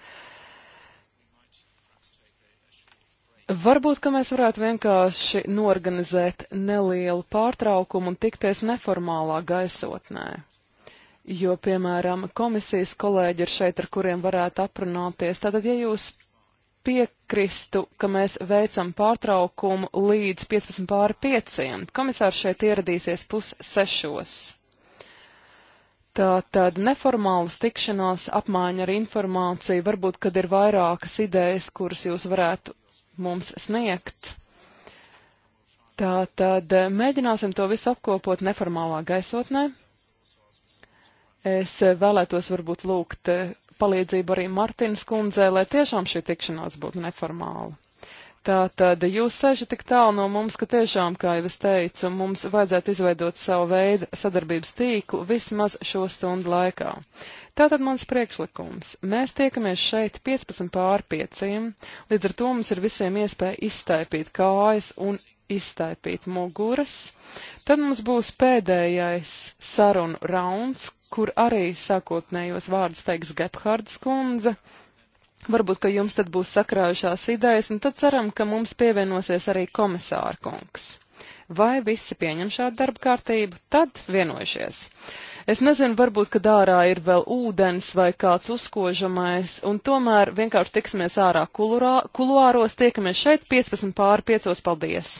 Varbūt, ka mēs varētu vienkārši norganizēt nelielu pārtraukumu un tikties neformālā gaisotnē. Jo, piemēram, komisijas kolēģi ir šeit, ar kuriem varētu aprunāties. Tātad, ja jūs piekristu, ka mēs veicam pārtraukumu līdz 15 pāri 5. Komisārs šeit ieradīsies pus sešos. Tā tad neformālas tikšanās, apmaiņa ar informāciju, varbūt, kad ir vairākas idejas, kuras jūs varētu mums sniegt. Tā tad eh, mēģināsim to visu apkopot neformālā gaisotnē. Es eh, vēlētos varbūt lūgt eh, palīdzību arī Martinas kundzē, lai tiešām šī tikšanās būtu neformāla. Tātad jūs sežat tik tālu no mums, ka tiešām, kā jau es teicu, mums vajadzētu izveidot savu veidu sadarbības tīklu vismaz šo stundu laikā. Tātad mans priekšlikums. Mēs tiekamies šeit 15 pār 5, līdz ar to mums ir visiem iespēja iztaipīt kājas un iztaipīt muguras. Tad mums būs pēdējais sarunu rauns, kur arī sākotnējos vārdus teiks Gebhards kundze Varbūt, ka jums tad būs sakrājušās idejas, un tad ceram, ka mums pievienosies arī komisāra kungs. Vai visi pieņem šādu darba kārtību? Tad vienojušies. Es nezinu, varbūt, ka dārā ir vēl ūdens vai kāds uzkožamais, un tomēr vienkārši tiksimies ārā kuluāros, tiekamies šeit 15 pāri 5. Paldies!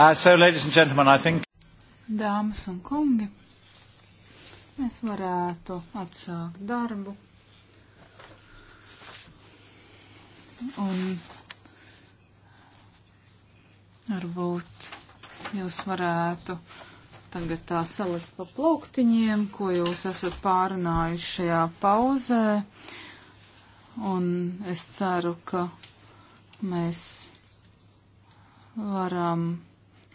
Uh, so, ladies and gentlemen, I think.
Dāmas un kungi, mēs varētu atsākt darbu. Un varbūt jūs varētu tagad tā salikt pa plauktiņiem, ko jūs esat pārunājuši šajā pauzē. Un es ceru, ka mēs varam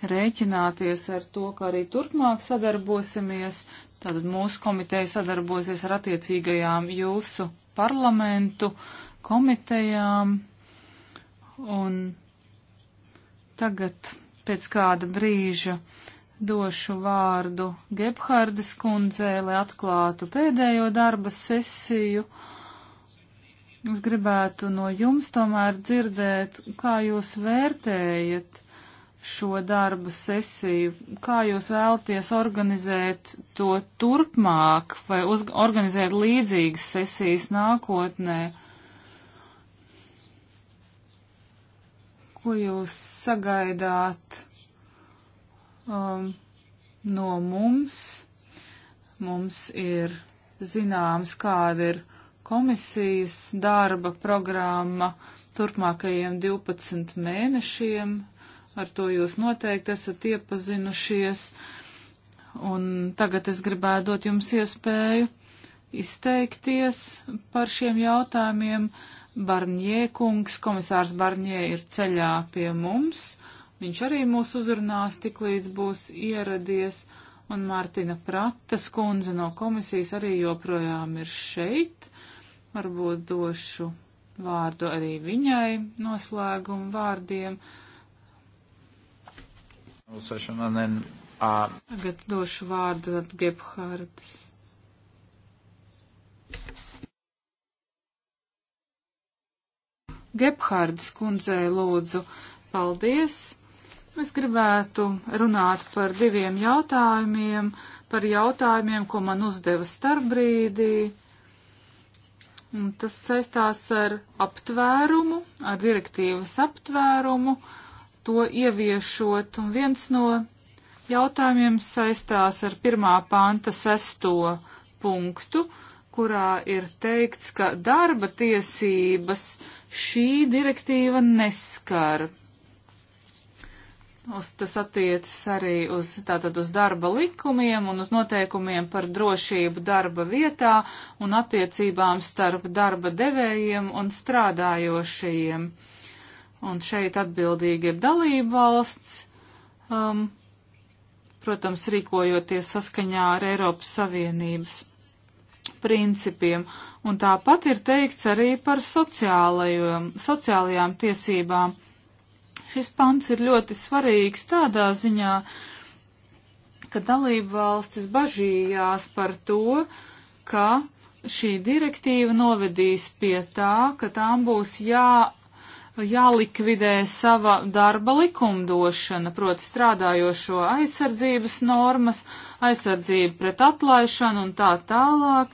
rēķināties ar to, ka arī turpmāk sadarbosimies. Tātad mūsu komiteja sadarbosies ar attiecīgajām jūsu parlamentu komitejām. Un tagad pēc kāda brīža došu vārdu Gebhardas kundzē, lai atklātu pēdējo darba sesiju. Es gribētu no jums tomēr dzirdēt, kā jūs vērtējat šo darba sesiju. Kā jūs vēlties organizēt to turpmāk vai uz, organizēt līdzīgas sesijas nākotnē? Ko jūs sagaidāt um, no mums? Mums ir zināms, kāda ir komisijas darba programma turpmākajiem 12 mēnešiem ar to jūs noteikti esat iepazinušies, un tagad es gribētu dot jums iespēju izteikties par šiem jautājumiem. Barņē kungs, komisārs Barņē ir ceļā pie mums, viņš arī mūs uzrunās tik līdz būs ieradies, un Mārtina Pratas kundze no komisijas arī joprojām ir šeit. Varbūt došu vārdu arī viņai noslēgumu vārdiem. Uh,
Then, uh...
Tagad došu vārdu Gebhārdas. Gebhārdas kundzei lūdzu, paldies. Es gribētu runāt par diviem jautājumiem, par jautājumiem, ko man uzdeva starpbrīdī. Un tas saistās ar aptvērumu, ar direktīvas aptvērumu. Uh, to ieviešot. Un viens no jautājumiem saistās ar pirmā panta sesto punktu, kurā ir teikts, ka darba tiesības šī direktīva neskar. Uz, tas attiecas arī uz, tātad uz darba likumiem un uz noteikumiem par drošību darba vietā un attiecībām starp darba devējiem un strādājošajiem. Uh, un šeit atbildīgi ir dalība valsts, um, protams, rīkojoties saskaņā ar Eiropas Savienības principiem, un tāpat ir teikts arī par sociālajām tiesībām. Šis pants ir ļoti svarīgs tādā ziņā, ka dalība valstis bažījās par to, ka šī direktīva novedīs pie tā, ka tām būs jā jālikvidē sava darba likumdošana, proti strādājošo aizsardzības normas, aizsardzība pret atlaišanu un tā tālāk.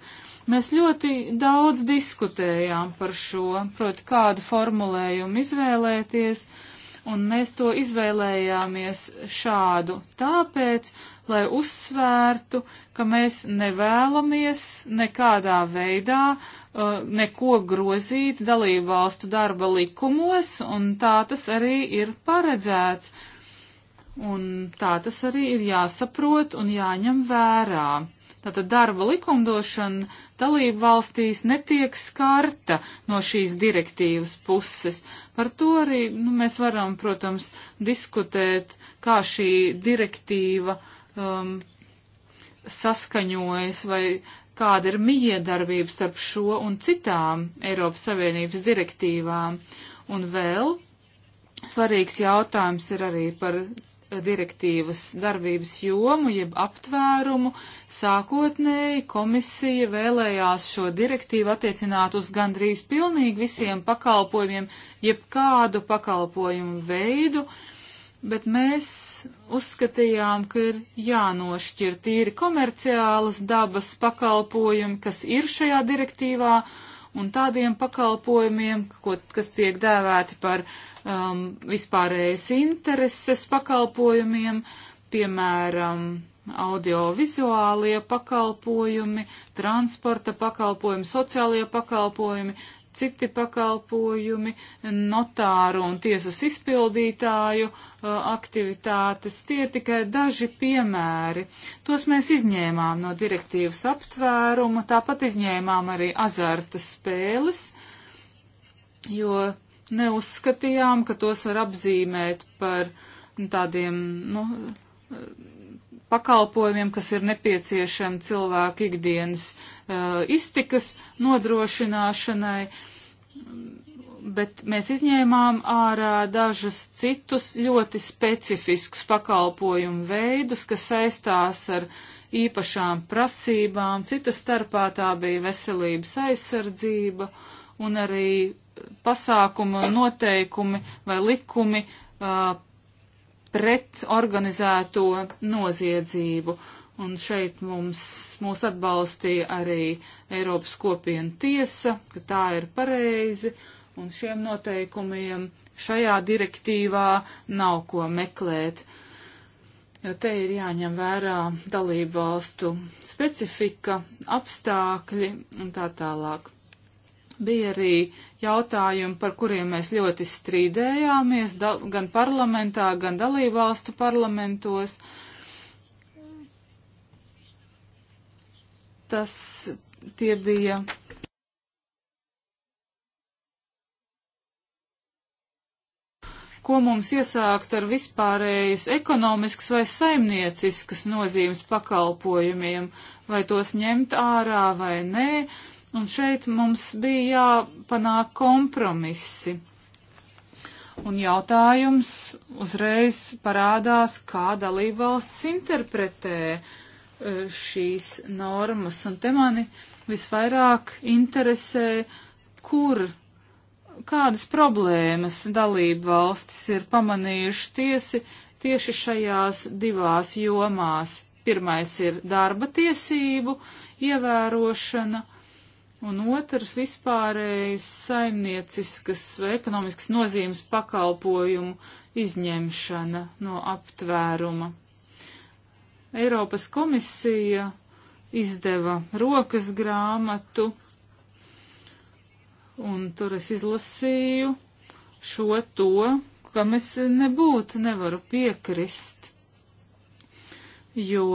Mēs ļoti daudz diskutējām par šo, proti kādu formulējumu izvēlēties. Uh, un mēs to izvēlējāmies šādu tāpēc, lai uzsvērtu, ka mēs nevēlamies nekādā veidā uh, neko grozīt dalību valstu darba likumos, un tā tas arī ir paredzēts. Un tā tas arī ir jāsaprot un jāņem vērā. Tātad darba likumdošana dalību valstīs netiek skarta no šīs direktīvas puses. Par to arī nu, mēs varam, protams, diskutēt, kā šī direktīva um, saskaņojas vai kāda ir miedarbība starp šo un citām Eiropas Savienības direktīvām. Un vēl svarīgs jautājums ir arī par direktīvas darbības jomu, jeb aptvērumu, sākotnēji komisija vēlējās šo direktīvu attiecināt uz gandrīz pilnīgi visiem pakalpojumiem, jeb kādu pakalpojumu veidu, bet mēs uzskatījām, ka ir jānošķir tīri komerciālas dabas pakalpojumi, kas ir šajā direktīvā, uh, un tādiem pakalpojumiem, ko, kas tiek dēvēti par um, vispārējas intereses pakalpojumiem, piemēram, audiovizuālie pakalpojumi, transporta pakalpojumi, sociālie pakalpojumi, citi pakalpojumi, notāru un tiesas izpildītāju uh, aktivitātes. Tie ir tikai daži piemēri. Tos mēs izņēmām no direktīvas aptvērumu, tāpat izņēmām arī azarta spēles, jo neuzskatījām, ka tos var apzīmēt par tādiem, nu, pakalpojumiem, kas ir nepieciešami cilvēku ikdienas uh, iztikas nodrošināšanai. Bet mēs izņēmām ārā dažus citus ļoti specifiskus pakalpojumu veidus, kas saistās ar īpašām prasībām. Cita starpā tā bija veselības aizsardzība un arī pasākumu noteikumi vai likumi uh, pret organizēto noziedzību. Un šeit mums, mūs atbalstīja arī Eiropas kopiena tiesa, ka tā ir pareizi, un šiem noteikumiem šajā direktīvā nav ko meklēt, jo te ir jāņem vērā dalību valstu specifika, apstākļi un tā tālāk. Bija arī jautājumi, par kuriem mēs ļoti strīdējāmies gan parlamentā, gan dalībvalstu parlamentos. Tas tie bija ko mums iesākt ar vispārējas ekonomiskas vai saimnieciskas nozīmes pakalpojumiem, vai tos ņemt ārā vai nē, Un šeit mums bija jāpanāk kompromisi. Un jautājums uzreiz parādās, kā dalībvalsts interpretē e, šīs normas. Un te mani visvairāk interesē, kur, kādas problēmas dalībvalstis ir pamanījuši tiesi, tieši šajās divās jomās. Pirmais ir darba tiesību ievērošana un otrs vispārējais saimnieciskas vai ekonomiskas nozīmes pakalpojumu izņemšana no aptvēruma. Eiropas komisija izdeva rokas grāmatu, un tur es izlasīju šo to, kam es nebūtu, nevaru piekrist, jo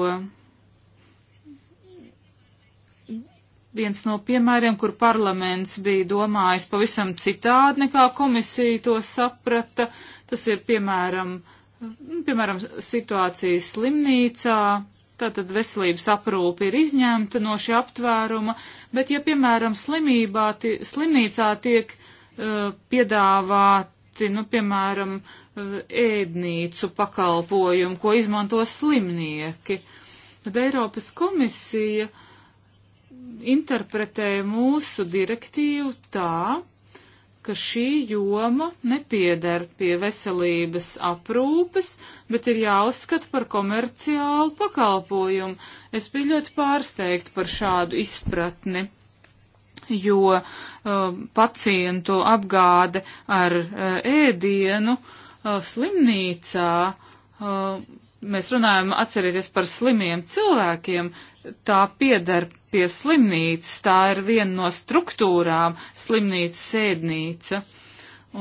viens no piemēriem, kur parlaments bija domājis pavisam citādi nekā komisija to saprata. Tas ir piemēram, nu, piemēram situācijas slimnīcā. Tātad veselības aprūpe ir izņemta no šī aptvēruma, bet ja, piemēram, slimībā, tie, slimnīcā tiek uh, piedāvāti, nu, piemēram, uh, ēdnīcu pakalpojumu, ko izmanto slimnieki, tad Eiropas komisija uh, interpretēja mūsu direktīvu tā, ka šī joma nepieder pie veselības aprūpes, bet ir jāuzskata par komerciālu pakalpojumu. Es biju ļoti pārsteigta par šādu izpratni, jo uh, pacientu apgāde ar uh, ēdienu uh, slimnīcā, uh, mēs runājam atcerieties par slimiem cilvēkiem, tā piedar pie slimnīcas, tā ir viena no struktūrām slimnīcas sēdnīca.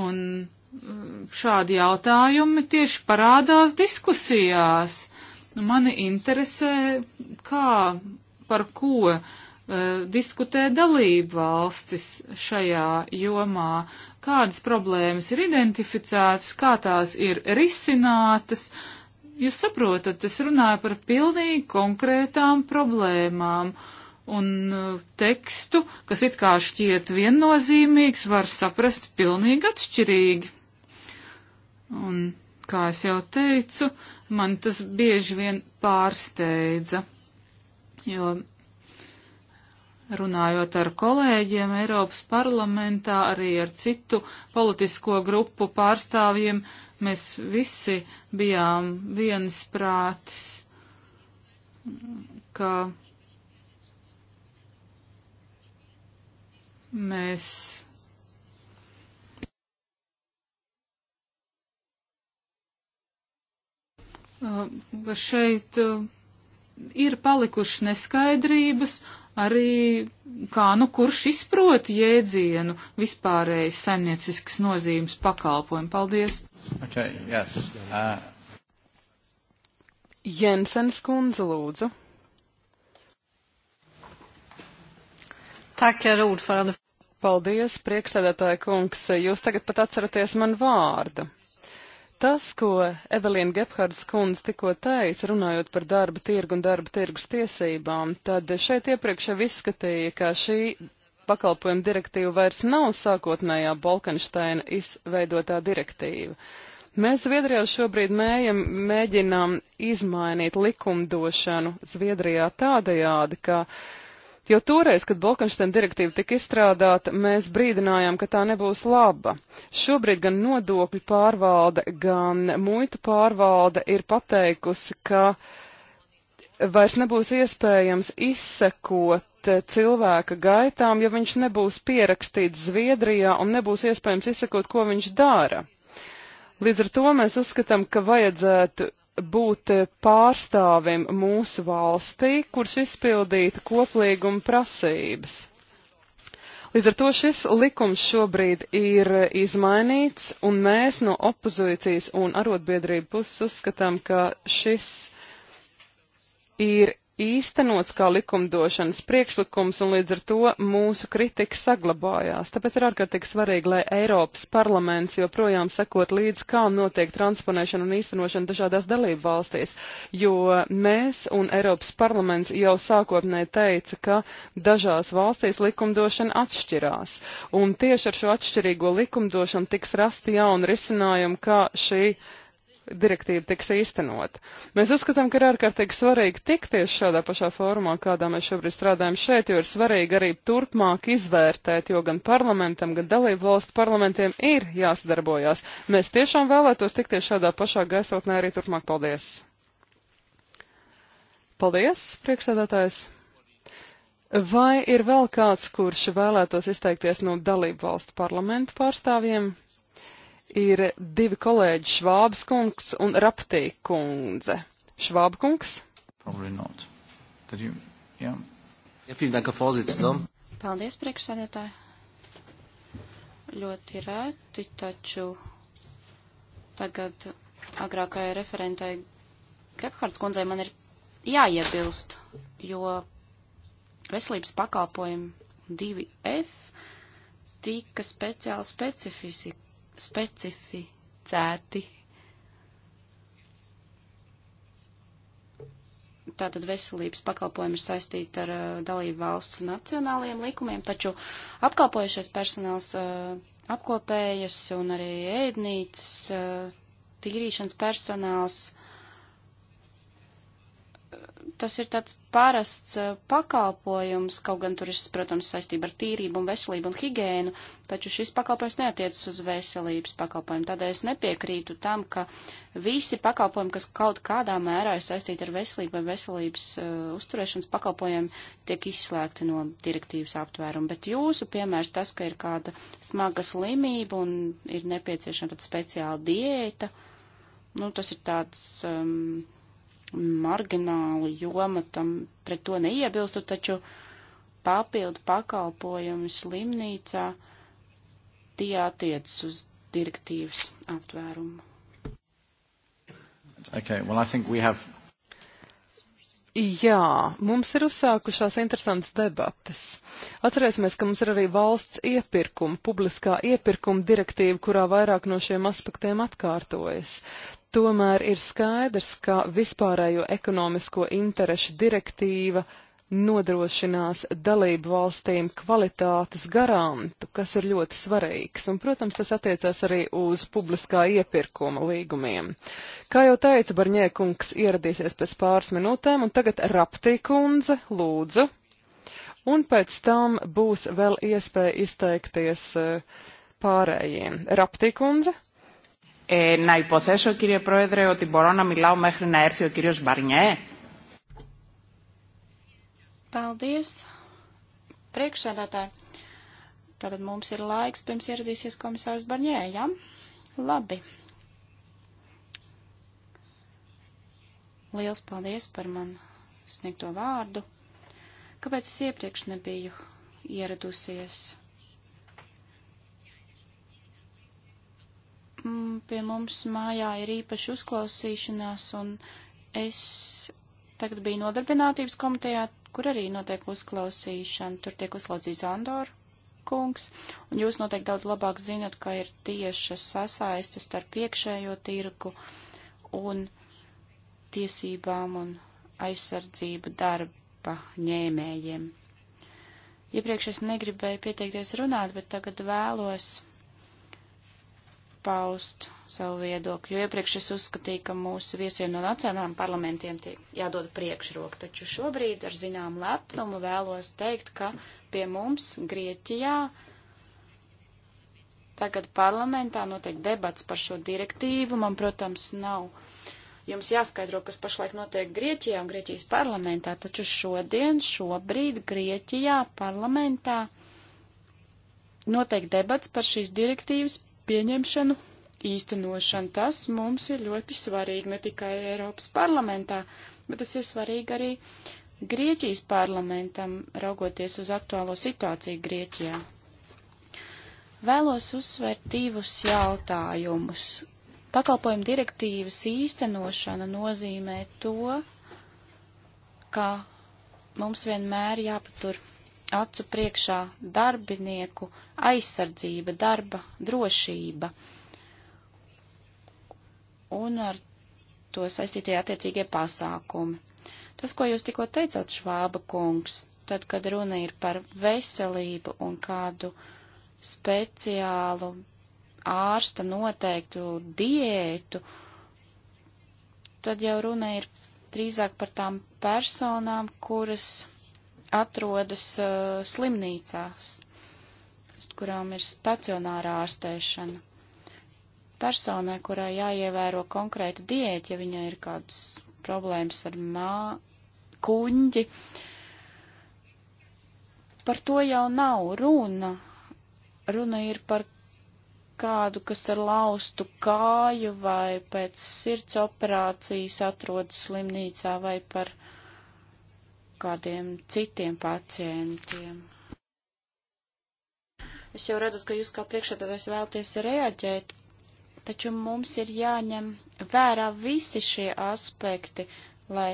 Un mm, šādi jautājumi tieši parādās diskusijās. Nu, mani interesē, kā, par ko uh, diskutē dalību valstis šajā jomā, kādas problēmas ir identificētas, kā tās ir risinātas, uh, jūs saprotat, es runāju par pilnīgi konkrētām problēmām. Un uh, tekstu, kas it kā šķiet viennozīmīgs, var saprast pilnīgi atšķirīgi. Un, kā es jau teicu, man tas bieži vien pārsteidza, jo Runājot ar kolēģiem Eiropas parlamentā, arī ar citu politisko grupu pārstāvjiem, mēs visi bijām viensprātis, ka mēs ka šeit uh, ir palikušas neskaidrības arī kā nu kurš izprot jēdzienu vispārēji saimniecisks nozīmes pakalpojumu. Paldies!
Okay, yes. uh...
Jensens kundze lūdzu.
Tackar ordförande. Paldies, prieksēdētāja kungs. Jūs tagad pat atceraties man vārdu. Tas, ko Evelīna Gephardas kundze tikko teica, runājot par darba tirgu un darba tirgus tiesībām, tad šeit iepriekš jau izskatīja, ka šī pakalpojuma direktīva vairs nav sākotnējā Balkanšteina izveidotā direktīva. Mēs Zviedrijā šobrīd mējam, mēģinām izmainīt likumdošanu Zviedrijā tādajādi, ka uh, Jo toreiz, kad Bolkenšteina direktīva tika izstrādāta, mēs brīdinājām, ka tā nebūs laba. Šobrīd gan nodokļu pārvalde, gan muitu pārvalde ir pateikusi, ka vairs nebūs iespējams izsekot cilvēka gaitām, ja viņš nebūs pierakstīts Zviedrijā un nebūs iespējams izsekot, ko viņš dara. Līdz ar to mēs uzskatām, ka vajadzētu būt eh, pārstāvim mūsu valstī, kurš izpildītu koplīguma prasības. Līdz ar to šis likums šobrīd ir eh, izmainīts, un mēs no opozīcijas un arotbiedrību puses uzskatām, ka šis ir īstenots kā likumdošanas priekšlikums, un līdz ar to mūsu kritika saglabājās. Tāpēc ir ārkārtīgi svarīgi, lai Eiropas parlaments joprojām sekot līdz, kā notiek transponēšana un īstenošana dažādās dalību valstīs, jo mēs un Eiropas parlaments jau sākotnēji teica, ka dažās valstīs likumdošana atšķirās, un tieši ar šo atšķirīgo likumdošanu tiks rasti jauni risinājumi, kā šī direktīva tiks īstenot. Mēs uzskatām, ka ir ārkārtīgi svarīgi tikties šādā pašā formā, kādā mēs šobrīd strādājam šeit, jo ir svarīgi arī turpmāk izvērtēt, jo gan parlamentam, gan dalību valstu parlamentiem ir jāsadarbojās. Mēs tiešām vēlētos tikties šādā pašā gaisotnē arī turpmāk. Paldies! Paldies, priekšsēdētājs! Vai ir vēl kāds, kurš vēlētos izteikties no dalību valstu parlamentu pārstāvjiem? ir divi kolēģi Švābs kungs un Raptī kundze. Švāba kungs?
You, yeah.
Paldies, priekšsēdētāji. Ļoti rēti, taču tagad agrākajai referentai Kephards kundzei man ir jāiebilst, jo veselības pakalpojumi 2F tika speciāli specifici, specificēti. Tātad veselības pakalpojumi ir saistīti ar uh, dalību valsts nacionālajiem likumiem, taču apkalpojušais personāls uh, apkopējas un arī ēdnīcas uh, tīrīšanas personāls uh, tas ir tāds parasts eh, pakalpojums, kaut gan tur ir, protams, saistība ar tīrību un veselību un higiēnu, taču šis pakalpojums neatiecas uz veselības pakalpojumu. Tādēļ es nepiekrītu tam, ka visi pakalpojumi, kas kaut kādā mērā ir saistīti ar veselību vai veselības uh, uzturēšanas pakalpojumiem, tiek izslēgti no direktīvas aptvērumu. Bet jūsu piemērs tas, ka ir kāda smaga slimība un ir nepieciešama tāda speciāla diēta, nu, tas ir tāds. Um, margināla joma, tam pret to neiebilstu, taču papildu pakalpojumi slimnīcā tie attiecas uz direktīvas aptvērumu.
Okay, well, I think we have...
Jā, mums ir
uzsākušās interesantas debatas. Atcerēsimies, ka mums ir arī valsts iepirkuma, publiskā iepirkuma direktīva, kurā vairāk no šiem aspektiem atkārtojas. Tomēr ir skaidrs, ka vispārējo ekonomisko interešu direktīva nodrošinās dalību valstīm kvalitātes garantu, kas ir ļoti svarīgs, un, protams, tas attiecās arī uz publiskā iepirkuma līgumiem. Kā jau teicu, Barņēkungs ieradīsies pēc pāris minūtēm, un tagad Raptī kundze, lūdzu, un pēc tam būs vēl iespēja izteikties eh, pārējiem. Raptī kundze? Ε, να υποθέσω, κύριε Πρόεδρε, ότι μπορώ να μιλάω μέχρι να έρθει ο κύριος Μπαρνιέ.
Paldies, priekšsēdētāji. Tātad mums ir laiks, pirms ieradīsies komisārs Barņē, jā? Ja? Labi. Liels paldies par man sniegto vārdu. Kāpēc es iepriekš nebiju ieradusies? Mm, pie mums mājā ir īpaši uzklausīšanās, un es tagad biju nodarbinātības komitejā, kur arī notiek uzklausīšana. Tur tiek uzklausīts Andor kungs, un jūs noteikti daudz labāk zinat, ka ir tieša sasaiste starp iekšējo tirgu un tiesībām un aizsardzību darba ņēmējiem. Iepriekš es negribēju pieteikties runāt, bet tagad vēlos paust savu viedokļu. Jo iepriekš es uzskatīju, ka mūsu viesiem no nacionālām parlamentiem tiek jādod priekšroka, taču šobrīd ar zinām lepnumu vēlos teikt, ka pie mums Grieķijā tagad parlamentā notiek debats par šo direktīvu. Man, protams, nav jums jāskaidro, kas pašlaik notiek Grieķijā un Grieķijas parlamentā, taču šodien, šobrīd Grieķijā parlamentā notiek debats par šīs direktīvas pieņemšanu, īstenošanu. Tas mums ir ļoti svarīgi ne tikai Eiropas parlamentā, bet tas ir svarīgi arī Grieķijas parlamentam, raugoties uz aktuālo situāciju Grieķijā. Vēlos uzsvērt divus jautājumus. Pakalpojumu direktīvas īstenošana nozīmē to, ka mums vienmēr jāpatur acu priekšā darbinieku uh, aizsardzība, darba drošība un ar to saistītie attiecīgie pasākumi. Tas, ko jūs tikko teicāt, Švāba kungs, tad, kad runa ir par veselību un kādu speciālu ārsta noteiktu diētu, tad jau runa ir drīzāk par tām personām, kuras atrodas uh, slimnīcās kurām ir stacionāra ārstēšana. Personai, kurai jāievēro konkrēta diēta, ja viņai ir kādas problēmas ar mā, kuņģi, par to jau nav runa. Runa ir par kādu, kas ar laustu kāju vai pēc sirds operācijas atrodas slimnīcā vai par kādiem citiem pacientiem. Es jau redzu, ka jūs kā priekšsēdētājs vēlaties reaģēt, taču mums ir jāņem vērā visi šie aspekti, lai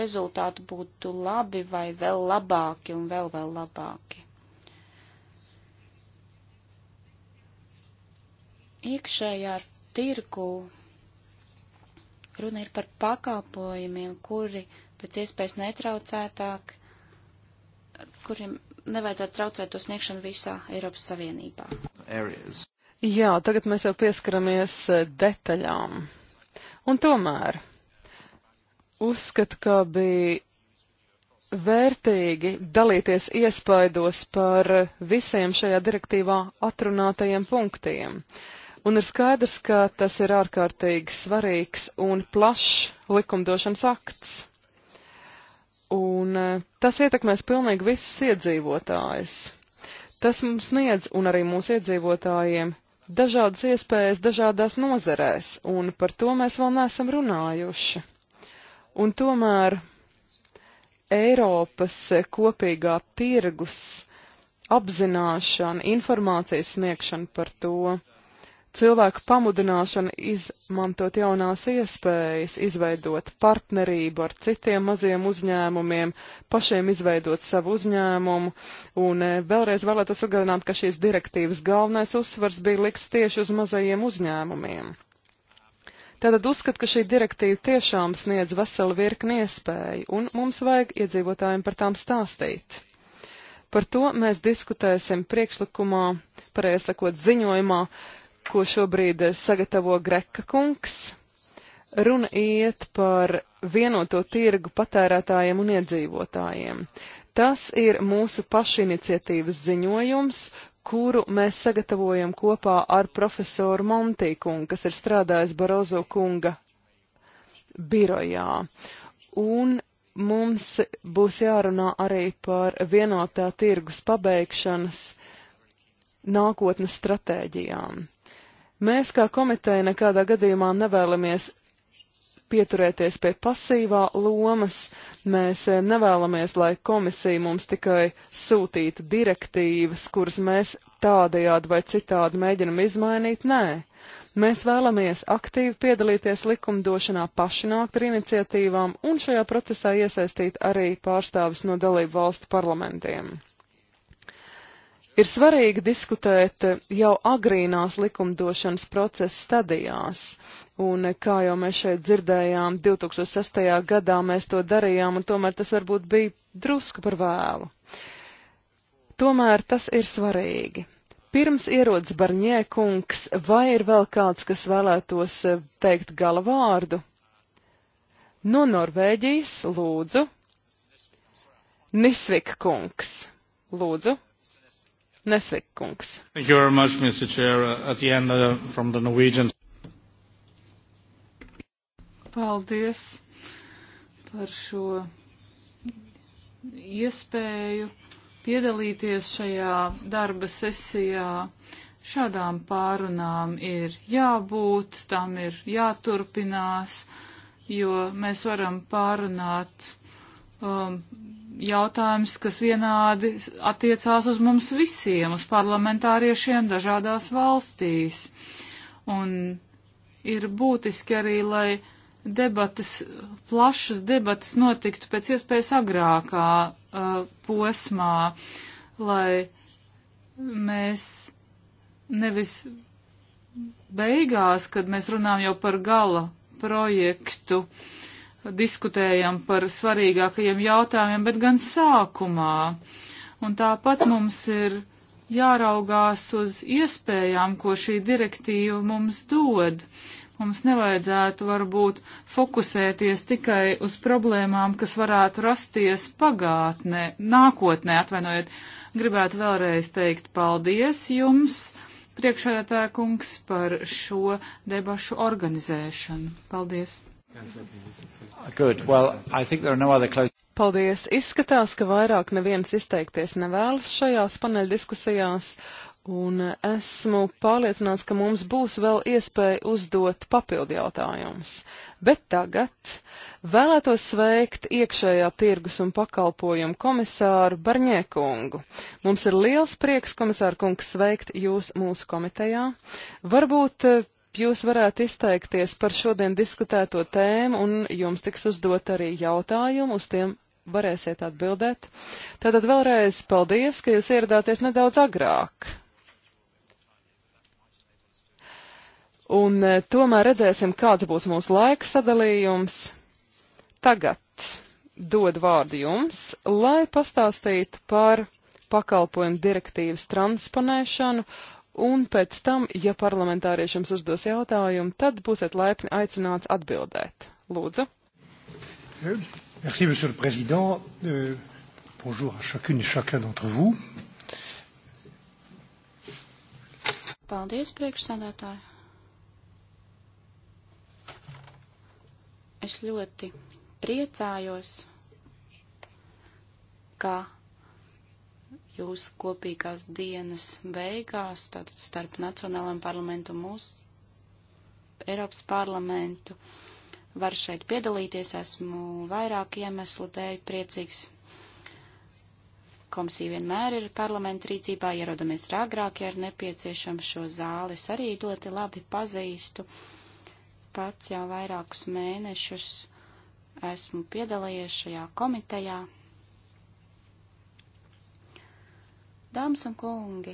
rezultāti būtu labi vai vēl labāki un vēl vēl labāki. Iekšējā tirgu runa ir par pakalpojumiem, kuri pēc iespējas netraucētāk, kuriem nevajadzētu traucēt to sniegšanu visā Eiropas Savienībā.
Areas.
Jā, tagad mēs jau pieskaramies eh, detaļām. Un tomēr uzskatu, ka bija vērtīgi dalīties iespaidos par visiem šajā direktīvā atrunātajiem punktiem. Un ir skaidrs, ka tas ir ārkārtīgi svarīgs un plašs likumdošanas akts. Un e, tas ietekmēs pilnīgi visus iedzīvotājus. Tas mums sniedz un arī mūsu iedzīvotājiem dažādas iespējas dažādās nozerēs, un par to mēs vēl neesam runājuši. Un tomēr Eiropas kopīgā tirgus apzināšana, informācijas sniegšana par to, cilvēku pamudināšana izmantot jaunās iespējas, izveidot partnerību ar citiem maziem uzņēmumiem, pašiem izveidot savu uzņēmumu. Un e, vēlreiz vēlētos atgādināt, ka šīs direktīvas galvenais uzsvars bija liks tieši uz mazajiem uzņēmumiem. Tātad uzskat, ka šī direktīva tiešām sniedz veselu virkni iespēju, un mums vajag iedzīvotājiem par tām stāstīt. Par to mēs diskutēsim priekšlikumā, pareizsakot ziņojumā, uh, ko šobrīd eh, sagatavo Greka kungs. Runa iet par vienoto tirgu patērētājiem un iedzīvotājiem. Tas ir mūsu pašiniciatīvas ziņojums, kuru mēs sagatavojam kopā ar profesoru Montīkungu, kas ir strādājis Barozo kunga birojā. Un mums būs jārunā arī par vienotā tirgus pabeigšanas nākotnes stratēģijām. Mēs kā komiteja nekādā gadījumā nevēlamies pieturēties pie pasīvā lomas. Mēs eh, nevēlamies, lai komisija mums tikai sūtītu direktīvas, kuras mēs tādajādi vai citādi mēģinam izmainīt. Nē. Mēs vēlamies aktīvi piedalīties likumdošanā, pašnākt ar iniciatīvām un šajā procesā iesaistīt arī pārstāvis no dalību valstu parlamentiem. Ir svarīgi diskutēt jau agrīnās likumdošanas procesa stadijās, un kā jau mēs šeit dzirdējām, 2006. gadā mēs to darījām, un tomēr tas varbūt bija drusku par vēlu. Tomēr tas ir svarīgi. Pirms ierodas Barņēkungs, vai ir vēl kāds, kas vēlētos eh, teikt galvārdu? No nu, Norvēģijas, lūdzu. Nisvik kungs, lūdzu. Nesvekungs.
Much, Mr. Chair. Uh, at the end, uh, from the Norwegian.
Paldies par šo iespēju piedalīties šajā darba sesijā. Šādām pārunām ir jābūt, tam ir jāturpinās, jo mēs varam pārunāt um, jautājums, kas vienādi attiecās uz mums visiem, uz parlamentāriešiem dažādās valstīs. Un ir būtiski arī, lai debatas, plašas debatas notiktu pēc iespējas agrākā uh, posmā, lai mēs nevis beigās, kad mēs runājam jau par gala projektu, uh, diskutējam par svarīgākajiem jautājumiem, bet gan sākumā. Un tāpat mums ir jāraugās uz iespējām, ko šī direktīva mums dod. Mums nevajadzētu varbūt fokusēties tikai uz problēmām, kas varētu rasties pagātnē, nākotnē, atvainojiet. Gribētu vēlreiz teikt paldies jums, priekšējā tēkungs, par šo debašu organizēšanu. Paldies!
Good. Well, I think there are no other close...
Paldies. Izskatās, ka vairāk
neviens izteikties nevēlas šajās paneļdiskusijās, un esmu pārliecināts, ka mums būs vēl iespēja uzdot papildu jautājumus. Bet tagad vēlētos sveikt iekšējā tirgus un pakalpojumu komisāru Barņēkungu. Mums ir liels prieks, komisāra kungs, sveikt jūs mūsu komitejā. Varbūt eh, jūs varētu izteikties par šodien diskutēto tēmu, un jums tiks uzdot arī jautājumu, uz tiem varēsiet atbildēt. Tātad vēlreiz paldies, ka jūs ieradāties nedaudz agrāk. Un eh, tomēr redzēsim, kāds būs mūsu laika sadalījums. Tagad dod vārdu jums, lai pastāstītu par pakalpojumu direktīvas transponēšanu un pēc tam, ja parlamentāriešiem uzdos jautājumu, tad būsiet laipni aicināts atbildēt. Lūdzu.
Merci, monsieur le président. Euh,
bonjour à chacune et chacun d'entre vous.
Paldies, priekšsēdētāji. Es ļoti priecājos, ka jūsu kopīgās dienas beigās, tātad starp Nacionālajiem parlamentu un mūsu Eiropas parlamentu. Var šeit piedalīties, esmu vairāk iemeslu dēļ priecīgs. Komisija vienmēr ir parlamenta rīcībā, ierodamies ir agrāk, ja ir nepieciešams šo zāli. Es arī ļoti labi pazīstu. Pats jau vairākus mēnešus esmu piedalījies šajā komitejā. Dāmas un kungi,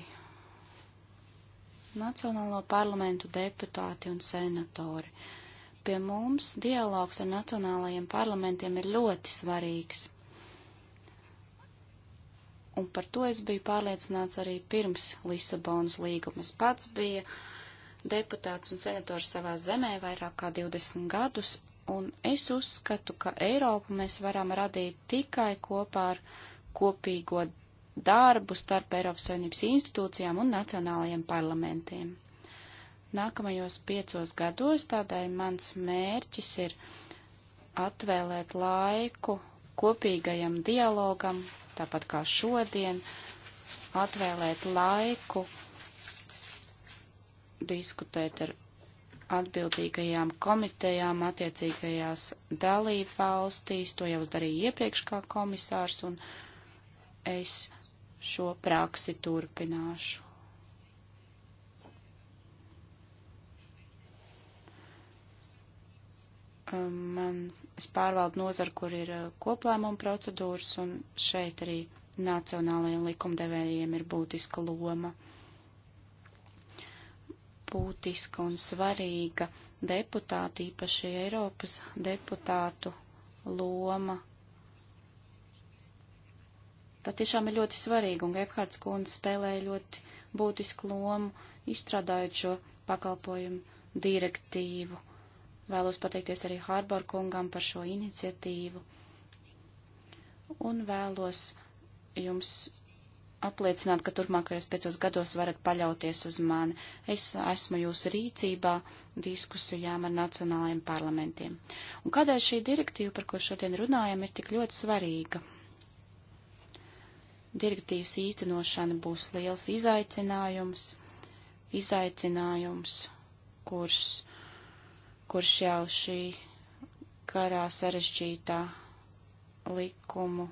Nacionālo parlamentu deputāti un senatori, pie mums dialogs ar nacionālajiem parlamentiem ir ļoti svarīgs. Un par to es biju pārliecināts arī pirms Lisabonas līgumas. Pats bija deputāts un senators savā zemē vairāk kā 20 gadus, un es uzskatu, ka Eiropu mēs varam radīt tikai kopā ar kopīgo darbu starp Eiropas Savienības institūcijām un nacionālajiem parlamentiem. Nākamajos piecos gados tādēļ mans mērķis ir atvēlēt laiku kopīgajam dialogam, tāpat kā šodien, atvēlēt laiku diskutēt ar atbildīgajām komitejām attiecīgajās dalību valstīs. To jau es darīju iepriekš kā komisārs, un es šo praksi turpināšu. Um, man, es pārvaldu nozaru, kur ir uh, koplēmuma procedūras, un šeit arī nacionālajiem likumdevējiem ir būtiska loma. Būtiska un svarīga deputāti, īpaši Eiropas deputātu loma tā tiešām ir ļoti svarīga, un Gebhards kundze spēlēja ļoti būtisku lomu, izstrādājot šo pakalpojumu direktīvu. Vēlos pateikties arī Hārbor kungam par šo iniciatīvu, un vēlos jums apliecināt, ka turpmākajos piecos gados varat paļauties uz mani. Es esmu jūsu rīcībā diskusijām ar nacionālajiem parlamentiem. Un kādēļ šī direktīva, par ko šodien runājam, ir tik ļoti svarīga? direktīvas īstenošana būs liels izaicinājums, izaicinājums, kurš, kurš jau šī garā sarežģītā likumu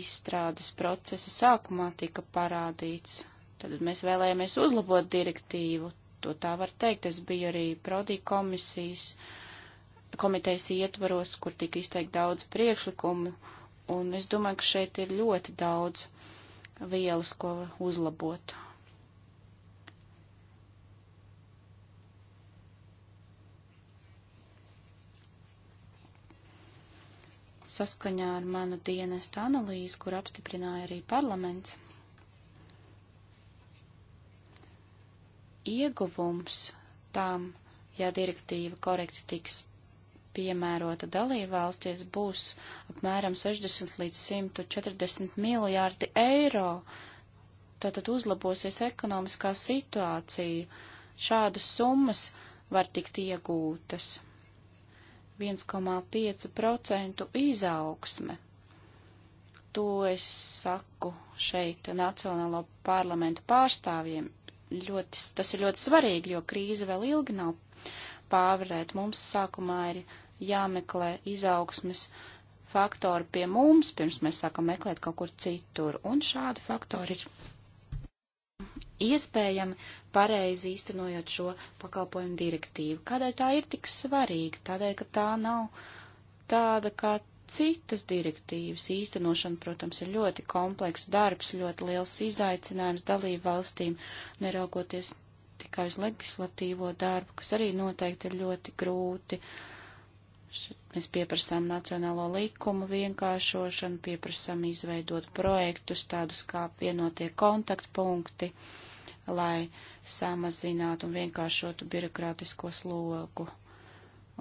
izstrādes procesa sākumā tika parādīts. Tad mēs vēlējāmies uzlabot direktīvu, to tā var teikt. Es biju arī Prodī komisijas komitejas ietvaros, kur tika izteikt daudz priekšlikumu, uh, un es domāju, ka šeit ir ļoti daudz vielas, ko uzlabot. Saskaņā ar manu dienestu analīzi, kur apstiprināja arī parlaments, ieguvums tām, ja direktīva korekti tiks piemērota dalībvalstīs, būs apmēram 60 līdz 140 miljārdi eiro. Tātad uzlabosies ekonomiskā situācija. Šādas summas var tikt iegūtas. 1,5% izaugsme. To es saku šeit Nacionālo parlamentu pārstāvjiem. Ļoti, tas ir ļoti svarīgi, jo krīze vēl ilgi nav pārvarēt. Mums sākumā ir jāmeklē izaugsmes faktori pie mums, pirms mēs sākam meklēt kaut kur citur, un šādi faktori ir iespējami pareizi īstenojot šo pakalpojumu direktīvu. Kādēļ tā ir tik svarīga? Tādēļ, ka tā nav tāda kā citas direktīvas. Īstenošana, protams, ir ļoti komplekss darbs, ļoti liels izaicinājums dalību valstīm, neraugoties tikai uz legislatīvo darbu, kas arī noteikti ir ļoti grūti. Uh, Mēs pieprasām nacionālo likumu vienkāršošanu, pieprasām izveidot projektus, tādus kā vienotie kontaktpunkti, lai samazinātu un vienkāršotu birokrātisko slogu.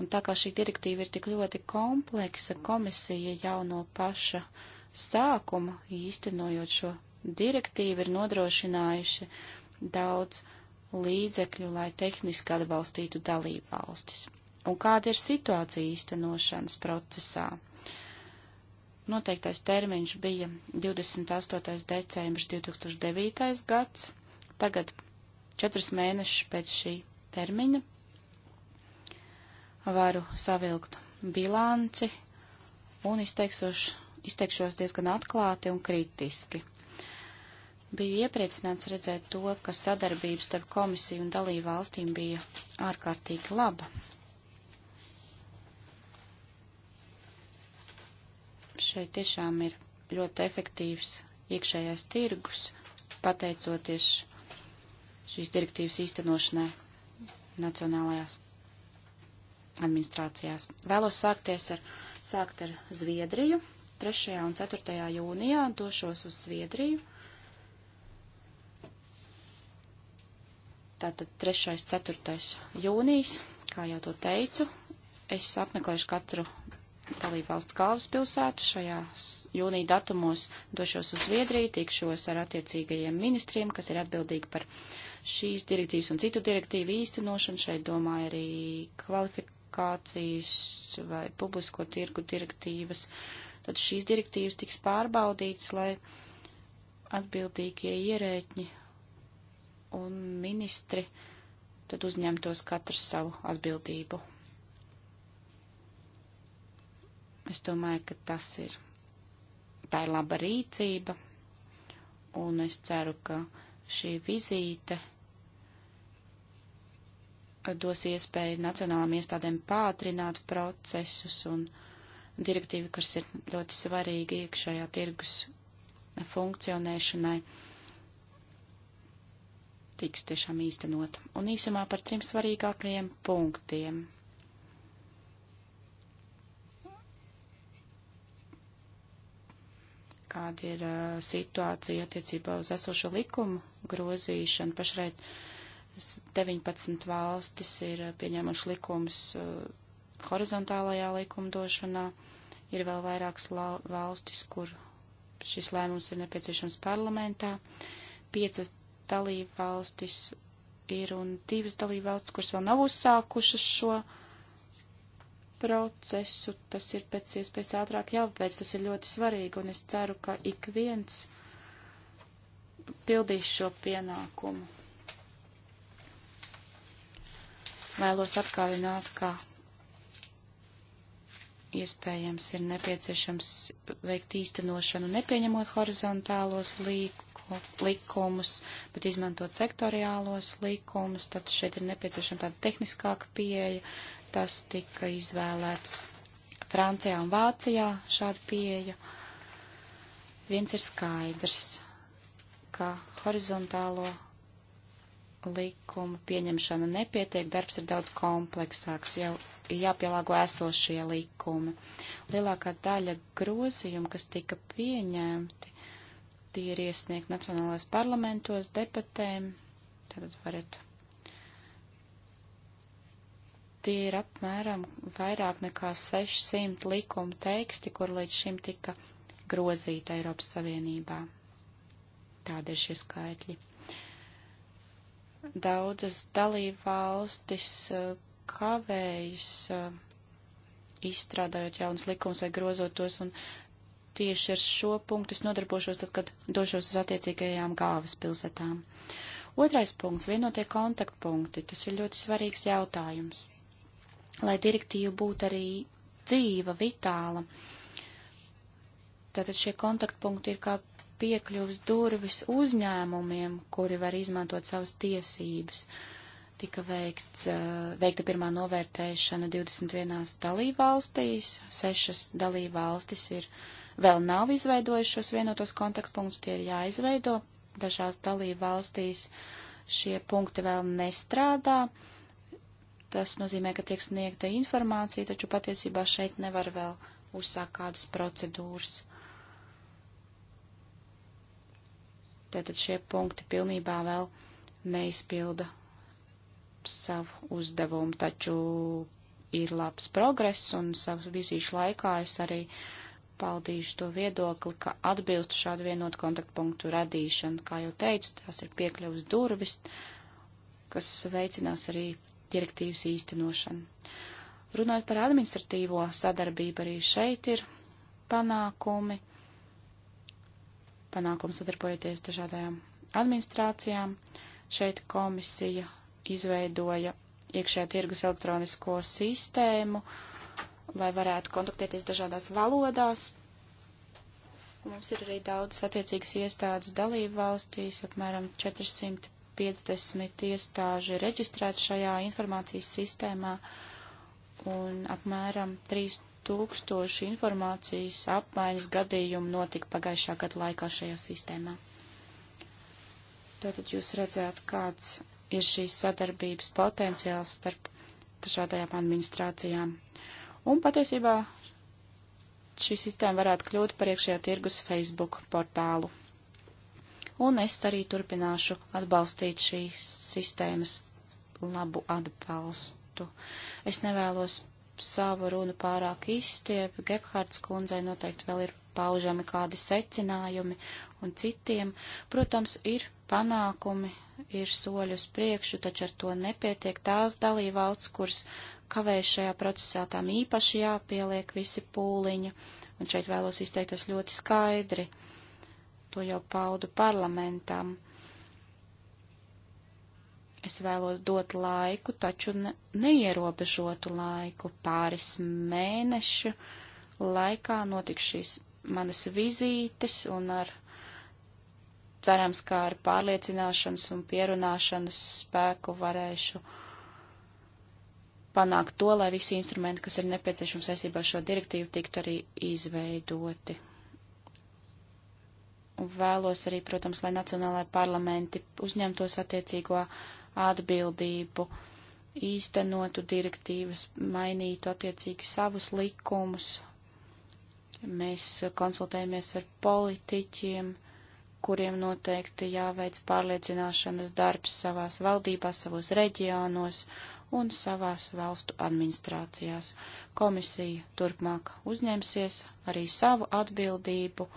Un tā kā šī direktīva ir tik ļoti kompleksa, komisija jau no paša sākuma īstenojot šo direktīvu ir nodrošinājuši daudz līdzekļu, lai tehniski atbalstītu dalību valstis un kāda ir situācija īstenošanas procesā. Noteiktais termiņš bija 28. decembris 2009. gads, tagad četras mēnešus pēc šī termiņa varu savilkt bilanci un izteikšos diezgan atklāti un kritiski. Biju iepriecināts redzēt to, ka sadarbības starp komisiju un dalību valstīm bija ārkārtīgi laba. Šeit tiešām ir ļoti efektīvs iekšējais tirgus, pateicoties šīs direktīvas īstenošanai nacionālajās administrācijās. Vēlos sākties ar, sākt ar Zviedriju. 3. un 4. jūnijā došos uz Zviedriju. Tātad 3. 4. jūnijas, kā jau to teicu, es apmeklēšu katru dalībvalsts galvaspilsētu. Šajās jūnija datumos došos uz Zviedriju, tikšos ar attiecīgajiem ministriem, kas ir atbildīgi par šīs direktīvas un citu direktīvu īstenošanu. Šeit domāju arī kvalifikācijas vai publisko tirgu direktīvas. Tad šīs direktīvas tiks pārbaudītas, lai atbildīgie ierēķi un ministri tad uzņemtos katrs savu atbildību. Es domāju, ka tas ir, tā ir laba rīcība, un es ceru, ka šī vizīte dos iespēju nacionālām iestādēm pātrināt procesus un direktīvu, kas ir ļoti svarīga iekšējā tirgus funkcionēšanai, tiks tiešām īstenot. Un īsumā par trim svarīgākajiem punktiem. kāda ir uh, situācija attiecībā uz esošo likumu grozīšanu. Pašreiz 19 valstis ir pieņēmuši likumus uh, horizontālajā likumdošanā. Ir vēl vairākas valstis, kur šis lēmums ir nepieciešams parlamentā. Piecas dalība valstis ir un divas dalība valstis, kuras vēl nav uzsākušas šo likumu procesu, tas ir pēc iespējas ātrāk jāveic, tas ir ļoti svarīgi, un es ceru, ka ik viens pildīs šo pienākumu. Vēlos atgādināt, ka iespējams ir nepieciešams veikt īstenošanu, nepieņemot horizontālos liku, likumus, bet izmantot sektoriālos likumus, tad šeit ir nepieciešama tāda tehniskāka pieeja, Tas tika izvēlēts Francijā un Vācijā šāda pieeja. Viens ir skaidrs, ka horizontālo likumu pieņemšana nepietiek, darbs ir daudz kompleksāks, jau jāpielāgo esošie likumi. Lielākā daļa grozījumu, kas tika pieņemti, tie ir iesniegt nacionālajos parlamentos, debatēm, tad varat Tie ir apmēram vairāk nekā 600 likuma teksti, kur līdz šim tika grozīta Eiropas Savienībā. Tādi ir šie skaitļi. Daudzas dalību valstis eh, kavējas eh, izstrādājot jaunas likumus vai grozot tos, un tieši ar šo punktu es nodarbošos tad, kad došos uz attiecīgajām galvaspilsētām. Otrais punkts - vienotie kontaktpunkti. Tas ir ļoti svarīgs jautājums lai direktīva būtu arī dzīva, vitāla. Tātad šie kontaktpunkti ir kā piekļuvs durvis uzņēmumiem, kuri var izmantot savas tiesības. Tika veikts, eh, veikta pirmā novērtēšana 21 dalībvalstīs, sešas dalībvalstis ir vēl nav izveidojušos vienotos kontaktpunktus, tie ir jāizveido, dažās dalībvalstīs šie punkti vēl nestrādā. Uh, Tas nozīmē, ka tiek sniegta informācija, taču patiesībā šeit nevar vēl uzsākt kādas procedūras. Tātad šie punkti pilnībā vēl neizpilda savu uzdevumu, taču ir labs progress, un savas vizīšu laikā es arī paudīšu to viedokli, ka atbilstu šādu vienotu kontaktpunktu radīšanu. Kā jau teicu, tās ir piekļuvas durvis, kas veicinās arī direktīvas īstenošanu. Runājot par administratīvo sadarbību, arī šeit ir panākumi, panākumi sadarbojoties dažādajām administrācijām. Šeit komisija izveidoja iekšējā tirgus elektronisko sistēmu, lai varētu kontaktēties dažādās valodās. Mums ir arī daudz attiecīgas iestādes dalību valstīs, apmēram 400 50 iestāžu ir reģistrēti šajā informācijas sistēmā un apmēram 3000 informācijas apmaiņas gadījumu notika pagājušā gada laikā šajā sistēmā. Tātad jūs redzētu, kāds ir šīs sadarbības potenciāls starp dažādajām administrācijām. Un patiesībā šī sistēma varētu kļūt par iekšējā tirgus Facebook portālu un es arī turpināšu atbalstīt šīs sistēmas labu atbalstu. Es nevēlos savu runu pārāk izstiept, Gebhards kundzei noteikti vēl ir paužami kādi secinājumi un citiem. Protams, ir panākumi, ir soļi uz priekšu, taču ar to nepietiek tās dalībvalsts, kuras kavēs šajā procesā tām īpaši jāpieliek visi pūliņi, un šeit vēlos izteikties ļoti skaidri to jau paudu parlamentam. Es vēlos dot laiku, taču ne, neierobežotu laiku pāris mēnešu laikā notiks šīs manas vizītes un ar cerams, kā ar pārliecināšanas un pierunāšanas spēku varēšu panākt to, lai visi instrumenti, kas ir nepieciešams saistībā ar šo direktīvu, tiktu arī izveidoti vēlos arī, protams, lai nacionālai parlamenti uzņemtos attiecīgo atbildību, īstenotu direktīvas, mainītu attiecīgi savus likumus. Mēs konsultējamies ar politiķiem, kuriem noteikti jāveic pārliecināšanas darbs savās valdībās, savos reģionos un savās valstu administrācijās. Komisija turpmāk uzņemsies arī savu atbildību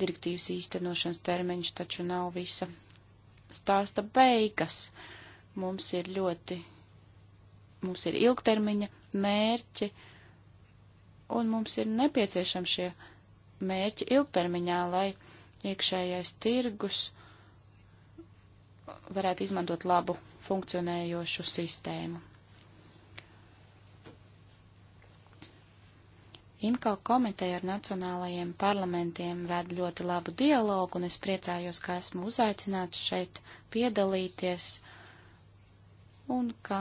direktīvas īstenošanas termiņš taču nav visa stāsta beigas. Mums ir ļoti, mums ir ilgtermiņa mērķi, un mums ir nepieciešami šie mērķi ilgtermiņā, lai iekšējais tirgus varētu izmantot labu funkcionējošu sistēmu. IMCO komiteja ar nacionālajiem parlamentiem ved ļoti labu dialogu, un es priecājos, ka esmu uzaicināts šeit piedalīties, un ka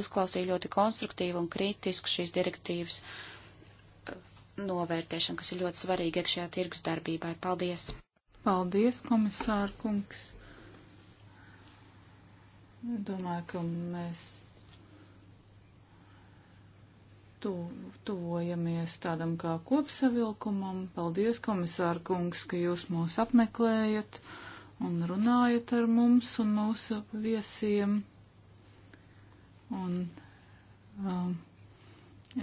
uzklausīju ļoti konstruktīvu un kritisku šīs direktīvas eh, novērtēšanu, kas ir ļoti svarīga iekšējā tirgus darbībai. Paldies!
Paldies, komisārkungs! Domāju, ka mēs tu, tuvojamies tādam kā kopsavilkumam. Paldies, komisāra kungs, ka jūs mūs apmeklējat un runājat ar mums un mūsu viesiem. Un um,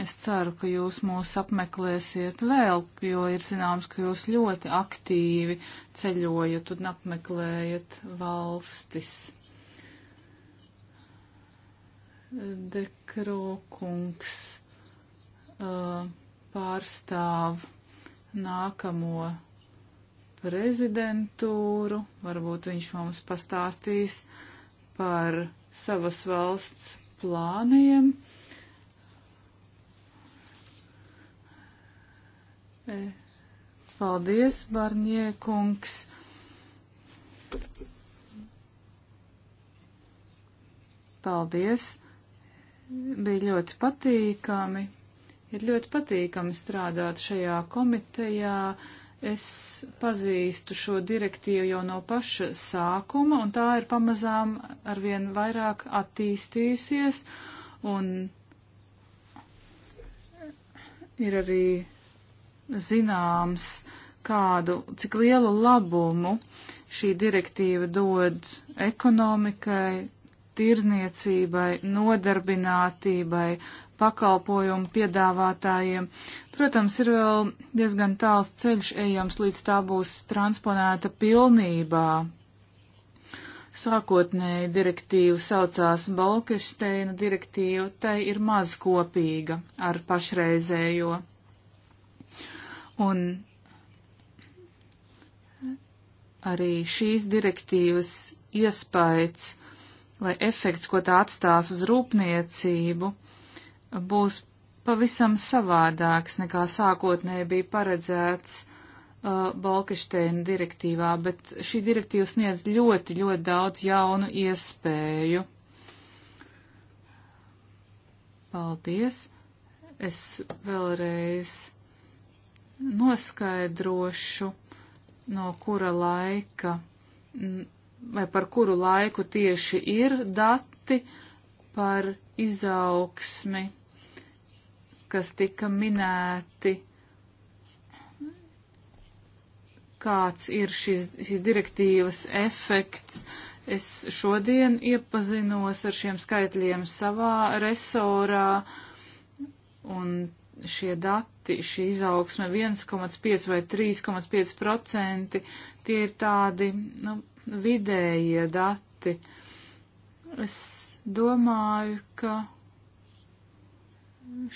es ceru, ka jūs mūs apmeklēsiet vēl, jo ir zināms, ka jūs ļoti aktīvi ceļojat un apmeklējat valstis. Dekrokungs uh, pārstāv nākamo prezidentūru. Varbūt viņš mums pastāstīs par savas valsts plāniem. E, paldies, Barņiekungs. Paldies. Bija ļoti patīkami Ir ļoti patīkami strādāt šajā komitejā. Es pazīstu šo direktīvu jau no paša sākuma, un tā ir pamazām arvien vairāk attīstījusies, un ir arī zināms, kādu, cik lielu labumu šī direktīva dod ekonomikai, tirzniecībai, nodarbinātībai, pakalpojumu piedāvātājiem. Protams, ir vēl diezgan tāls ceļš ejams, līdz tā būs transponēta pilnībā. Sākotnēji direktīva saucās Balkisteina direktīva, tai ir maz kopīga ar pašreizējo. Un arī šīs direktīvas iespējas vai efekts, ko tā atstās uz rūpniecību, būs pavisam savādāks nekā sākotnēji bija paredzēts uh, Balkaštēna direktīvā, bet šī direktīva sniedz ļoti, ļoti daudz jaunu iespēju. Paldies! Es vēlreiz noskaidrošu, no kura laika vai par kuru laiku tieši ir dati par izaugsmi kas tika minēti, kāds ir šis, šī direktīvas efekts. Es šodien iepazinos ar šiem skaitļiem savā resorā, un šie dati, šī izaugsme 1,5 vai 3,5 procenti, tie ir tādi nu, vidējie dati. Es domāju, ka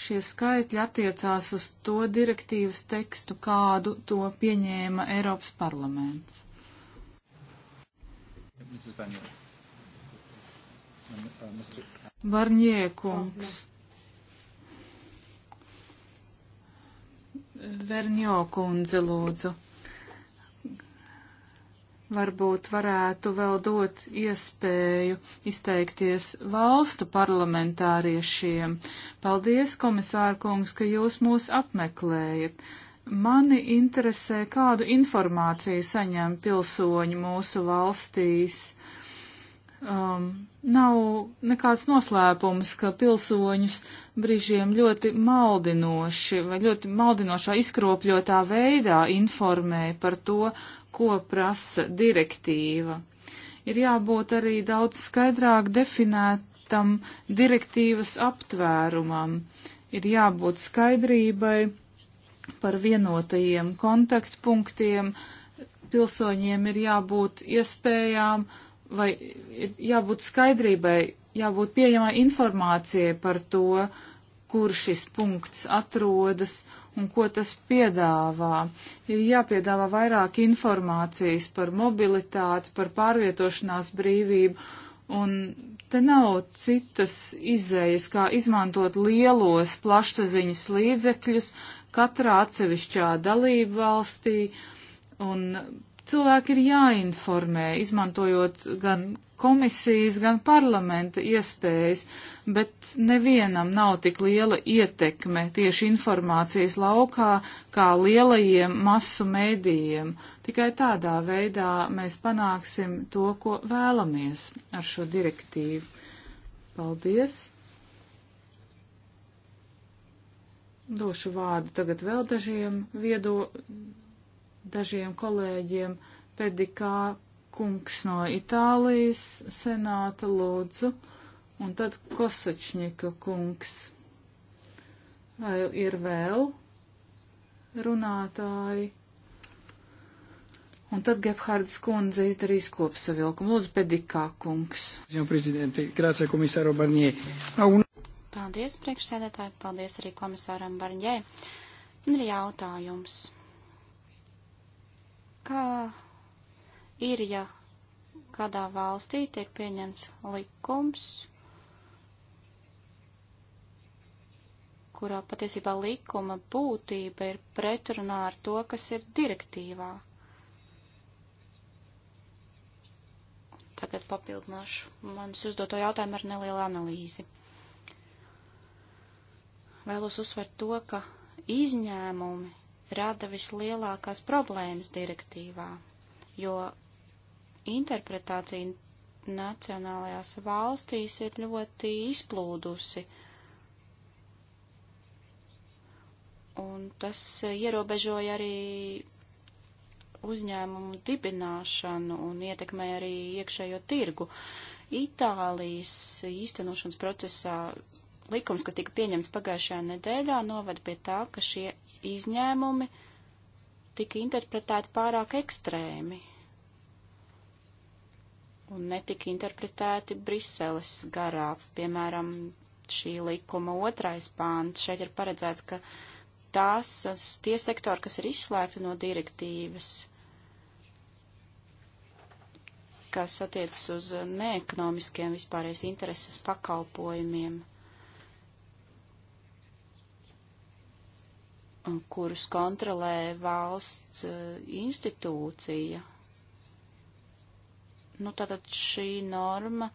šie skaitļi attiecās uz to direktīvas tekstu, kādu to pieņēma Eiropas parlaments. Varņiekungs. Uh, oh, Verņokundze lūdzu varbūt varētu vēl dot iespēju izteikties valstu parlamentāriešiem. Paldies, komisārkungs, ka jūs mūs apmeklējat. Mani interesē, kādu informāciju saņem pilsoņi mūsu valstīs um, nav nekāds noslēpums, ka pilsoņus brīžiem ļoti maldinoši vai ļoti maldinošā izkropļotā veidā informē par to, ko prasa direktīva. Ir jābūt arī daudz skaidrāk definētam direktīvas aptvērumam. Ir jābūt skaidrībai par vienotajiem kontaktpunktiem. Pilsoņiem ir jābūt iespējām uh, vai jābūt skaidrībai, jābūt pieejamai informācijai par to, kur šis punkts atrodas un ko tas piedāvā. Ir jāpiedāvā vairāk informācijas par mobilitāti, par pārvietošanās brīvību, un te nav citas izējas, kā izmantot lielos plašsaziņas līdzekļus katrā atsevišķā dalību valstī un Cilvēki ir jāinformē, izmantojot gan komisijas, gan parlamenta iespējas, bet nevienam nav tik liela ietekme tieši informācijas laukā kā lielajiem masu mēdījiem. Tikai tādā veidā mēs panāksim to, ko vēlamies ar šo direktīvu. Paldies! Došu vārdu tagad vēl dažiem viedokļiem dažiem kolēģiem Pedikā kungs no Itālijas senāta lūdzu, un tad Kosačņika kungs. Vai ir vēl runātāji? Un tad Gebhardas kundze izdarīs kopsavilkumu. Lūdzu, Pedikā kungs.
Paldies, priekšsēdētāji, paldies arī komisāram Barņē. Un ir jautājums kā ir, ja kādā valstī tiek pieņemts likums, kurā patiesībā likuma būtība ir pretrunā ar to, kas ir direktīvā. Tagad papildināšu manis uzdoto jautājumu ar nelielu analīzi. Vēlos uzsvērt to, ka izņēmumi rada vislielākās problēmas direktīvā, jo interpretācija nacionālajās valstīs ir ļoti izplūdusi. Un tas ierobežoja arī uzņēmumu dibināšanu un ietekmē arī iekšējo tirgu. Itālijas īstenošanas procesā likums, kas tika pieņemts pagājušajā nedēļā, novada pie tā, ka šie izņēmumi tika interpretēti pārāk ekstrēmi un netika interpretēti Briseles garā. Piemēram, šī likuma otrais pāns šeit ir paredzēts, ka tās, tie sektori, kas ir izslēgti no direktīvas, kas attiecas uz neekonomiskiem vispārējais intereses pakalpojumiem. kurus kontrolē valsts eh, institūcija. Nu, tātad šī norma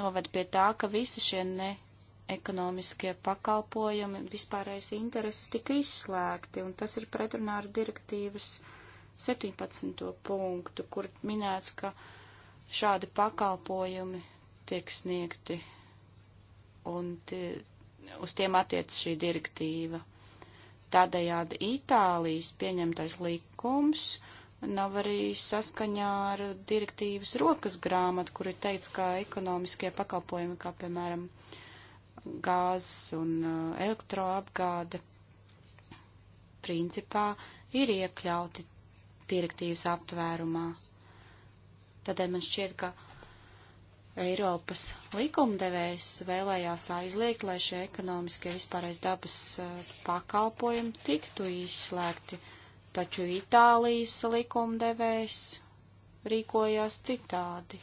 noved pie tā, ka visi šie neekonomiskie pakalpojumi un vispārējais intereses tika izslēgti, un tas ir pretrunā ar direktīvas 17. punktu, kur minēts, ka šādi pakalpojumi tiek sniegti un tie, uz tiem attiec šī direktīva. Tādējādi Itālijas pieņemtais likums nav arī saskaņā ar direktīvas rokas grāmatu, kur ir teikts, ka ekonomiskie pakalpojumi, kā piemēram gāzes un uh, elektroapgāde, principā ir iekļauti direktīvas aptvērumā. Tādēļ man šķiet, ka Eiropas likumdevējs vēlējās aizliegt, lai šie ekonomiskie vispārreiz dabas eh, pakalpojumi tiktu izslēgti, taču Itālijas likumdevējs rīkojās citādi.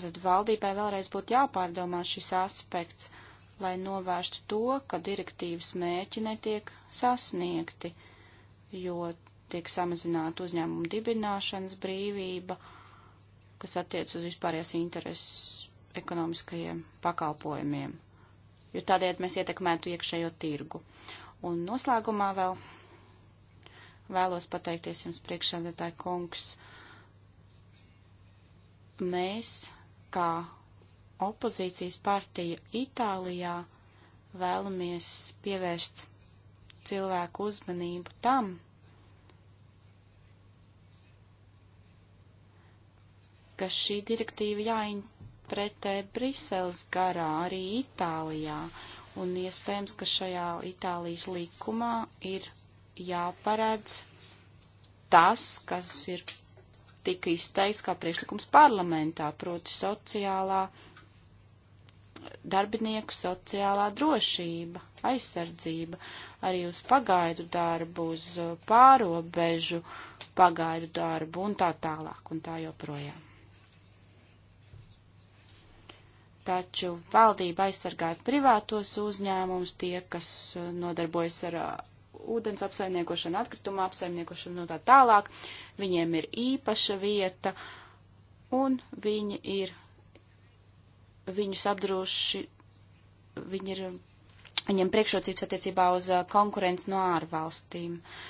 Tad valdībai vēlreiz būtu jāpārdomā šis aspekts, lai novērstu to, ka direktīvas mērķi netiek sasniegti, jo tiek samazināta uzņēmuma dibināšanas brīvība, kas attiec uz vispārējās intereses ekonomiskajiem pakalpojumiem, jo tādējādi mēs ietekmētu iekšējo tirgu. Un noslēgumā vēl vēlos pateikties jums priekšsēdētāji kungs. Mēs, kā opozīcijas partija Itālijā, vēlamies pievērst cilvēku uzmanību tam, ka šī direktīva jāinpretē Briseles garā arī Itālijā, un iespējams, ka šajā Itālijas likumā ir jāparedz tas, kas ir tika izteikts kā priekšlikums parlamentā, proti sociālā darbinieku sociālā drošība, aizsardzība, arī uz pagaidu darbu, uz pārobežu pagaidu darbu un tā tālāk un tā joprojām. taču valdība aizsargātu privātos uzņēmumus, tie, kas uh, nodarbojas ar uh, ūdens apsaimniekošanu, atkrituma apsaimniekošanu un tā tālāk. Viņiem ir īpaša vieta un viņi ir, viņus apdroši, viņi ir, viņiem priekšrocības attiecībā uz uh, konkurenci no ārvalstīm. Uh,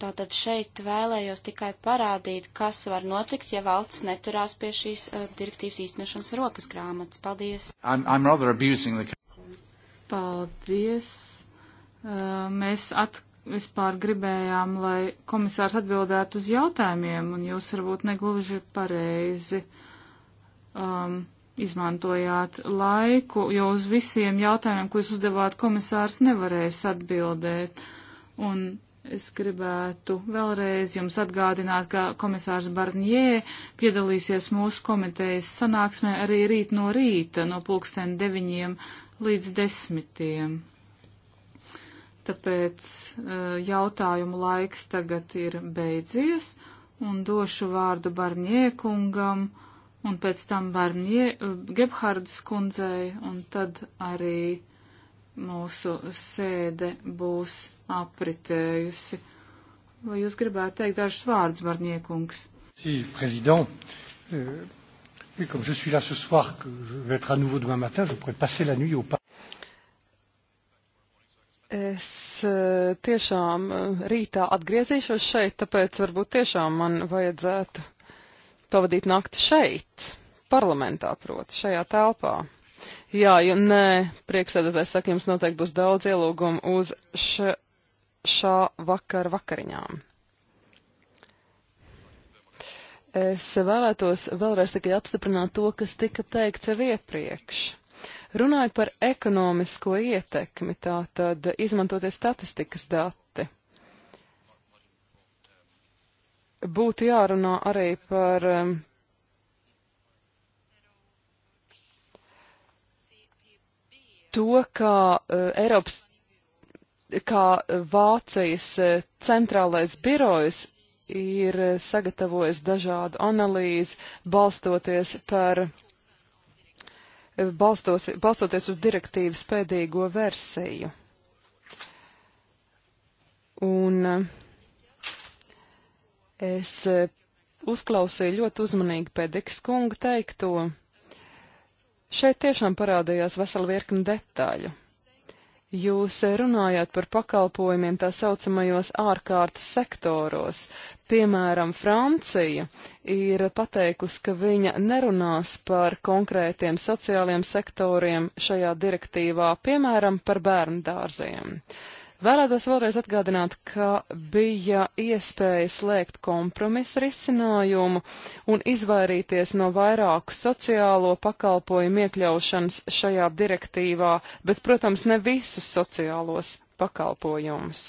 Tātad šeit vēlējos tikai parādīt, kas var notikt, ja valsts neturās pie šīs uh, direktīvas īstenošanas rokas grāmatas. Paldies!
I'm, I'm the...
Paldies! Uh, mēs at,
vispār gribējām, lai komisārs atbildētu uz jautājumiem, un jūs varbūt negluži pareizi um, izmantojāt laiku, jo uz visiem jautājumiem, ko jūs uzdevāt, komisārs nevarēs atbildēt. Un Es gribētu vēlreiz jums atgādināt, ka komisārs Barnie piedalīsies mūsu komitejas sanāksmē arī rīt no rīta, no pulksten deviņiem līdz desmitiem. Tāpēc eh, jautājumu laiks tagad ir beidzies un došu vārdu Barnie kungam un pēc tam Barnie, eh, Gebhardas kundzei un tad arī mūsu sēde būs apritējusi. Vai jūs gribētu teikt dažus vārdus, Barniekungs?
Si, prezident, euh, oui, comme je suis là ce soir, que je vais être à nouveau demain matin, je pourrais passer la nuit au pas.
Es euh, tiešām euh, rītā atgriezīšos šeit, tāpēc varbūt tiešām man vajadzētu pavadīt nakti šeit, parlamentā, proti, šajā telpā. Jā, ja nē, priekšsēdētājs saka, jums noteikti būs daudz ielūgumu uz š, šā vakara vakariņām. Es vēlētos vēlreiz tikai apstiprināt to, kas tika teikts jau iepriekš. Runājot par ekonomisko ietekmi, tā tad izmantoties statistikas dati, būtu jārunā arī par um, to, kā uh, e, Eiropas, kā Vācijas uh, centrālais birojs ir uh, sagatavojis dažādu analīzi, balstoties par, balstos, balstoties uz direktīvas pēdīgo versiju. Un es uzklausīju ļoti uzmanīgi Pedikas kunga teikto Šeit tiešām parādījās vesela virkni detaļu. Jūs runājāt par pakalpojumiem tā saucamajos ārkārtas sektoros. Piemēram, Francija ir pateikusi, ka viņa nerunās par konkrētiem sociāliem sektoriem šajā direktīvā, piemēram, par bērnu dārziem. Uh, Vēlētos vēlreiz atgādināt, ka bija iespēja slēgt kompromisu risinājumu un izvairīties no vairāku sociālo pakalpojumu iekļaušanas šajā direktīvā, bet, protams, ne visus sociālos pakalpojumus.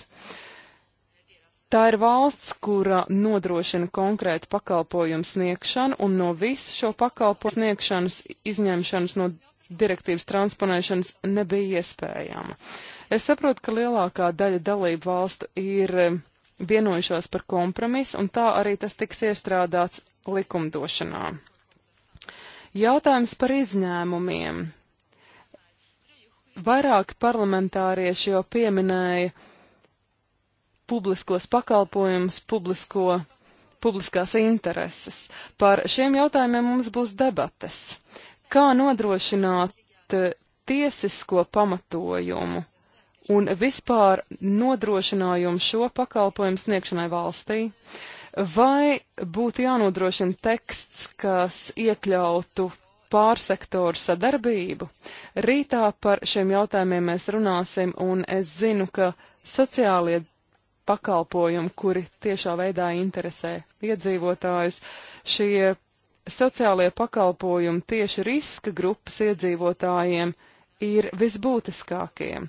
Tā ir valsts, kura nodrošina konkrētu pakalpojumu sniegšanu un no visu šo pakalpojumu sniegšanas izņemšanas no direktīvas transponēšanas nebija iespējama. Es saprotu, ka lielākā daļa dalību valstu ir eh, vienojušās par kompromisu, un tā arī tas tiks iestrādāts likumdošanā. Jautājums par izņēmumiem. Vairāki parlamentārieši jau pieminēja publiskos pakalpojumus, publisko, publiskās intereses. Par šiem jautājumiem mums būs debates. Kā nodrošināt eh, tiesisko pamatojumu un vispār nodrošinājumu šo pakalpojumu sniegšanai valstī? Vai būtu jānodrošina teksts, kas iekļautu pārsektoru sadarbību? Rītā par šiem jautājumiem mēs runāsim, un es zinu, ka sociālie pakalpojumi, kuri tiešā veidā interesē iedzīvotājus, šie sociālie pakalpojumi tieši riska grupas iedzīvotājiem ir visbūtiskākie.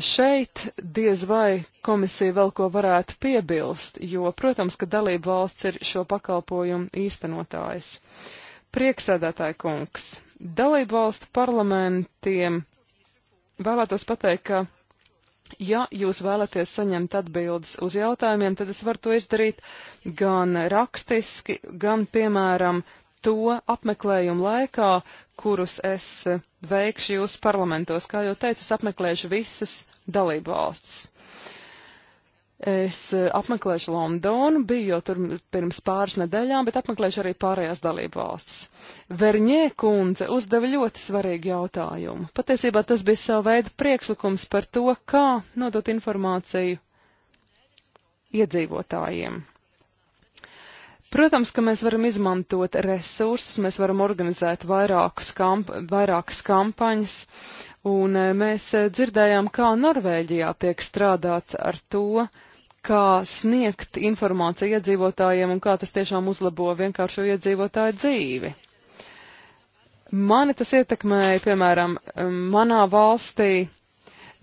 Šeit diez vai komisija vēl ko varētu piebilst, jo, protams, ka dalība valsts ir šo pakalpojumu īstenotājs. Prieksēdētāji kungs, dalību valstu parlamentiem vēlētos pateikt, ka Ja jūs vēlaties saņemt atbildes uz jautājumiem, tad es varu to izdarīt gan rakstiski, gan, piemēram, to apmeklējumu laikā, kurus es veikšu jūsu parlamentos. Kā jau teicu, es apmeklēšu visas dalību valstis. Es eh, apmeklēšu Londonu, biju jau tur pirms pāris nedēļām, bet apmeklēšu arī pārējās dalību valstis. Verņē kundze uzdeva ļoti svarīgu jautājumu. Patiesībā tas bija sava veida priekšlikums par to, kā nodot informāciju iedzīvotājiem. Protams, ka mēs varam izmantot resursus, mēs varam organizēt vairākas, kamp vairākas kampaņas, un eh, mēs eh, dzirdējām, kā Norvēģijā tiek strādāts ar to, kā sniegt informāciju iedzīvotājiem un kā tas tiešām uzlabo vienkāršo iedzīvotāju dzīvi. Mani tas ietekmēja, piemēram, eh, manā valstī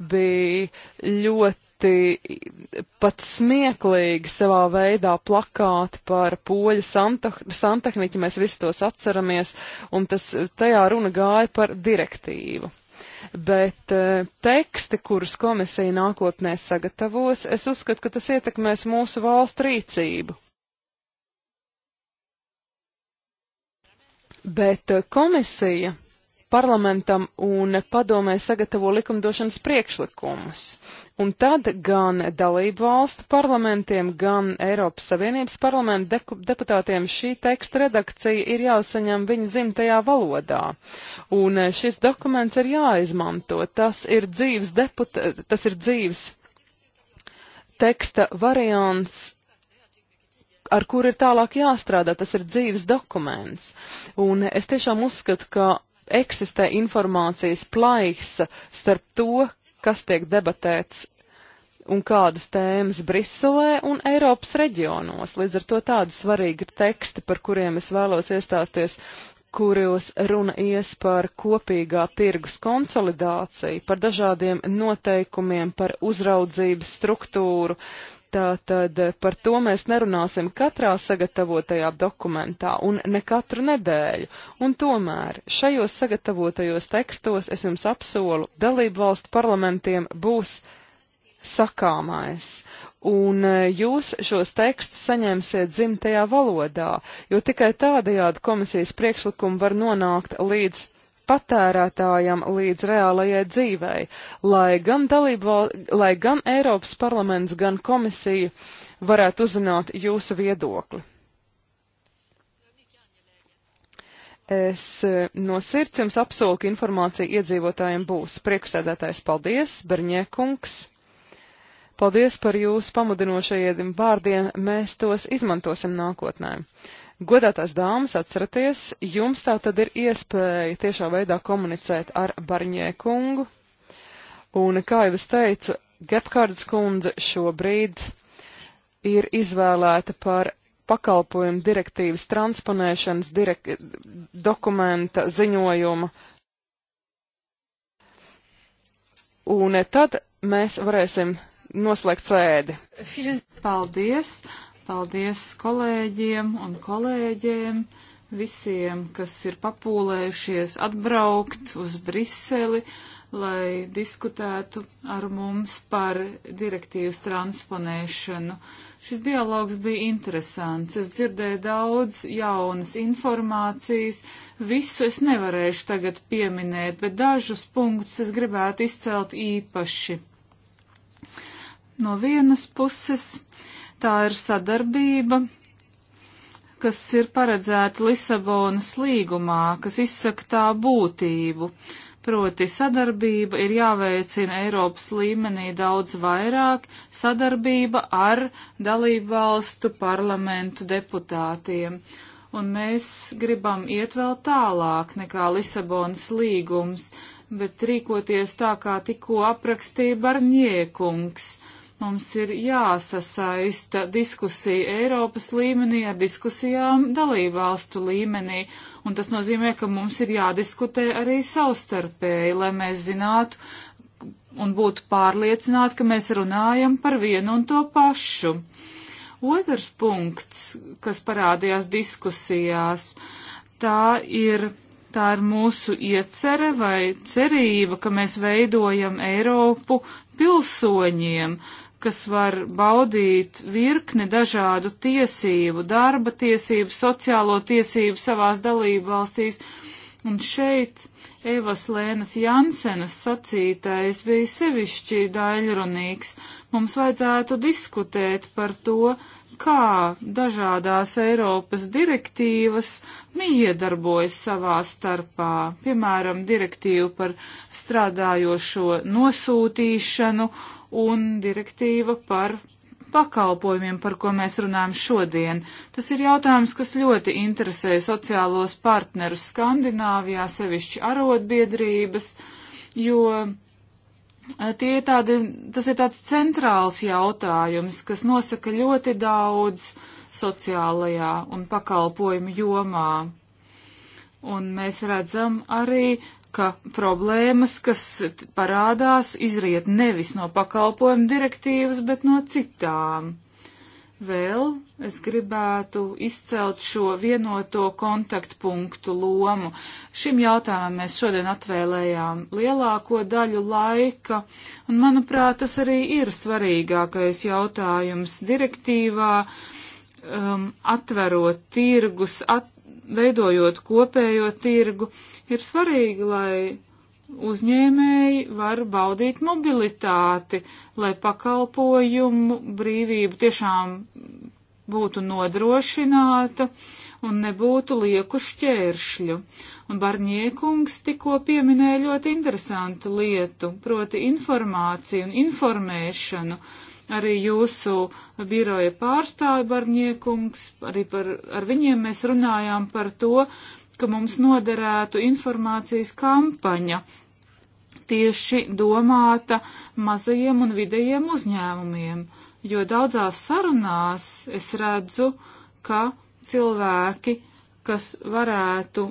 bija ļoti ļoti pat smieklīgi savā veidā plakāti par poļu santehniķi, mēs visi tos atceramies, un tas tajā runa gāja par direktīvu. Bet e, teksti, kurus komisija nākotnē sagatavos, es uzskatu, ka tas ietekmēs mūsu valstu rīcību. Bet e, komisija parlamentam un padomē sagatavo likumdošanas priekšlikumus. Un tad gan dalību valstu parlamentiem, gan Eiropas Savienības parlamenta deputātiem šī teksta redakcija ir jāsaņem viņu dzimtajā valodā. Un eh, šis dokuments ir jāizmanto. Tas ir dzīves deputa, eh, tas ir dzīves teksta variants ar kuru ir tālāk jāstrādā, tas ir dzīves dokuments. Un es tiešām uzskatu, ka eksistē informācijas plaisa starp to, kas tiek debatēts un kādas tēmas Briselē un Eiropas reģionos. Līdz ar to tādi svarīgi teksti, par kuriem es vēlos iestāsties, kuros runa ies par kopīgā tirgus konsolidāciju, par dažādiem noteikumiem, par uzraudzības struktūru. Uh, Tātad par to mēs nerunāsim katrā sagatavotajā dokumentā un ne katru nedēļu. Un tomēr šajos sagatavotajos tekstos es jums apsolu, dalību valstu parlamentiem būs sakāmais. Un e, jūs šos tekstus saņemsiet dzimtajā valodā, jo tikai tādajādi komisijas priekšlikumi var nonākt līdz patērētājam līdz reālajai dzīvei, lai gan, dalību, lai gan Eiropas parlaments, gan komisija varētu uzzināt jūsu viedokli. Es e, no sirds jums apsolu, ka informācija iedzīvotājiem būs. Priekšsēdētājs paldies, Berņēkungs. Paldies par jūsu pamudinošajiem vārdiem, mēs tos izmantosim nākotnē. Godātās dāmas, atceraties, jums tā tad ir iespēja tiešā veidā komunicēt ar Barņē kungu. Un, kā jau es teicu, Gepkārdas kundze šobrīd ir izvēlēta par pakalpojumu direktīvas transponēšanas direk dokumenta ziņojuma. Un tad mēs varēsim noslēgt sēdi.
Paldies! Paldies kolēģiem un kolēģiem, visiem, kas ir papūlējušies atbraukt uz Briseli, lai diskutētu ar mums par direktīvas transponēšanu. Šis dialogs bija interesants. Es dzirdēju daudz jaunas informācijas. Visu es nevarēšu tagad pieminēt, bet dažus punktus es gribētu izcelt īpaši. No vienas puses, uh, tā ir sadarbība, kas ir paredzēta Lisabonas līgumā, kas izsaka tā būtību. Proti sadarbība ir jāveicina Eiropas līmenī daudz vairāk, sadarbība ar dalību valstu parlamentu deputātiem. Un mēs gribam iet vēl tālāk nekā Lisabonas līgums, bet rīkoties tā, kā tikko aprakstīja Barņiekungs. kungs Mums ir jāsasaista diskusija Eiropas līmenī ar diskusijām dalībvalstu līmenī, un tas nozīmē, ka mums ir jādiskutē arī savstarpēji, lai mēs zinātu un būtu pārliecināti, ka mēs runājam par vienu un to pašu. Otrs punkts, kas parādījās diskusijās, tā ir, tā ir mūsu iecere vai cerība, ka mēs veidojam Eiropu pilsoņiem, kas var baudīt virkni dažādu tiesību, darba tiesību, sociālo tiesību savās dalību valstīs. Un šeit Evas Lēnas Jansenas sacītais bija sevišķi daļrunīgs. Mums vajadzētu diskutēt par to, kā dažādās Eiropas direktīvas miedarbojas savā starpā, piemēram, direktīvu par strādājošo nosūtīšanu un direktīva par pakalpojumiem, par ko mēs runājam šodien. Tas ir jautājums, kas ļoti interesē sociālos partnerus Skandināvijā, sevišķi arotbiedrības, jo eh, tie ir tādi, tas ir tāds centrāls jautājums, kas nosaka ļoti daudz sociālajā un pakalpojumu jomā. Un mēs redzam arī ka problēmas, kas parādās, izriet nevis no pakalpojumu direktīvas, bet no citām. Vēl es gribētu izcelt šo vienoto kontaktpunktu lomu. Šim jautājumam mēs šodien atvēlējām lielāko daļu laika, un manuprāt, tas arī ir svarīgākais jautājums direktīvā, um, atverot tirgus, at, veidojot kopējo tirgu. Uh, Ir svarīgi, lai uzņēmēji var baudīt mobilitāti, lai pakalpojumu brīvība tiešām būtu nodrošināta un nebūtu lieku šķēršļu. Un Barņiekungs tikko pieminēja ļoti interesantu lietu, proti informāciju un informēšanu. Arī jūsu biroja pārstāvi Barņiekungs, arī par, ar viņiem mēs runājām par to, ka mums noderētu informācijas kampaņa tieši domāta mazajiem un vidējiem uzņēmumiem, jo daudzās sarunās es redzu, ka cilvēki, kas varētu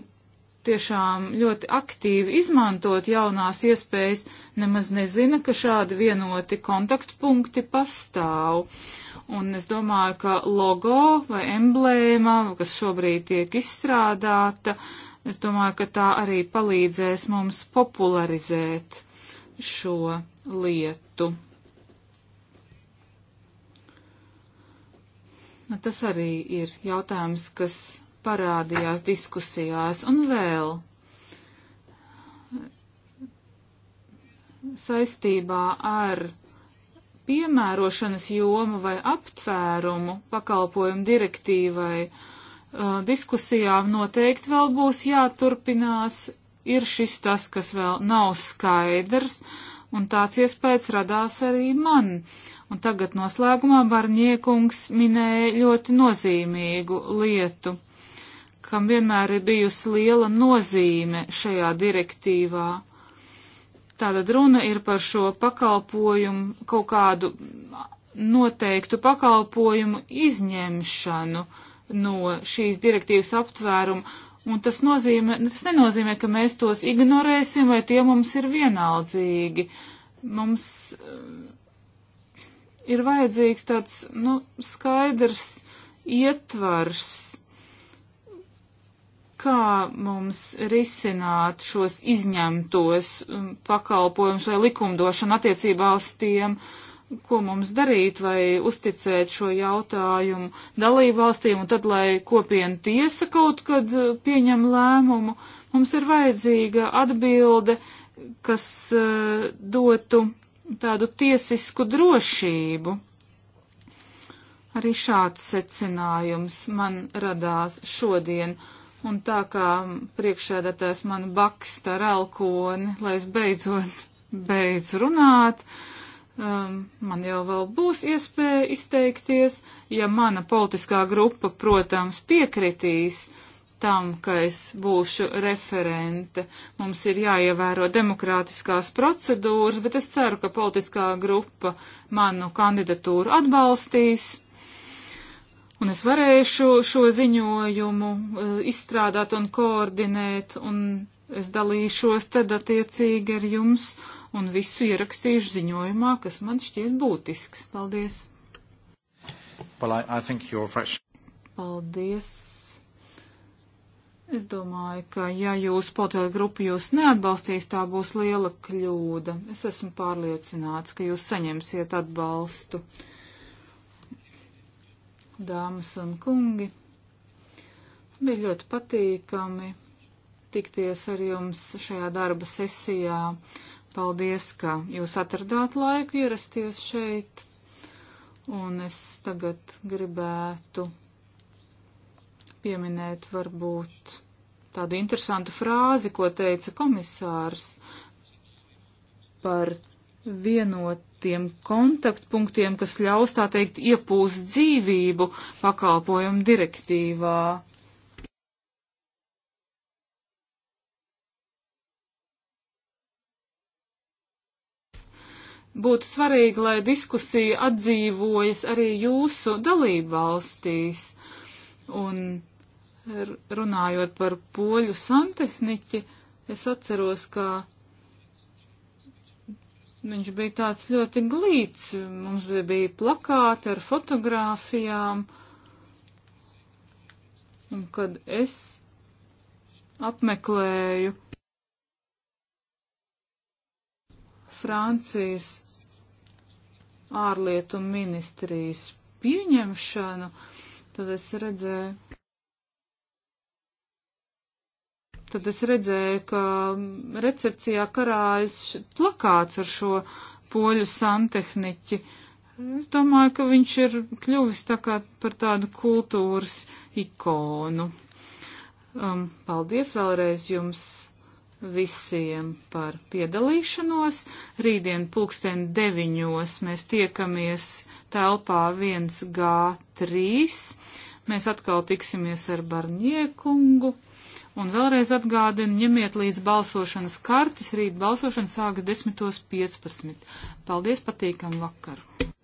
tiešām ļoti aktīvi izmantot jaunās iespējas, nemaz nezina, ka šādi vienoti kontaktpunkti pastāv. Un es domāju, ka logo vai emblēma, kas šobrīd tiek izstrādāta, es domāju, ka tā arī palīdzēs mums popularizēt šo lietu. Nu, tas arī ir jautājums, kas parādījās diskusijās. Un vēl saistībā ar piemērošanas jomu vai aptvērumu pakalpojumu direktīvai uh, diskusijām noteikti vēl būs jāturpinās. Ir šis tas, kas vēl nav skaidrs, un tāds iespējas radās arī man. Un tagad noslēgumā Barņiekungs minēja ļoti nozīmīgu lietu kam vienmēr ir bijusi liela nozīme šajā direktīvā. Tātad runa ir par šo pakalpojumu, kaut kādu noteiktu pakalpojumu izņemšanu no šīs direktīvas aptvērumu, un tas, nozīmē, tas nenozīmē, ka mēs tos ignorēsim vai tie mums ir vienaldzīgi. Mums eh, ir vajadzīgs tāds, nu, skaidrs ietvars kā mums risināt šos izņemtos um, pakalpojumus vai likumdošanu attiecībā uz tiem, ko mums darīt vai uzticēt šo jautājumu dalību valstīm un tad, lai kopiena tiesa kaut kad uh, pieņem lēmumu, mums ir vajadzīga atbilde, kas uh, dotu tādu tiesisku drošību. Arī šāds secinājums man radās šodien. Uh, Un tā kā priekšēdētājs man baksta ar alkoni, lai es beidzot beidz runāt, um, man jau vēl būs iespēja izteikties, ja mana politiskā grupa, protams, piekritīs tam, ka es būšu referente. Mums ir jāievēro demokrātiskās procedūras, bet es ceru, ka politiskā grupa manu kandidatūru atbalstīs un es varēšu šo ziņojumu eh, izstrādāt un koordinēt, un es dalīšos tad attiecīgi ar jums un visu ierakstīšu ziņojumā, kas man šķiet būtisks. Paldies!
Well, I, I think your fraction...
Paldies! Es domāju, ka ja jūs potēļu grupu jūs neatbalstīs, tā būs liela kļūda. Es esmu pārliecināts, ka jūs saņemsiet atbalstu dāmas un kungi. Bija ļoti patīkami tikties ar jums šajā darba sesijā. Paldies, ka jūs atradāt laiku ierasties šeit. Un es tagad gribētu pieminēt varbūt tādu interesantu frāzi, ko teica komisārs par vienotiem kontaktpunktiem, kas ļaus, tā teikt, iepūst dzīvību pakalpojumu direktīvā. Būtu svarīgi, lai diskusija atdzīvojas arī jūsu dalību valstīs. Un runājot par poļu santehniķi, es atceros, ka Viņš bija tāds ļoti glīts, mums bija plakāti ar fotogrāfijām, un kad es apmeklēju Francijas ārlietu ministrijas pieņemšanu, tad es redzēju, tad es redzēju, ka recepcijā karājas plakāts ar šo poļu santehniķi. Es domāju, ka viņš ir kļuvis tā kā par tādu kultūras ikonu. Um, paldies vēlreiz jums visiem par piedalīšanos. Rītdien pulksten deviņos mēs tiekamies telpā 1G3. Mēs atkal tiksimies ar Barņiekungu. Un vēlreiz atgādinu, ņemiet līdz balsošanas kartes, rīt balsošana sāks 10.15. Paldies, patīkam vakaru!